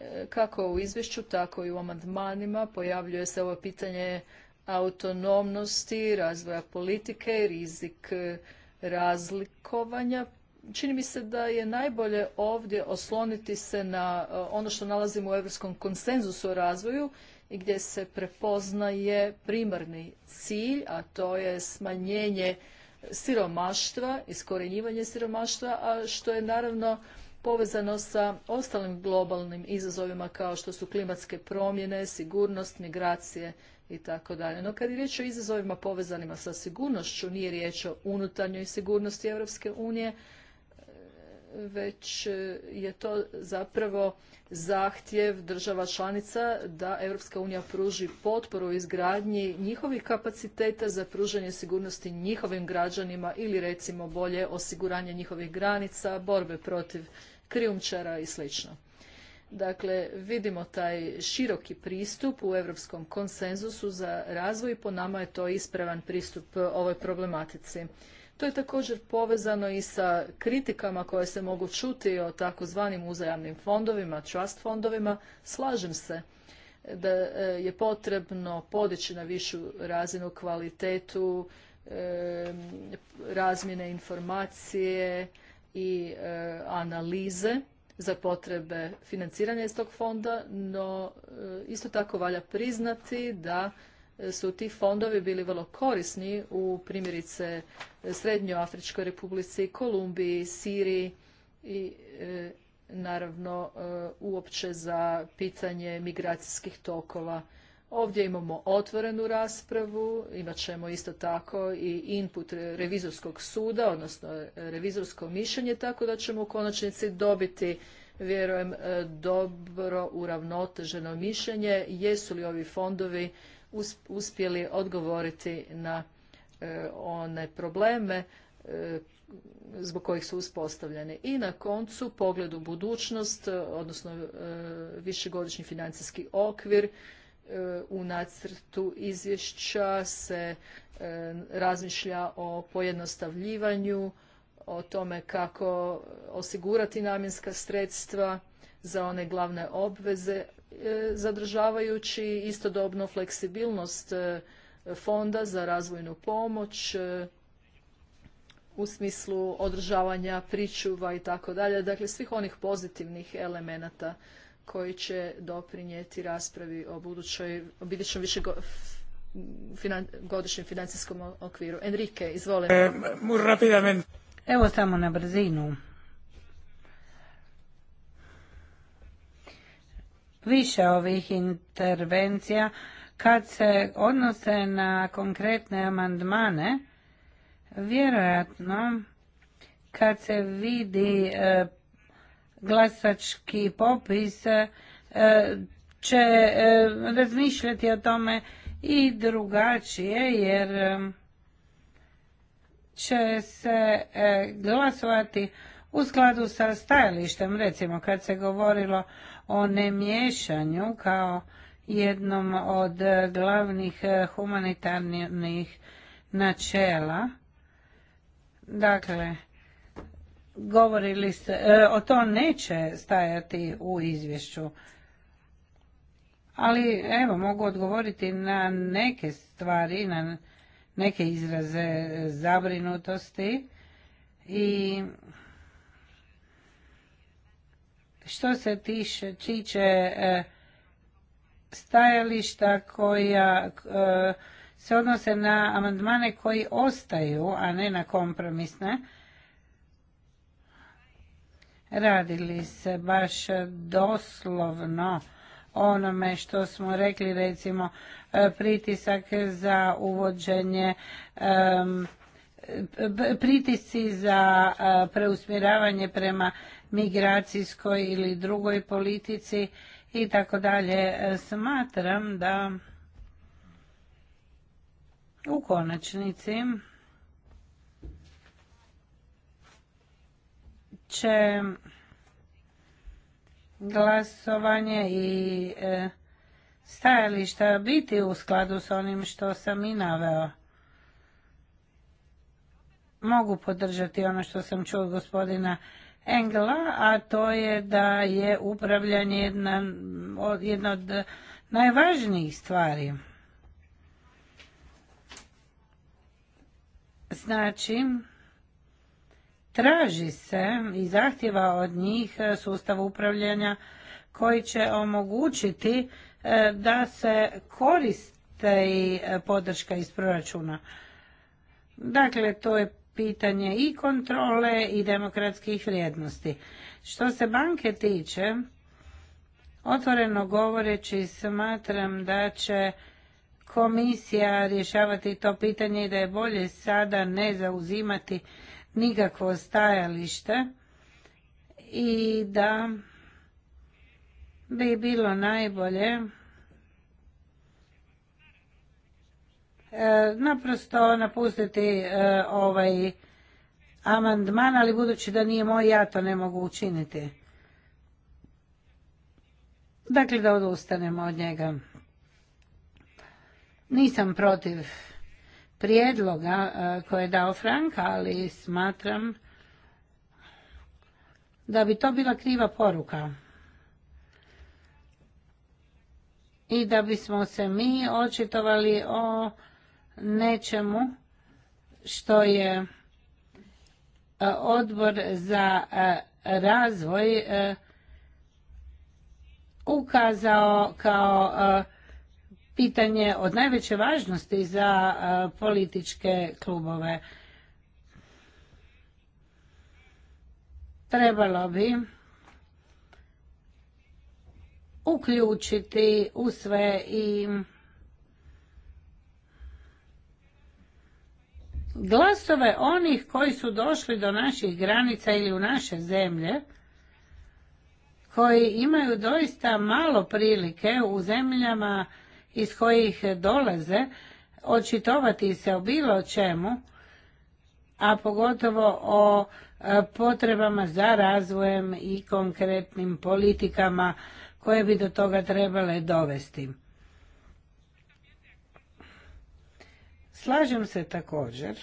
E, kako u izvješću, tako i u amandmanima pojavljuje se ovo pitanje autonomnosti, razvoja politike, rizik e, razlikovanja. Čini mi se da je najbolje ovdje osloniti se na e, ono što nalazimo u Europskom konsenzusu o razvoju gdje se prepoznaje primarni cilj, a to je smanjenje siromaštva, iskorenjivanje siromaštva, a što je naravno povezano sa ostalim globalnim izazovima kao što su klimatske promjene, sigurnost, migracije i tako dalje. No kad je riječ o izazovima povezanima sa sigurnošću, nije riječ o unutarnjoj sigurnosti Europske unije, već e, je to zapravo zahtjev država članica da Europska unija pruži potporu izgradnji njihovih kapaciteta za pružanje sigurnosti njihovim građanima ili recimo bolje osiguranje njihovih granica, borbe protiv krijumčara i sl. Dakle, vidimo taj široki pristup u europskom konsenzusu za razvoj i po nama je to ispravan pristup ovoj problematici. To je također povezano i sa kritikama koje se mogu čuti o takozvanim uzajamnim fondovima, trust fondovima. Slažem se da e, je potrebno podići na višu razinu kvalitetu e, razmjene informacije i e, analize za potrebe financiranja iz tog fonda, no isto tako valja priznati da su ti fondovi bili vrlo korisni u primjerice Srednjoafričkoj republici, Kolumbiji, Siriji i e, naravno e, uopće za pitanje migracijskih tokova. Ovdje imamo otvorenu raspravu, imat ćemo isto tako i input revizorskog suda, odnosno e, revizorsko mišljenje, tako da ćemo u konačnici dobiti vjerujem dobro uravnoteženo mišljenje jesu li ovi fondovi uspjeli odgovoriti na e, one probleme e, zbog kojih su uspostavljene. I na koncu pogled u budućnost, odnosno e, višegodišnji financijski okvir, u nacrtu izvješća se razmišlja o pojednostavljivanju, o tome kako osigurati namjenska sredstva za one glavne obveze, E, zadržavajući istodobno fleksibilnost e, fonda za razvojnu pomoć e, u smislu održavanja pričuva i tako dalje, dakle svih onih pozitivnih elemenata koji će doprinijeti raspravi o budućoj, o godišnjem financijskom okviru. Enrique, izvolite. Evo samo na brzinu. više ovih intervencija kad se odnose na konkretne amandmane vjerojatno kad se vidi e, glasački popis e, će e, razmišljati o tome i drugačije jer će se glasovati u skladu sa stajalištem recimo kad se govorilo o nemiješanju kao jednom od e, glavnih e, humanitarnih načela. Dakle, govorili ste, e, o to neće stajati u izvješću. Ali evo, mogu odgovoriti na neke stvari, na neke izraze zabrinutosti i što se tiše, tiče e, stajališta koja e, se odnose na amandmane koji ostaju, a ne na kompromisne, radili se baš doslovno onome što smo rekli recimo e, pritisak za uvođenje pritisci za preusmjeravanje prema migracijskoj ili drugoj politici i tako dalje. Smatram da u konačnici će glasovanje i e, stajališta biti u skladu s onim što sam i naveo. Mogu podržati ono što sam čuo gospodina Engla, a to je da je upravljanje jedna, od najvažnijih stvari. Znači, traži se i zahtjeva od njih sustav upravljanja koji će omogućiti e, da se koriste i e, podrška iz proračuna. Dakle, to je pitanje i kontrole i demokratskih vrijednosti. Što se banke tiče, otvoreno govoreći smatram da će komisija rješavati to pitanje i da je bolje sada ne zauzimati nikakvo stajalište i da bi bilo najbolje E, naprosto napustiti e, ovaj amandman, ali budući da nije moj, ja to ne mogu učiniti. Dakle, da odustanemo od njega. Nisam protiv prijedloga e, koje je dao Franka, ali smatram da bi to bila kriva poruka. I da bismo se mi očitovali o nečemu što je e, odbor za e, razvoj e, ukazao kao pitanje od najveće važnosti za političke klubove. Trebalo bi uključiti u sve i glasove onih koji su došli do naših granica ili u naše zemlje, koji imaju doista malo prilike u zemljama iz kojih dolaze očitovati se o bilo čemu, a pogotovo o e, potrebama za razvojem i konkretnim politikama koje bi do toga trebale dovesti. Slažem se također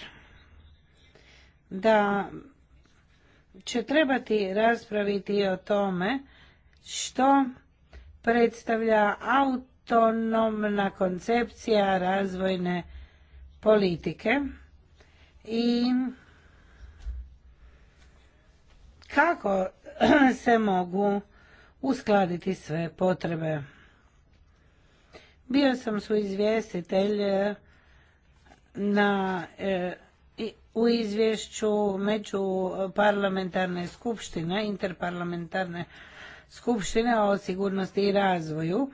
da će trebati raspraviti o tome što predstavlja autonomna koncepcija razvojne politike i kako (clears throat) se mogu uskladiti sve potrebe. Bio sam su izvjestitelj na e, u izvješću među parlamentarne skupštine, interparlamentarne skupštine o sigurnosti i razvoju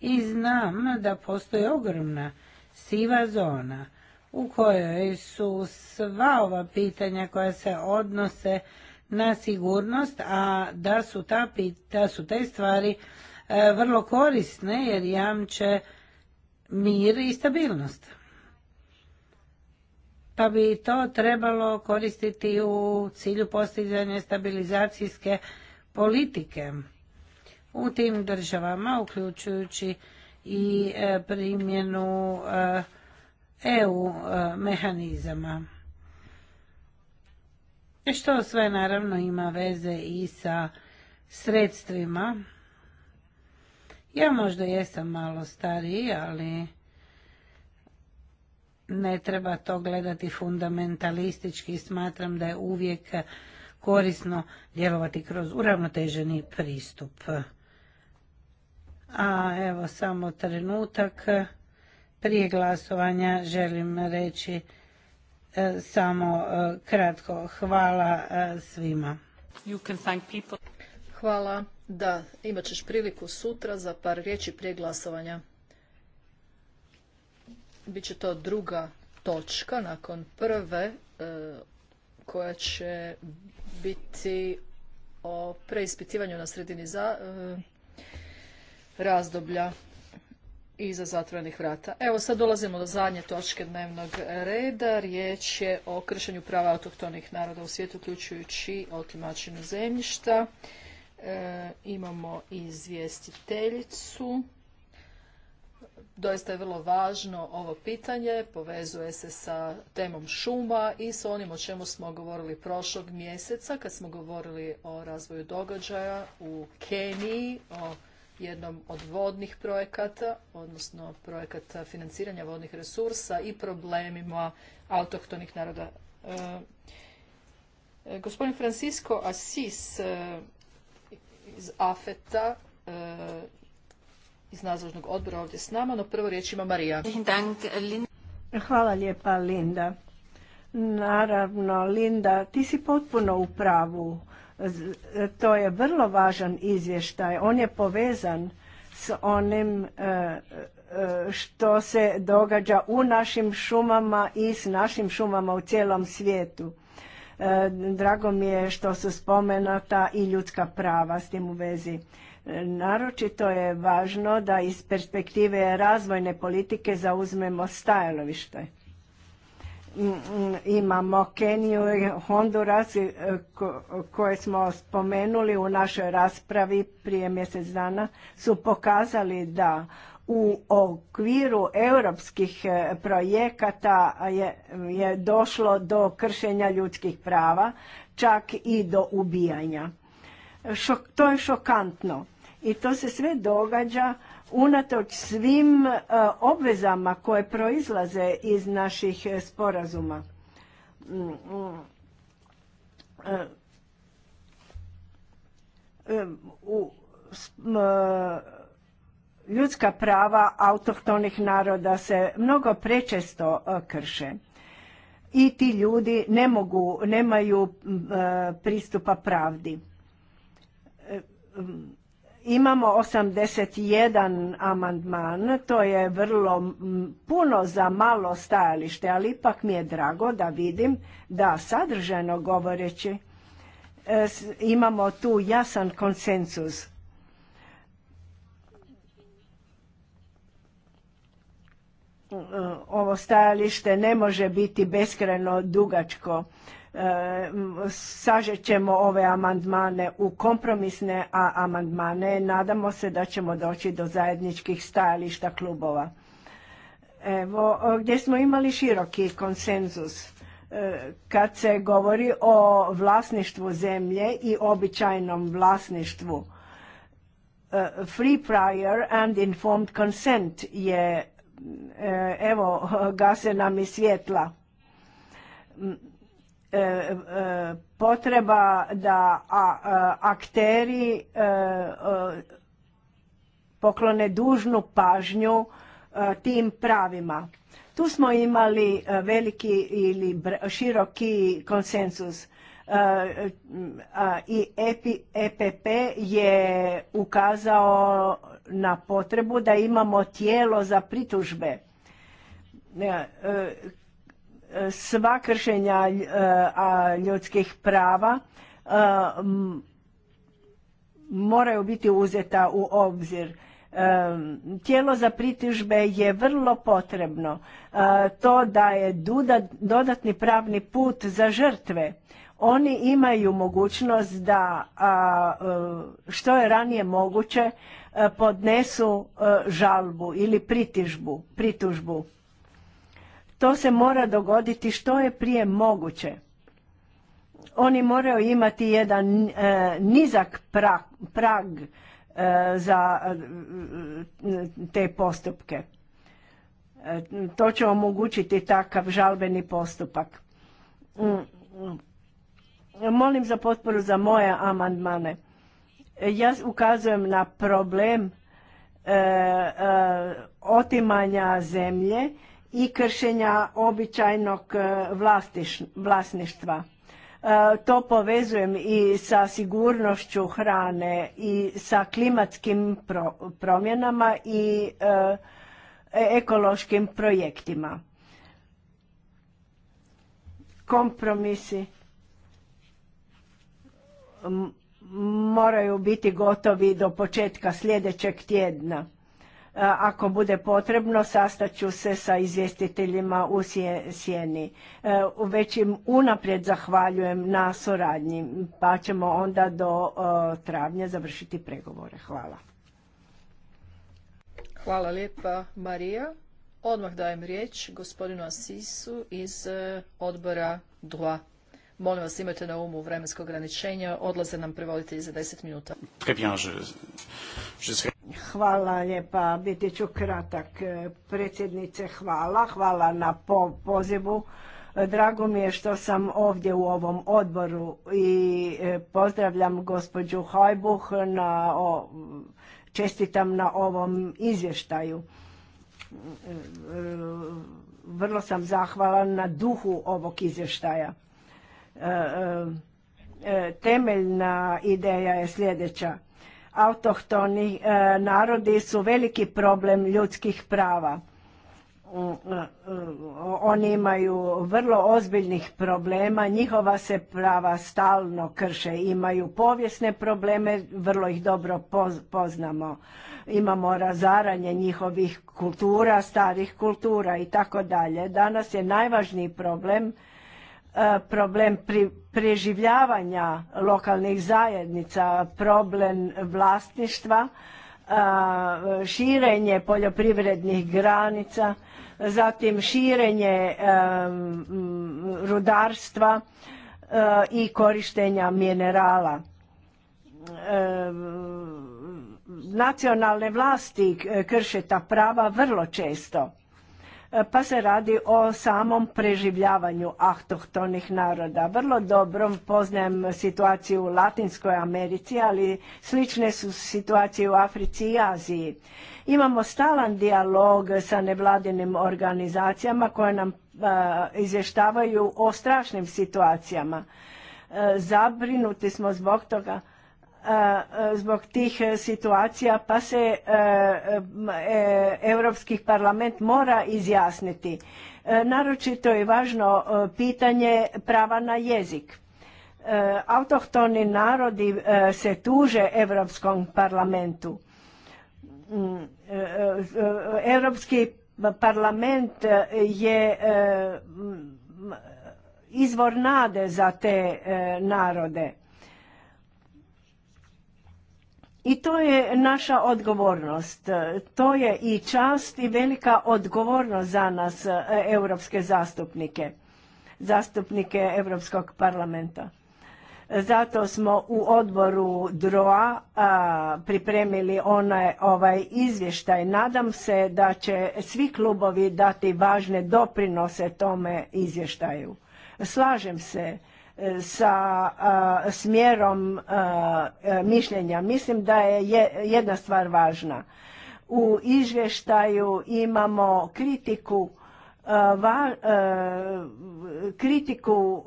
i znam da postoji ogromna siva zona u kojoj su sva ova pitanja koja se odnose na sigurnost, a da su, ta, da su te stvari e, vrlo korisne jer jamče mir i stabilnost pa bi to trebalo koristiti u cilju postizanja stabilizacijske politike u tim državama, uključujući i e, primjenu EU e e, mehanizama. Što sve naravno ima veze i sa sredstvima. Ja možda jesam malo stariji, ali ne treba to gledati fundamentalistički. Smatram da je uvijek korisno djelovati kroz uravnoteženi pristup. A evo samo trenutak. Prije glasovanja želim reći e, samo e, kratko hvala e, svima. hvala. Da, imat ćeš priliku sutra za par riječi prije glasovanja će to druga točka nakon prve e, koja će biti o preispitivanju na sredini za e, razdoblja iza zatvorenih vrata. Evo sad dolazimo do zadnje točke dnevnog reda. Riječ je o kršenju prava autohtonih naroda u svijetu, uključujući otimačinu zemljišta. E, imamo izvjestiteljicu. Doista je vrlo važno ovo pitanje, povezuje se sa temom šuma i s onim o čemu smo govorili prošlog mjeseca kad smo govorili o razvoju događaja u Keniji, o jednom od vodnih projekata, odnosno projekata financiranja vodnih resursa i problemima autohtonih naroda. E, e, gospodin Francisco Assis e, iz AFETA iz nadležnog odbora ovdje s nama, no prvo riječ ima Marija. Hvala lijepa Linda. Naravno, Linda, ti si potpuno u pravu. To je vrlo važan izvještaj. On je povezan s onim e, e, što se događa u našim šumama i s našim šumama u cijelom svijetu. E, drago mi je što su spomenuta i ljudska prava s tim u vezi. Naročito je važno da iz perspektive razvojne politike zauzmemo stajalište. Mm, mm, imamo Keniju i Honduras eh, koje smo spomenuli u našoj raspravi prije mjesec dana su pokazali da u okviru europskih eh, projekata je, došlo do kršenja ljudskih prava, čak i do ubijanja. to je šokantno i to se sve događa unatoč svim e, obvezama koje proizlaze iz naših e, sporazuma. Mm, mm. E, ljudska prava autohtonih naroda se mnogo prečesto krše i ti ljudi ne mogu nemaju pristupa pravdi Imamo 81 amandman, to je vrlo puno za malo stajalište, ali ipak mi je drago da vidim da sadržajno govoreći e, imamo tu jasan konsensus. E, ovo stajalište ne može biti beskreno dugačko E, sažet ćemo ove amandmane u kompromisne amandmane. Nadamo se da ćemo doći do zajedničkih stajališta klubova. Evo, gdje smo imali široki konsenzus e, kad se govori o vlasništvu zemlje i običajnom vlasništvu. E, free prior and informed consent je, evo, gase nam i svjetla E, e, potreba da e, akteri poklone dužnu pažnju tim pravima. Tu smo imali veliki ili široki konsensus i EPP je ukazao na potrebu da imamo tijelo za pritužbe sva kršenja e, ljudskih prava e, moraju biti uzeta u obzir. E, tijelo za pritužbe je vrlo potrebno. To da je dodatni pravni put za žrtve. Oni imaju mogućnost da što je ranije moguće podnesu žalbu ili pritužbu to se mora dogoditi što je prije moguće. Oni moraju imati jedan e, nizak prag, e, za e, te postupke. To će omogućiti takav žalbeni postupak. Mm. Molim za potporu za moje amandmane. Ja ukazujem na problem otimanja zemlje i kršenja običajnog e, vlasništva. E, to povezujem i sa sigurnošću hrane i sa klimatskim promjenama i e, ekološkim projektima. Kompromisi moraju biti gotovi do početka sljedećeg tjedna E, ako bude potrebno, sastaću se sa izvjestiteljima u Sjeni. E, već im unaprijed zahvaljujem na suradnji, pa ćemo onda do e, travnja završiti pregovore. Hvala. Hvala lijepa, Marija. Odmah dajem riječ gospodinu Asisu iz odbora 2. Molim vas imajte na umu vremensko ograničenje, odlaze nam prevoditelji za deset minuta. Hvala lijepa, biti ću kratak. Predsjednice, hvala, hvala na pozivu. Drago mi je što sam ovdje u ovom odboru i e, pozdravljam gospođu Hajbuh, na, o, čestitam na ovom izvještaju. E, e, vrlo sam zahvalan na duhu ovog izvještaja. E, e, temeljna ideja je sljedeća. Autohtoni e, narodi su veliki problem ljudskih prava. Oni imaju vrlo ozbiljnih problema, njihova se prava stalno krše, imaju povijesne probleme, vrlo ih dobro poznamo. Imamo razaranje njihovih kultura, starih kultura i tako dalje. Danas je najvažniji problem E, problem preživljavanja lokalnih zajednica, problem vlasništva, e, širenje poljoprivrednih granica, zatim širenje e, rudarstva i korištenja minerala. Nacionalne vlasti krše ta prava vrlo često E, pa se radi o samom preživljavanju ahtohtonih naroda. Vrlo dobro poznajem situaciju u Latinskoj Americi, ali slične su situacije u Africi i Aziji. Imamo stalan dijalog sa nevladinim organizacijama koje nam e, izvještavaju o strašnim situacijama. E, zabrinuti smo zbog toga zbog tih e, situacija pa se e, e, Europski parlament mora izjasniti. Naročito je važno pitanje prava na jezik. Autohtoni narodi se tuže Europskom parlamentu. Mm, Europski parlament je izvor nade za te narode I to je naša odgovornost. To je i čast i velika odgovornost za nas, e, europske zastupnike, zastupnike Europskog parlamenta. Zato smo u odboru DROA pripremili onaj, ovaj izvještaj. Nadam se da će svi klubovi dati važne doprinose tome izvještaju. Slažem se sa smjerom e, mišljenja. Mislim da je jedna stvar važna. U izvještaju imamo kritiku kritiku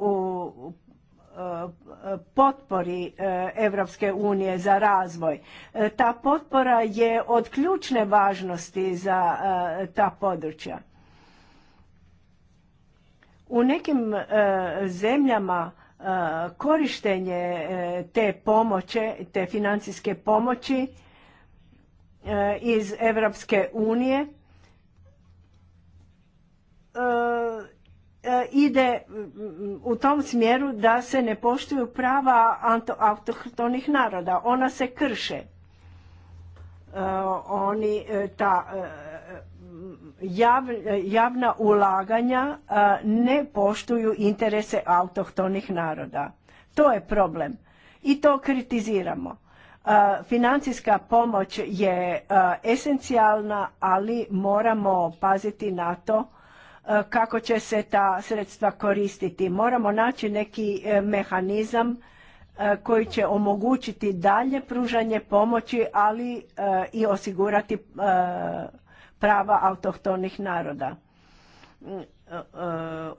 potpori e, Evropske unije za razvoj. E, ta potpora je od ključne važnosti za ta područja. U nekim zemljama korištenje e, te pomoće, te financijske pomoći e, iz Europske unije e, ide mm, u tom smjeru da se ne poštuju prava autohtonih naroda. Ona se krše. Oni, ta javna ulaganja e, ne poštuju interese autohtonih naroda. To je problem i to kritiziramo. E, financijska pomoć je e, esencijalna, ali moramo paziti na to kako će se ta sredstva koristiti. Moramo naći neki mehanizam koji će omogućiti dalje pružanje pomoći, ali i osigurati prava autohtonih naroda. Mm, e, e,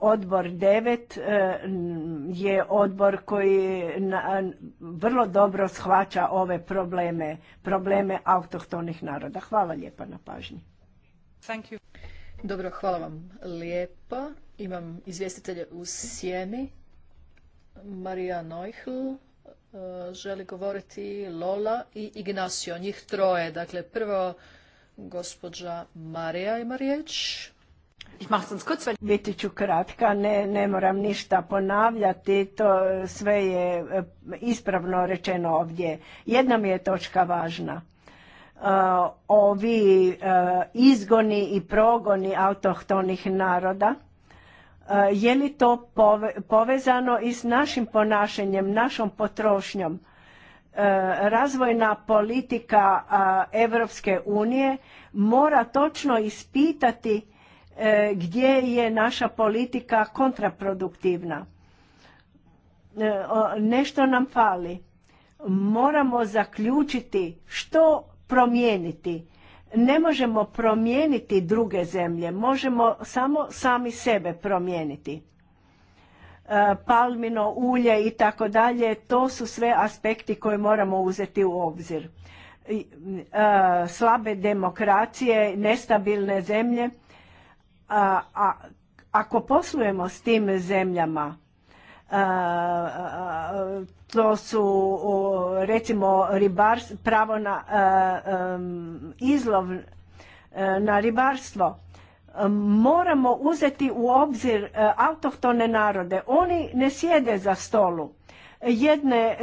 odbor 9 e, je odbor koji vrlo dobro shvaća ove probleme, probleme autohtonih naroda. Hvala lijepa na pažnji. Thank you. Dobro, hvala vam lijepa. Imam izvjestitelje u sjeni. Marija Neuhl želi govoriti, Lola i Ignacio, njih troje. Dakle, prvo Gospođa Marija ima riječ. Biti ću kratka, ne, ne moram ništa ponavljati, to e, sve je e, ispravno rečeno ovdje. Jedna mi je točka važna. E, ovi izgoni i progoni autohtonih naroda, je li to povezano i s našim ponašanjem, našom potrošnjom? E, razvojna politika Europske unije mora točno ispitati e, gdje je naša politika kontraproduktivna. E, nešto nam fali. Moramo zaključiti što promijeniti. Ne možemo promijeniti druge zemlje, možemo samo sami sebe promijeniti. E, palmino ulje i tako dalje, to su sve aspekti koje moramo uzeti u obzir. E, slabe demokracije, nestabilne zemlje, a, ako poslujemo s tim zemljama, e, to su recimo pravo na izlov, na ribarstvo, moramo uzeti u obzir e, autohtone narode. Oni ne sjede za stolu. Jedne e,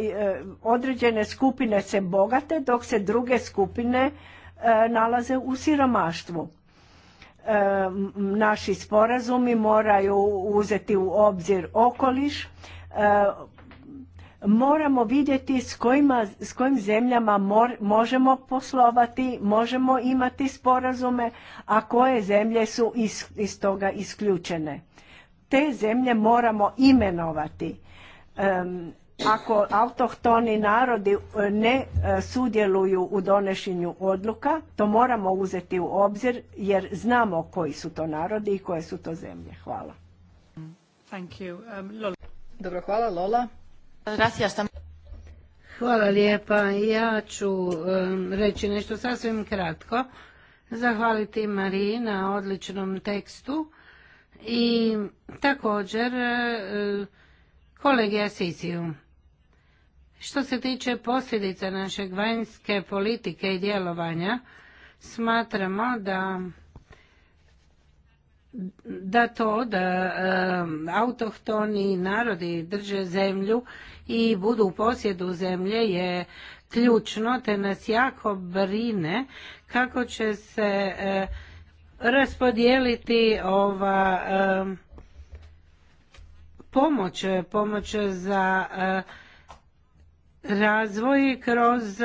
e, određene skupine se bogate, dok se druge skupine nalaze u siromaštvu. Naši sporazumi moraju uzeti u obzir okoliš, moramo vidjeti s, s kojim zemljama možemo poslovati, možemo imati sporazume, a koje zemlje su iz, toga isključene. Te zemlje moramo imenovati. ako autohtoni narodi e, ne e, sudjeluju u donošenju odluka, to moramo uzeti u obzir jer znamo koji su to narodi i koje su to zemlje. Hvala. Thank you. Um, Lola. Dobro, hvala Lola. Hvala lijepa. Ja ću reći nešto sasvim kratko. Zahvaliti Mariji na odličnom tekstu i također e, kolegi Asisiju. Što se tiče posljedica našeg vanjske politike i djelovanja, smatramo da da to da autohtoni narodi drže zemlju i budu u posjedu zemlje je ključno, te nas jako brine kako će se e, raspodijeliti ova e, pomoć, za e, razvoj kroz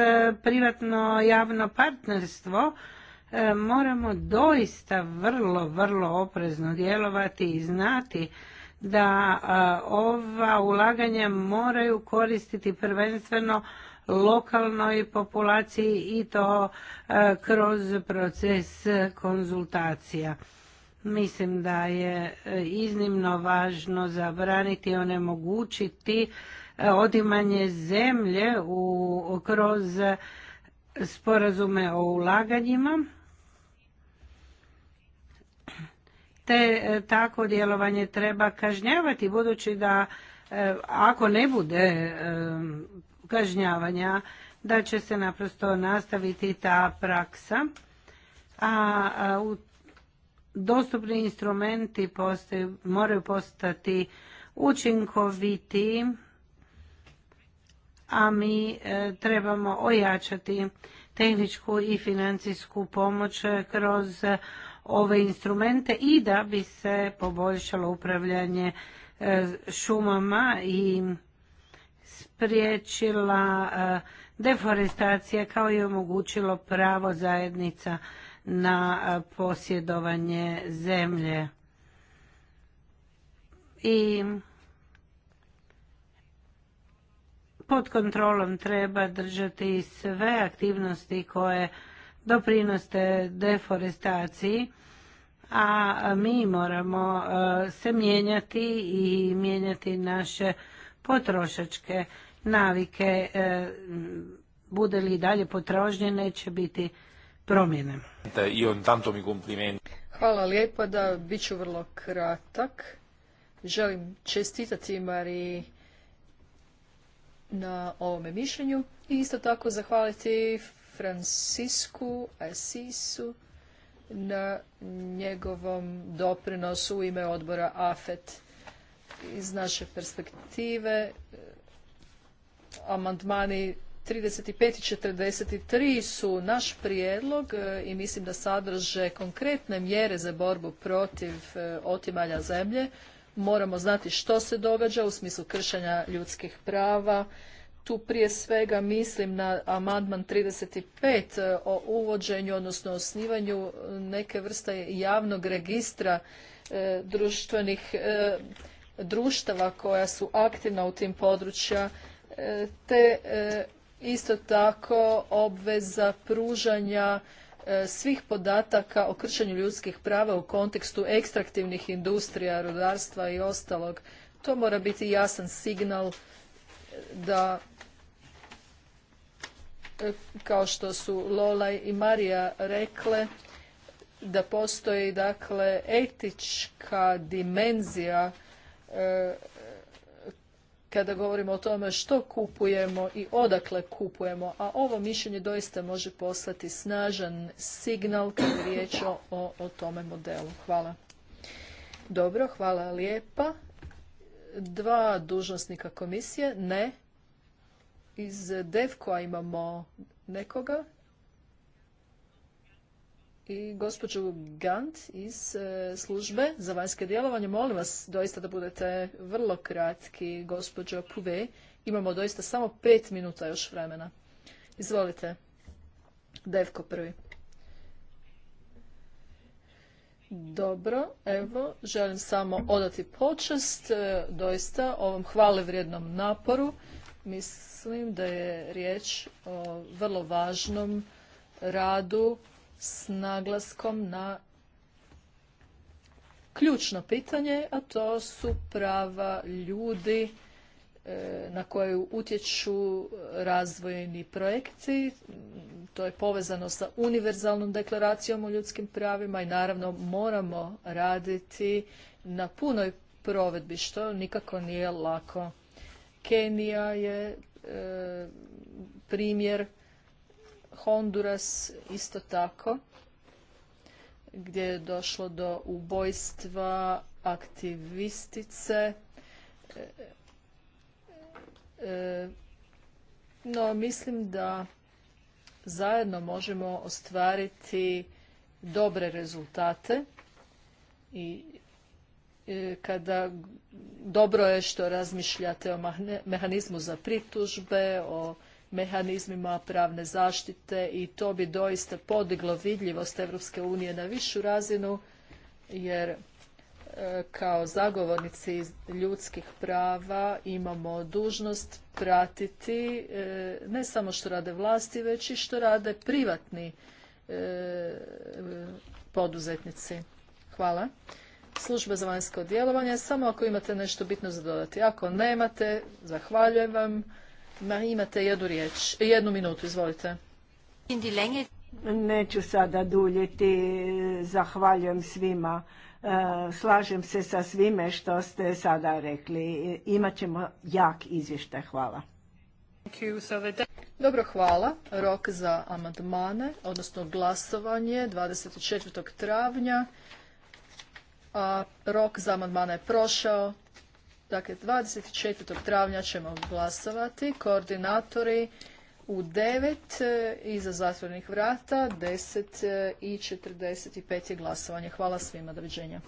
privatno-javno partnerstvo. Moramo doista vrlo, vrlo oprezno djelovati i znati da ova ulaganja moraju koristiti prvenstveno lokalnoj populaciji i to kroz proces konzultacija. Mislim da je e, iznimno važno zabraniti i onemogućiti e, odimanje zemlje kroz sporazume o ulaganjima te e, tako djelovanje treba kažnjavati budući da e, ako ne bude e, kažnjavanja da će se naprosto nastaviti ta praksa a u dostupni instrumenti moraju postati učinkoviti, a mi trebamo ojačati tehničku i financijsku pomoć kroz ove instrumente i da bi se poboljšalo upravljanje e, šumama i spriječila e, deforestacija kao i omogućilo pravo zajednica na e, posjedovanje zemlje. I pod kontrolom treba držati sve aktivnosti koje doprinoste deforestaciji, a mi moramo e, se mijenjati i mijenjati naše potrošačke navike. E, bude li dalje potrožnje, neće biti promjene. Hvala lijepa, da bit ću vrlo kratak. Želim čestitati Mari na ovome mišljenju i isto tako zahvaliti Francisku Asisu na njegovom doprinosu u ime odbora AFET. Iz naše perspektive e, amandmani 35 i 43 su naš prijedlog e, i mislim da sadrže konkretne mjere za borbu protiv e, otimalja zemlje. Moramo znati što se događa u smislu kršenja ljudskih prava, tu prije svega mislim na amandman 35 e, o uvođenju, odnosno osnivanju e, neke vrste javnog registra e, društvenih društava koja su aktivna u tim područja, te isto tako obveza pružanja svih podataka o kršenju ljudskih prava u kontekstu ekstraktivnih industrija, rudarstva i ostalog. To mora biti jasan signal da E, kao što su Lola i Marija rekle, da postoji dakle etička dimenzija e, kada govorimo o tome što kupujemo i odakle kupujemo, a ovo mišljenje doista može poslati snažan signal kad je riječ o, o tome modelu. Hvala. Dobro, hvala lijepa. Dva dužnosnika komisije? Ne. Iz DEVKO-a imamo nekoga i gospođu Gant iz e, službe za vanjske djelovanje. Molim vas doista da budete vrlo kratki, gospođo Puve. Imamo doista samo pet minuta još vremena. Izvolite. Devko prvi. Dobro, evo, želim samo odati počest e, doista ovom hvale vrijednom naporu Mislim da je riječ o vrlo važnom radu s naglaskom na ključno pitanje, a to su prava ljudi e, na koju utječu razvojni projekti. To je povezano sa univerzalnom deklaracijom o ljudskim pravima i naravno moramo raditi na punoj provedbi, što nikako nije lako. Kenija je e, primjer, Honduras isto tako, gdje je došlo do ubojstva aktivistice. E, e, no, mislim da zajedno možemo ostvariti dobre rezultate i E, kada dobro je što razmišljate o mehanizmu za pritužbe, o mehanizmima pravne zaštite i to bi doista podiglo vidljivost Evropske unije na višu razinu jer e, kao zagovornici ljudskih prava imamo dužnost pratiti e, ne samo što rade vlasti, već i što rade privatni poduzetnici. Hvala službe za vanjsko djelovanje, samo ako imate nešto bitno za dodati. Ako nemate, zahvaljujem vam. Ma, imate jednu riječ, jednu minutu, izvolite. Neću sada duljiti, zahvaljujem svima. E, slažem se sa svime što ste sada rekli. Imaćemo jak izvještaj. Hvala. Dobro, hvala. Rok za amandmane, odnosno glasovanje 24. travnja a rok za amandmane je prošao. Dakle, 24. travnja ćemo glasovati. Koordinatori u 9 e, iza zatvorenih vrata, 10 e, i 45 je glasovanje. Hvala svima, doviđenja.